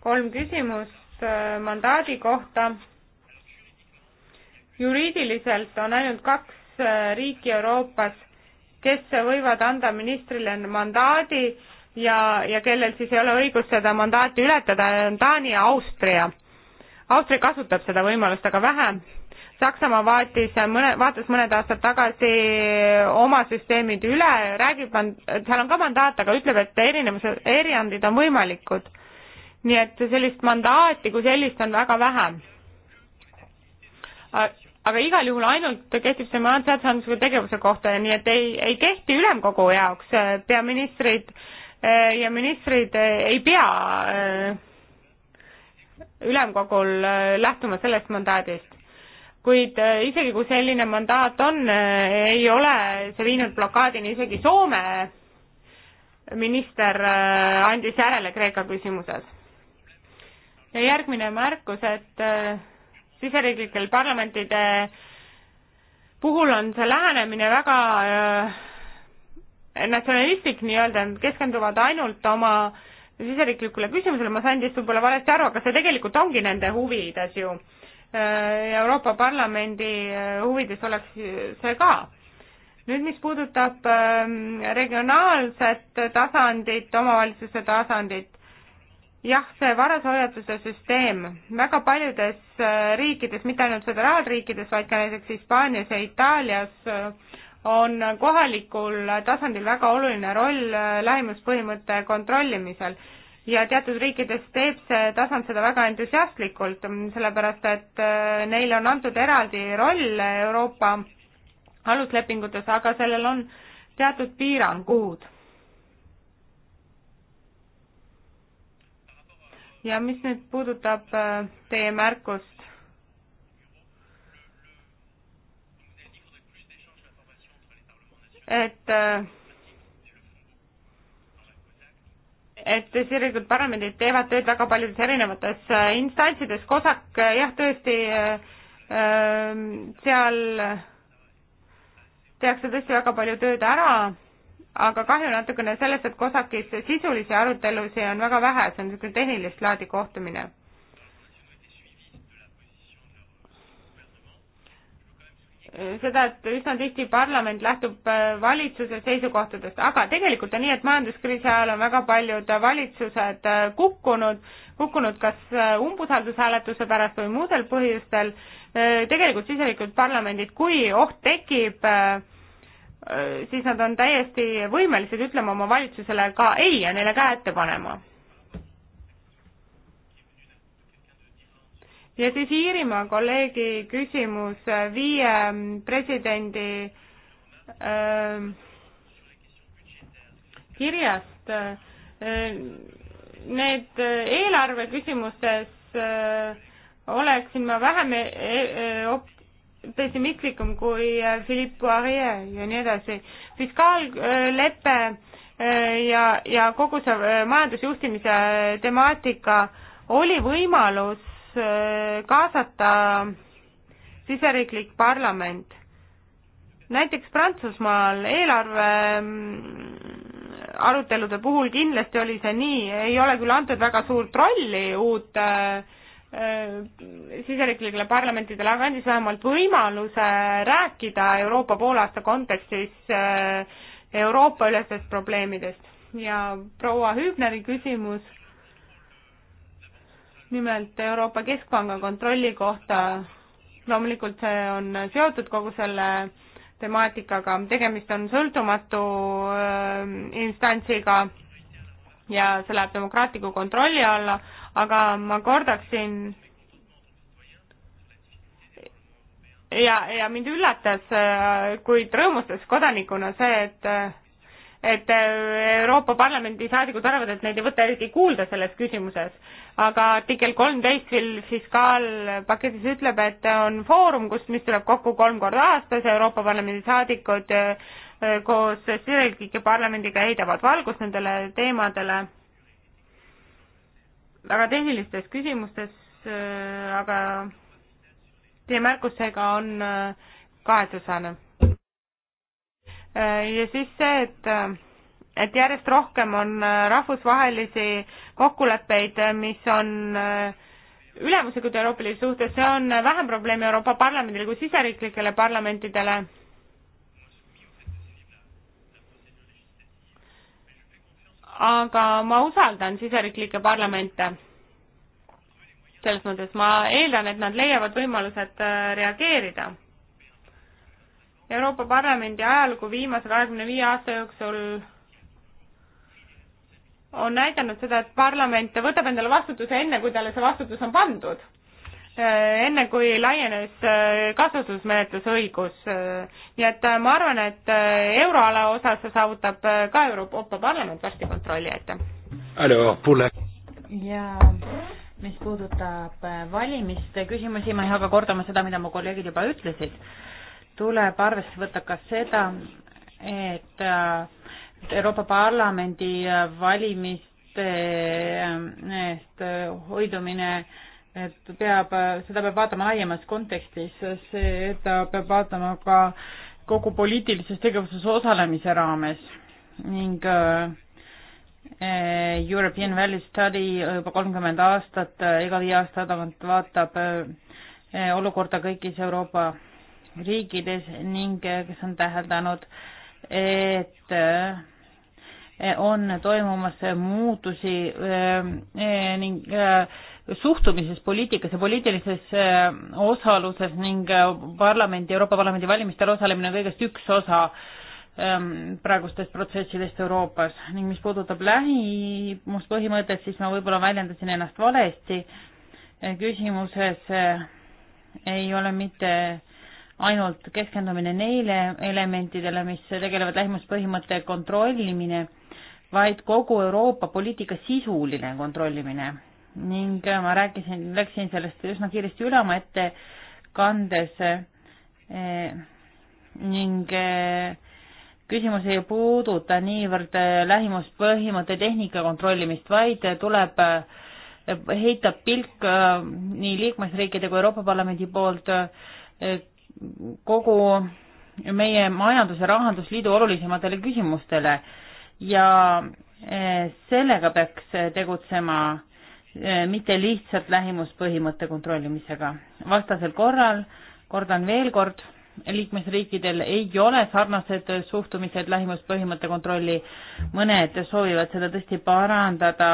kolm küsimust äh, mandaadi kohta. juriidiliselt on ainult kaks äh, riiki Euroopas, kes võivad anda ministrile mandaadi ja, ja kellel siis ei ole õigust seda mandaati ületada, on Taani ja Austria. Austria kasutab seda võimalust aga vähe Saksamaa vaatis mõne, vaatas mõned aastad tagasi oma süsteemid üle, räägib, seal on ka mandaat, aga ütleb, et erinevused, erandid on võimalikud. nii et sellist mandaati kui sellist on väga vähe. aga igal juhul ainult kehtib see mandaat seadusandlusega tegevuse kohta ja nii et ei, ei kehti ülemkogu jaoks, peaministrid eh, ja ministrid eh, ei pea eh, ülemkogul lähtuma sellest mandaadist kuid äh, isegi kui selline mandaat on, äh, ei ole see viinud blokaadini isegi Soome minister äh, andis järele Kreeka küsimuses. ja järgmine märkus, et siseriiklikel parlamentide puhul on see lähenemine väga natsionalistlik nii-öelda, nad keskenduvad ainult oma siseriiklikule küsimusele, ma sain teist võib-olla valesti aru, aga see tegelikult ongi nende huvides ju Äh, Euroopa Parlamendi äh, huvides oleks äh, see ka. nüüd, mis puudutab ähm, regionaalset tasandit, omavalitsuse tasandit, jah, see varase hoiatuse süsteem väga paljudes riikides, mitte ainult föderaalriikides, vaid ka näiteks Hispaanias ja Itaalias on kohalikul tasandil väga oluline roll lähimuspõhimõtte kontrollimisel ja teatud riikides teeb see tasand seda väga entusiastlikult, sellepärast et äh, neile on antud eraldi roll Euroopa aluslepingutes, aga sellel on teatud piirangud. ja mis nüüd puudutab äh, teie märkust et äh, et sirgelt parlamendid teevad tööd väga paljudes erinevates äh, instantsides, COSAC äh, jah, tõesti äh, ähm, seal tehakse tõesti väga palju tööd ära, aga kahju natukene sellest, et COSAC-is sisulisi arutelusid on väga vähe, see on niisugune tehnilist laadi kohtumine seda, et üsna tihti parlament lähtub äh, valitsuse seisukohtadest, aga tegelikult on nii, et majanduskriisi ajal on väga paljud valitsused äh, kukkunud, kukkunud kas äh, umbusaldushääletuse pärast või muudel põhjustel, tegelikult siseriiklikud parlamendid, kui oht tekib, siis nad on täiesti võimelised ütlema oma valitsusele ka ei ja neile käe ette panema ja siis Iirimaa kolleegi küsimus äh, viie ähm, presidendi äh, kirjast äh,. Need äh, eelarve küsimustes äh, oleksin ma vähem e-, e-, e-, pessimistlikum kui äh, Philippe Poirier ja nii edasi. fiskaallepe ja, ja kogu see majandusjuhtimise temaatika oli võimalus Äh, kaasata siseriiklik parlament. näiteks Prantsusmaal eelarve mm, arutelude puhul kindlasti oli see nii, ei ole küll antud väga suurt rolli uut äh, siseriiklikele parlamentidele, aga andis vähemalt võimaluse rääkida Euroopa poolaasta kontekstis äh, Euroopa-ülestest probleemidest. ja proua Hübneri küsimus nimelt Euroopa Keskpanga kontrolli kohta. loomulikult see on seotud kogu selle temaatikaga, tegemist on sõltumatu ähm, instantsiga ja see läheb demokraatliku kontrolli alla, aga ma kordaksin ja, ja mind üllatas, äh, kuid rõõmustas kodanikuna see, et äh, et äh, Euroopa Parlamendi saadikud arvavad, et neid ei võta eriti kuulda selles küsimuses. aga artikkel kolmteist fiskaalpaketis ütleb, et on foorum, kus, mis tuleb kokku kolm korda aastas, Euroopa Parlamendi saadikud äh, koos siseriiklike parlamendiga heidavad valgust nendele teemadele, väga tehnilistes küsimustes, äh, aga teie märkusega on kahetsusväärne Äh, ja siis see, et, äh, et järjest rohkem on äh, rahvusvahelisi kokkuleppeid, mis on ülemuslikud Euroopa Liidu suhtes, see on vähem probleem Euroopa Parlamendile kui siseriiklikele parlamentidele. aga ma usaldan siseriiklikke parlamente. selles mõttes ma eeldan, et nad leiavad võimalused reageerida Euroopa Parlamendi ajalugu viimase kahekümne viie aasta jooksul on näidanud seda, et parlament võtab endale vastutuse enne, kui talle see vastutus on pandud. Äh, enne kui laienes äh, kasutusmenetlusõigus. Äh, nii et ma arvan, et euroala osas saavutab ka Euroopa Parlament varsti kontrolli, aitäh. ja mis puudutab valimiste küsimusi, ma ei hakka kordama seda, mida mu kolleegid juba ütlesid tuleb arvesse võtta ka seda, et Euroopa Parlamendi valimiste eest hoidumine et peab, seda peab vaatama laiemas kontekstis, seda peab vaatama ka kogu poliitilises tegevuses osalemise raames ning eh, European Valley Study juba kolmkümmend aastat, iga viie aasta tagant vaatab eh, olukorda kõigis Euroopa riikides ning eh, kes on täheldanud, et eh, on toimumas muutusi eh, ning suhtumises poliitikas ja poliitilises osaluses ning parlamendi, Euroopa Parlamendi valimistel osalemine on kõigest üks osa ehm, praegustest protsessidest Euroopas ning mis puudutab lähimuspõhimõtet, siis ma võib-olla väljendasin ennast valesti. küsimuses ei ole mitte ainult keskendumine neile elementidele, mis tegelevad lähimuspõhimõtte kontrollimine, vaid kogu Euroopa poliitika sisuline kontrollimine ning äh, ma rääkisin, läksin sellest üsna kiiresti üle oma ettekandes eh, äh, ning eh, küsimus ei puuduta niivõrd lähimuspõhimõtte tehnika kontrollimist, vaid tuleb heita pilk nii liikmesriikide kui Euroopa Parlamendi poolt kogu meie majandus- ja rahandusliidu olulisematele küsimustele ja eh, sellega peaks eh, tegutsema, eh, mitte lihtsalt lähimuspõhimõtte kontrollimisega. vastasel korral, kordan veel kord, liikmesriikidel ei ole sarnased suhtumised lähimuspõhimõtte kontrolli, mõned soovivad seda tõesti parandada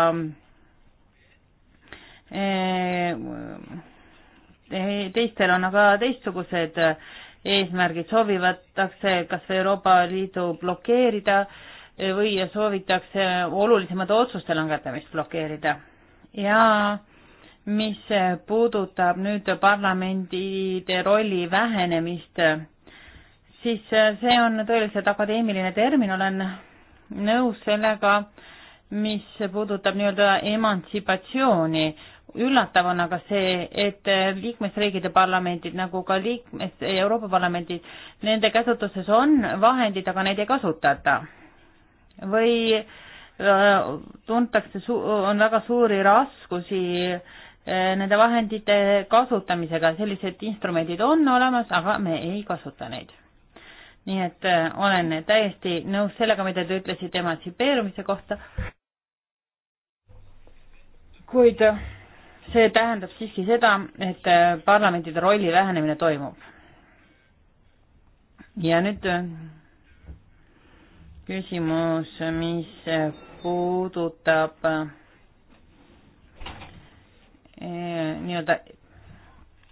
teistel on aga teistsugused eesmärgid, soovivatakse kas või Euroopa Liidu blokeerida või soovitakse olulisemate otsuste langetamist blokeerida. ja mis puudutab nüüd parlamendide rolli vähenemist, siis see on tõeliselt akadeemiline termin, olen nõus sellega, mis puudutab nii-öelda emantsipatsiooni, üllatav on aga see, et äh, liikmesriigide parlamendid nagu ka liikmes, Euroopa parlamendid, nende käsutuses on vahendid, aga neid ei kasutata. või äh, tuntakse, on väga suuri raskusi äh, nende vahendite kasutamisega, sellised instrumendid on olemas, aga me ei kasuta neid. nii et olen täiesti nõus sellega, mida te ütlesite emantsipeerumise kohta, kuid see tähendab siiski seda, et äh, parlamentide rolli vähenemine toimub. ja nüüd äh, küsimus, mis äh, puudutab nii-öelda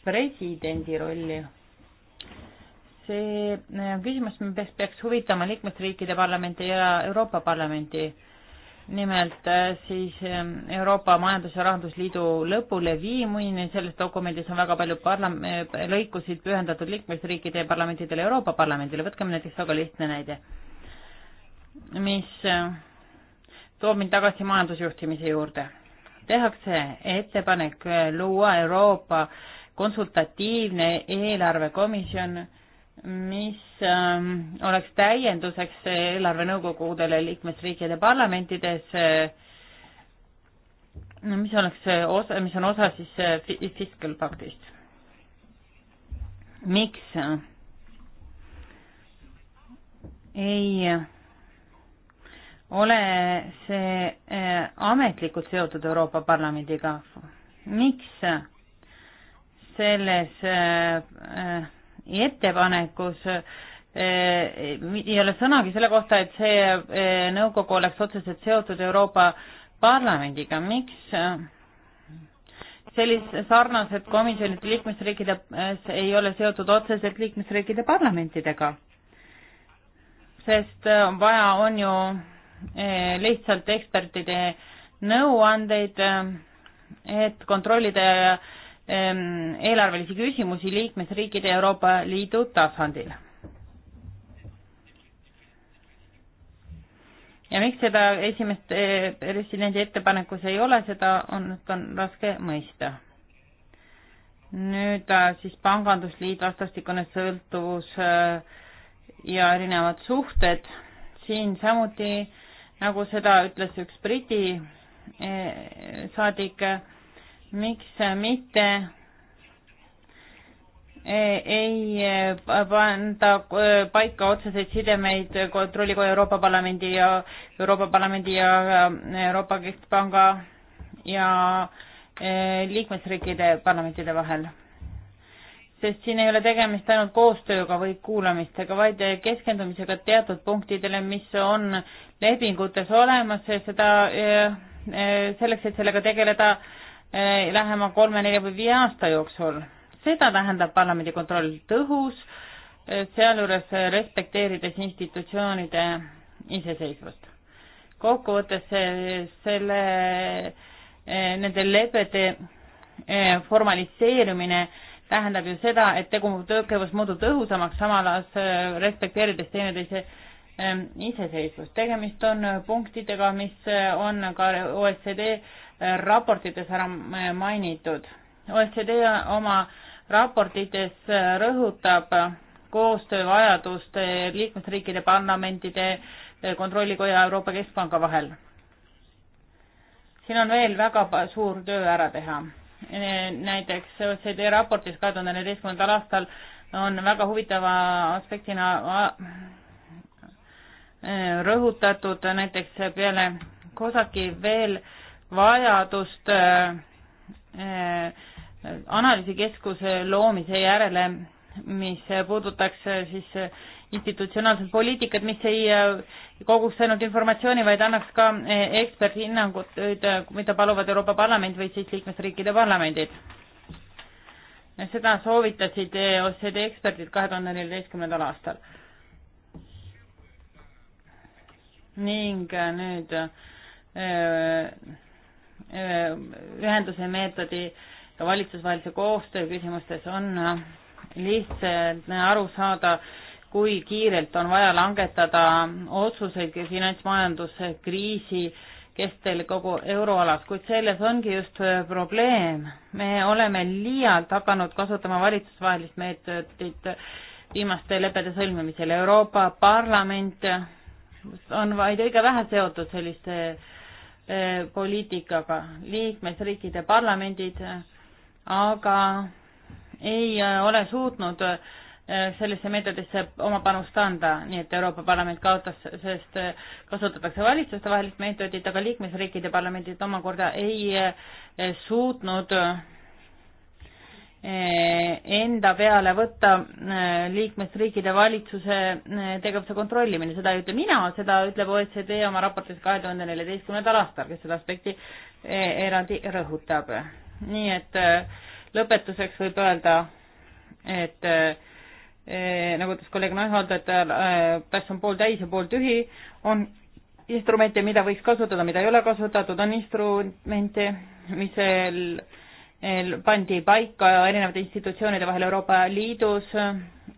presidendi rolli. see küsimus peaks, peaks huvitama liikmesriikide parlamente ja Euroopa Parlamenti nimelt äh, siis ähm, Euroopa Majandus- ja Rahandusliidu lõpuleviimine, selles dokumendis on väga palju parlam-, äh, lõikusid pühendatud liikmesriikide parlamentidele, Euroopa Parlamendile, võtkem näiteks väga lihtne näide, mis äh, toob mind tagasi majandusjuhtimise juurde. tehakse ettepanek luua Euroopa konsultatiivne eelarvekomisjon, mis ähm, oleks täienduseks eelarvenõukogudele liikmesriikide parlamentides, äh, mis oleks äh, osa, mis on osa siis äh, fiscal paktist. miks ei ole see ametlikult seotud Euroopa Parlamendiga? miks selles äh, ettepanekus eh, ei ole sõnagi selle kohta, et see eh, nõukogu oleks otseselt seotud Euroopa Parlamendiga, miks eh, sellised sarnased komisjonid liikmesriikides ei ole seotud otseselt liikmesriikide parlamentidega? sest vaja on ju lihtsalt ekspertide nõuandeid, et kontrollida eelarvelisi küsimusi liikmesriikide Euroopa Liidu tasandil. ja miks seda esimest eh, presidendi ettepanekus ei ole, seda on, on raske mõista. nüüd äh, siis pangandusliit, vastastikune sõltuvus äh, ja erinevad suhted, siin samuti nagu seda ütles üks Briti eh, saadik, miks mitte ei äh, panda äh, paika otseseid sidemeid kontrollikoja Euroopa Parlamendi ja Euroopa Parlamendi ja äh, Euroopa Keskpanga ja liikmesriikide parlamentide vahel. sest siin ei ole tegemist ainult koostööga või kuulamistega, vaid keskendumisega teatud punktidele, mis on lepingutes olemas ja seda selleks, et sellega tegeleda Eh, lähema kolme, nelja või viie aasta jooksul. seda tähendab parlamendi kontroll tõhus, eh, sealjuures respekteerides institutsioonide iseseisvust. kokkuvõttes selle, eh, nende lepete formaliseerimine tähendab ju seda, et tegu, tegevus muutub tõhusamaks, samas respekteerides teineteise iseseisvust. tegemist on punktidega, mis on ka OECD raportites ära mainitud. OECD oma raportites rõhutab koostöövajadust liikmesriikide parlamentide kontrollikoja Euroopa Keskpanga vahel. siin on veel väga suur töö ära teha. näiteks OECD raportis kahe tuhande neljateistkümnendal aastal on väga huvitava aspektina rõhutatud näiteks peale COSAC-i veel äh, vajadust äh, äh, analüüsikeskuse loomise järele, mis puudutaks äh, siis institutsionaalset poliitikat, mis ei koguks ainult informatsiooni, vaid annaks ka eksperthinnangut, mida paluvad Euroopa Parlament või siis liikmesriikide parlamendid. seda soovitasid OECD eksperdid kahe tuhande neljateistkümnendal aastal. ning nüüd ühenduse meetodi ja valitsusvahelise koostöö küsimustes on äh, lihtsalt aru saada, kui kiirelt on vaja langetada otsuseid finantsmajanduskriisi kestel kogu euroalas, kuid selles ongi just äh, probleem. me oleme liialt hakanud kasutama valitsusvahelist meetodit viimaste lepete sõlmimisel. Euroopa Parlament on vaid õige vähe seotud selliste äh, Eh, poliitikaga, liikmesriikide parlamendid eh, aga ei eh, ole suutnud sellesse meetodisse oma panust anda, nii et Euroopa Parlament kaotas, sest kasutatakse valitsuste vahelist meetodit, aga liikmesriikide parlamendid omakorda ei suutnud Eh, enda peale võtta eh, liikmesriikide valitsuse eh, tegevuse kontrollimine, seda ei ütle mina, seda ütleb OECD oma raportis kahe tuhande neljateistkümnendal aastal, kes seda aspekti eraldi rõhutab. nii et lõpetuseks võib öelda, et nagu ütles kolleeg Neuhold, et tass on pooltäis ja pooltühi, on instrumente, mida võiks kasutada, mida ei ole kasutatud, on instrumente, mis pandi paika erinevate institutsioonide vahel Euroopa Liidus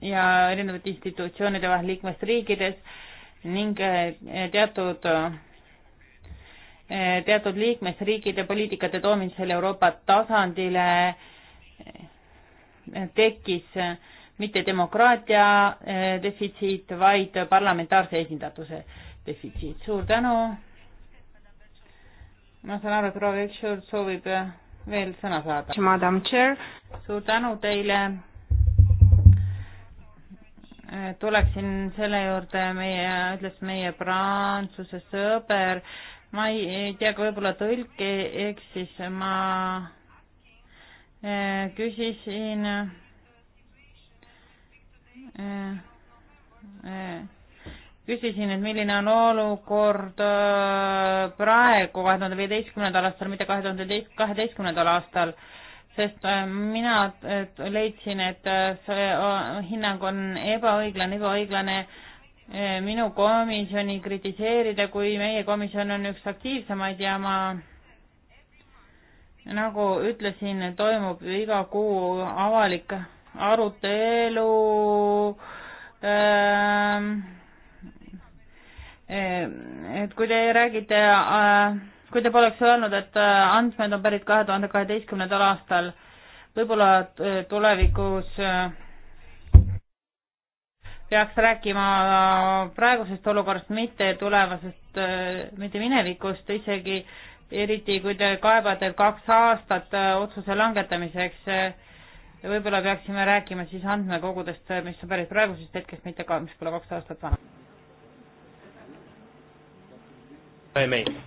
ja erinevate institutsioonide vahel liikmesriikides ning eh, teatud, eh, teatud liikmesriikide poliitikate toomisel Euroopa tasandile eh, tekkis mitte demokraatia defitsiit, vaid parlamentaarse esindatuse defitsiit. suur tänu. ma saan aru, et proua Vekšur soovib veel sõna saada. Madam Chair. suur tänu teile. Eh, tuleksin selle juurde, meie, ütles meie Prantsuse sõber, ma ei, ei tea, võib-olla tõlk eksis, ma eh, küsisin äh, äh, küsisin, et milline on olukord äh, praegu, kahe tuhande viieteistkümnendal aastal, mitte kahe tuhande kaheteistkümnendal aastal, sest äh, mina leidsin, et äh, see hinnang on ebaõiglane, ebaõiglane minu komisjoni kritiseerida, kui meie komisjon on üks aktiivsemaid ja ma nagu ütlesin, toimub iga kuu avalik arutelu ähm, et kui te räägite, äh, kui te poleks öelnud, et äh, andmed on pärit kahe tuhande kaheteistkümnendal aastal, võib-olla äh, tulevikus peaks rääkima praegusest olukorrast, mitte tulevasest, mitte minevikust, isegi eriti kui te kaebate kaks aastat otsuse langetamiseks, võib-olla peaksime rääkima siis andmekogudest, mis on pärit praegusest hetkest, mitte ka, mis pole kaks aastat vana I may. It's,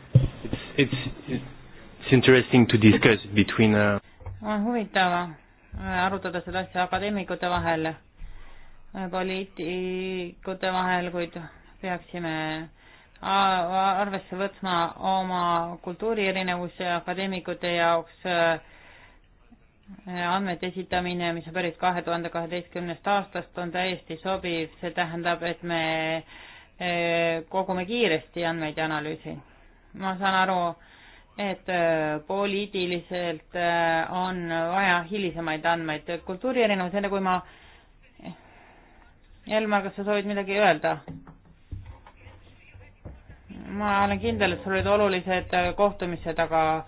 it's, it's interesting to discuss between uh... on huvitav äh, arutada seda asja akadeemikute vahel, äh, poliitikute vahel, kuid peaksime äh, arvesse võtma oma kultuuri erinevusi akadeemikute jaoks andmete esitamine, mis on pärit kahe tuhande kaheteistkümnest aastast, on täiesti sobiv, see tähendab, et me äh, kogume kiiresti andmeid ja analüüsi. ma saan aru, et poliitiliselt on vaja hilisemaid andmeid, kultuuri erinevus, enne kui ma Elmar, kas sa soovid midagi öelda? ma olen kindel, et sul olid olulised kohtumised, aga,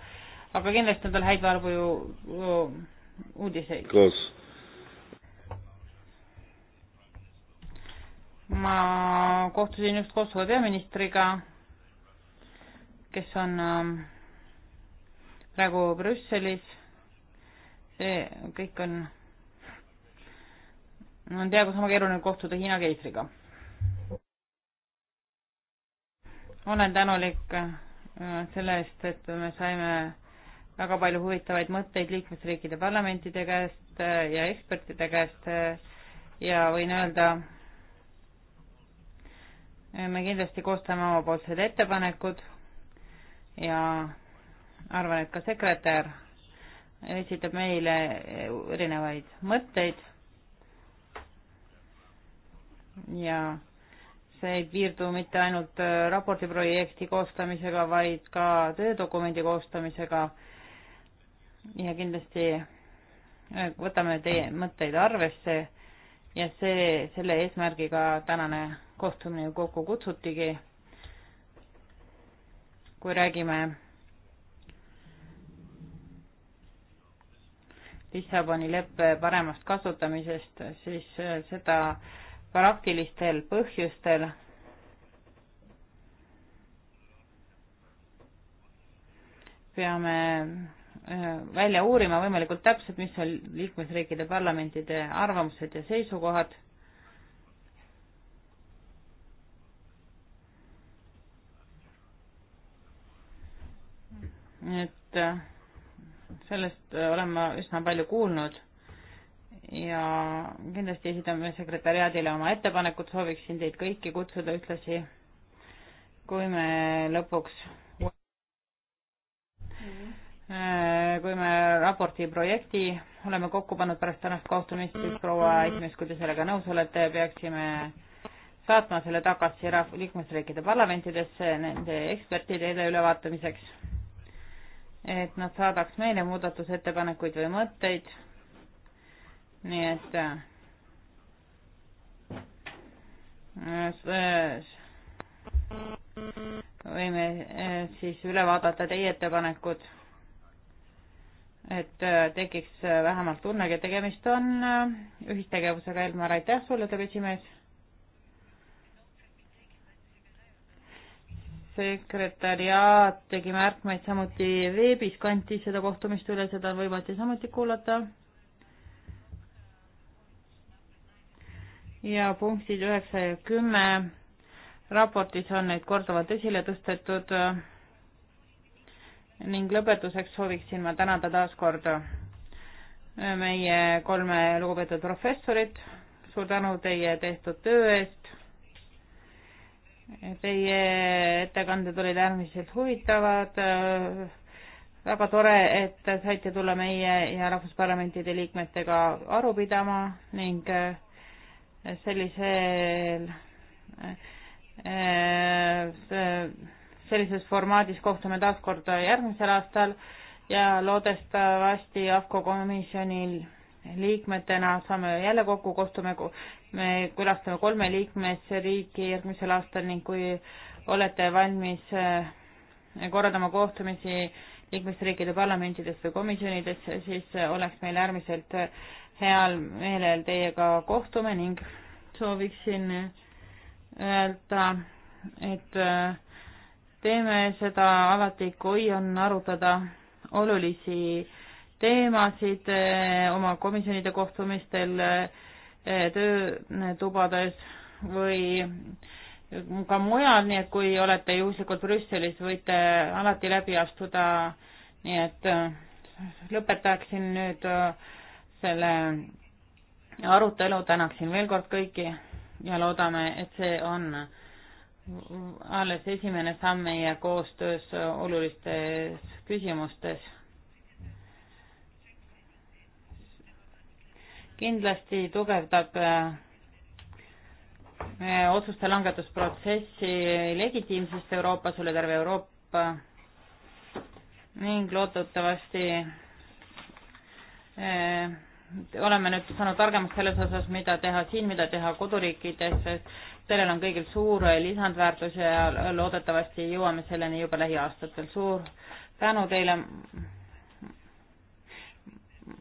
aga kindlasti on tal häid varbu ju, ju uudiseid. ma kohtusin just Kosovo peaministriga, kes on ähm, praegu Brüsselis. see kõik on, on peaaegu sama keeruline kohtuda Hiina keisriga. olen tänulik äh, selle eest, et me saime väga palju huvitavaid mõtteid liikmesriikide parlamentide käest äh, ja ekspertide käest äh, ja võin öelda, me kindlasti koostame omapoolsed ettepanekud ja arvan, et ka sekretär esitab meile erinevaid mõtteid. ja see ei piirdu mitte ainult äh, raporti projekti koostamisega, vaid ka töödokumendi koostamisega. ja kindlasti äh, võtame teie mõtteid arvesse ja see, selle eesmärgiga tänane kohtumine kokku kutsutigi. kui räägime Lissaboni leppe paremast kasutamisest, siis äh, seda praktilistel põhjustel peame Äh, välja uurima võimalikult täpselt, mis on liikmesriikide parlamentide arvamused ja seisukohad. et äh, sellest äh, olen ma üsna palju kuulnud ja kindlasti esitame sekretäriaadile oma ettepanekud, sooviksin teid kõiki kutsuda ühtlasi, kui me lõpuks Äh, kui me raporti projekti oleme kokku pannud pärast tänast kohtumist, siis proua esimees, kui te sellega nõus olete, peaksime saatma selle tagasi rahv-, liikmesriikide parlamentidesse nende ekspertide ülevaatamiseks, et nad saadaks meile muudatusettepanekuid või mõtteid, nii et äh, äh, võime siis üle vaadata teie ettepanekud et äh, tekiks äh, vähemalt tunnegi, et tegemist on äh, ühistegevusega. Elmar, aitäh sulle, ütleb esimees. sekretäriaat tegi märkmeid samuti veebis, kantis seda kohtumist üle, seda on võimalik samuti kuulata. ja punktid üheksa ja kümme raportis on neid korduvalt esile tõstetud ning lõpetuseks sooviksin ma tänada taas kord äh, meie kolme lugupeetud professorit, suur tänu teie tehtud töö eest. Teie ettekanded olid äärmiselt huvitavad. Äh, väga tore, et saite tulla meie ja rahvusparlamentide liikmetega aru pidama ning äh, sellisel sellises formaadis kohtume taas kord järgmisel aastal ja loodetavasti AFCO komisjonil liikmetena saame jälle kokku, kohtume, me külastame kolme liikmesriiki järgmisel aastal ning kui olete valmis eh, korraldama kohtumisi liikmesriikide parlamentides või komisjonides, siis eh, oleks meil äärmiselt eh, heal meelel teiega kohtume ning sooviksin öelda, et äh, teeme seda alati, kui on arutada olulisi teemasid eh, oma komisjonide kohtumistel eh, töötubades või ka mujal, nii et kui olete juhuslikult Brüsselis, võite alati läbi astuda. nii et eh, lõpetaksin nüüd selle arutelu, tänaksin veel kord kõiki ja loodame, et see on alles esimene samm meie koostöös olulistes küsimustes. kindlasti tugevdab äh, otsuste langetusprotsessi legitiimsust Euroopas, üle terve Euroopa ning loodetavasti äh, oleme nüüd saanud targemaks selles osas, mida teha siin, mida teha koduriikides, sest sellel on kõigil suur lisandväärtus ja loodetavasti jõuame selleni juba lähiaastatel. suur tänu teile.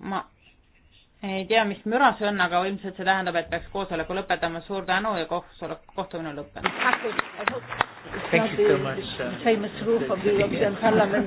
ma ei tea, mis müra see on, aga ilmselt see tähendab, et peaks koosoleku lõpetama. suur tänu ja koosolek, kohtumine on lõppenud. Thank you so much. Uh,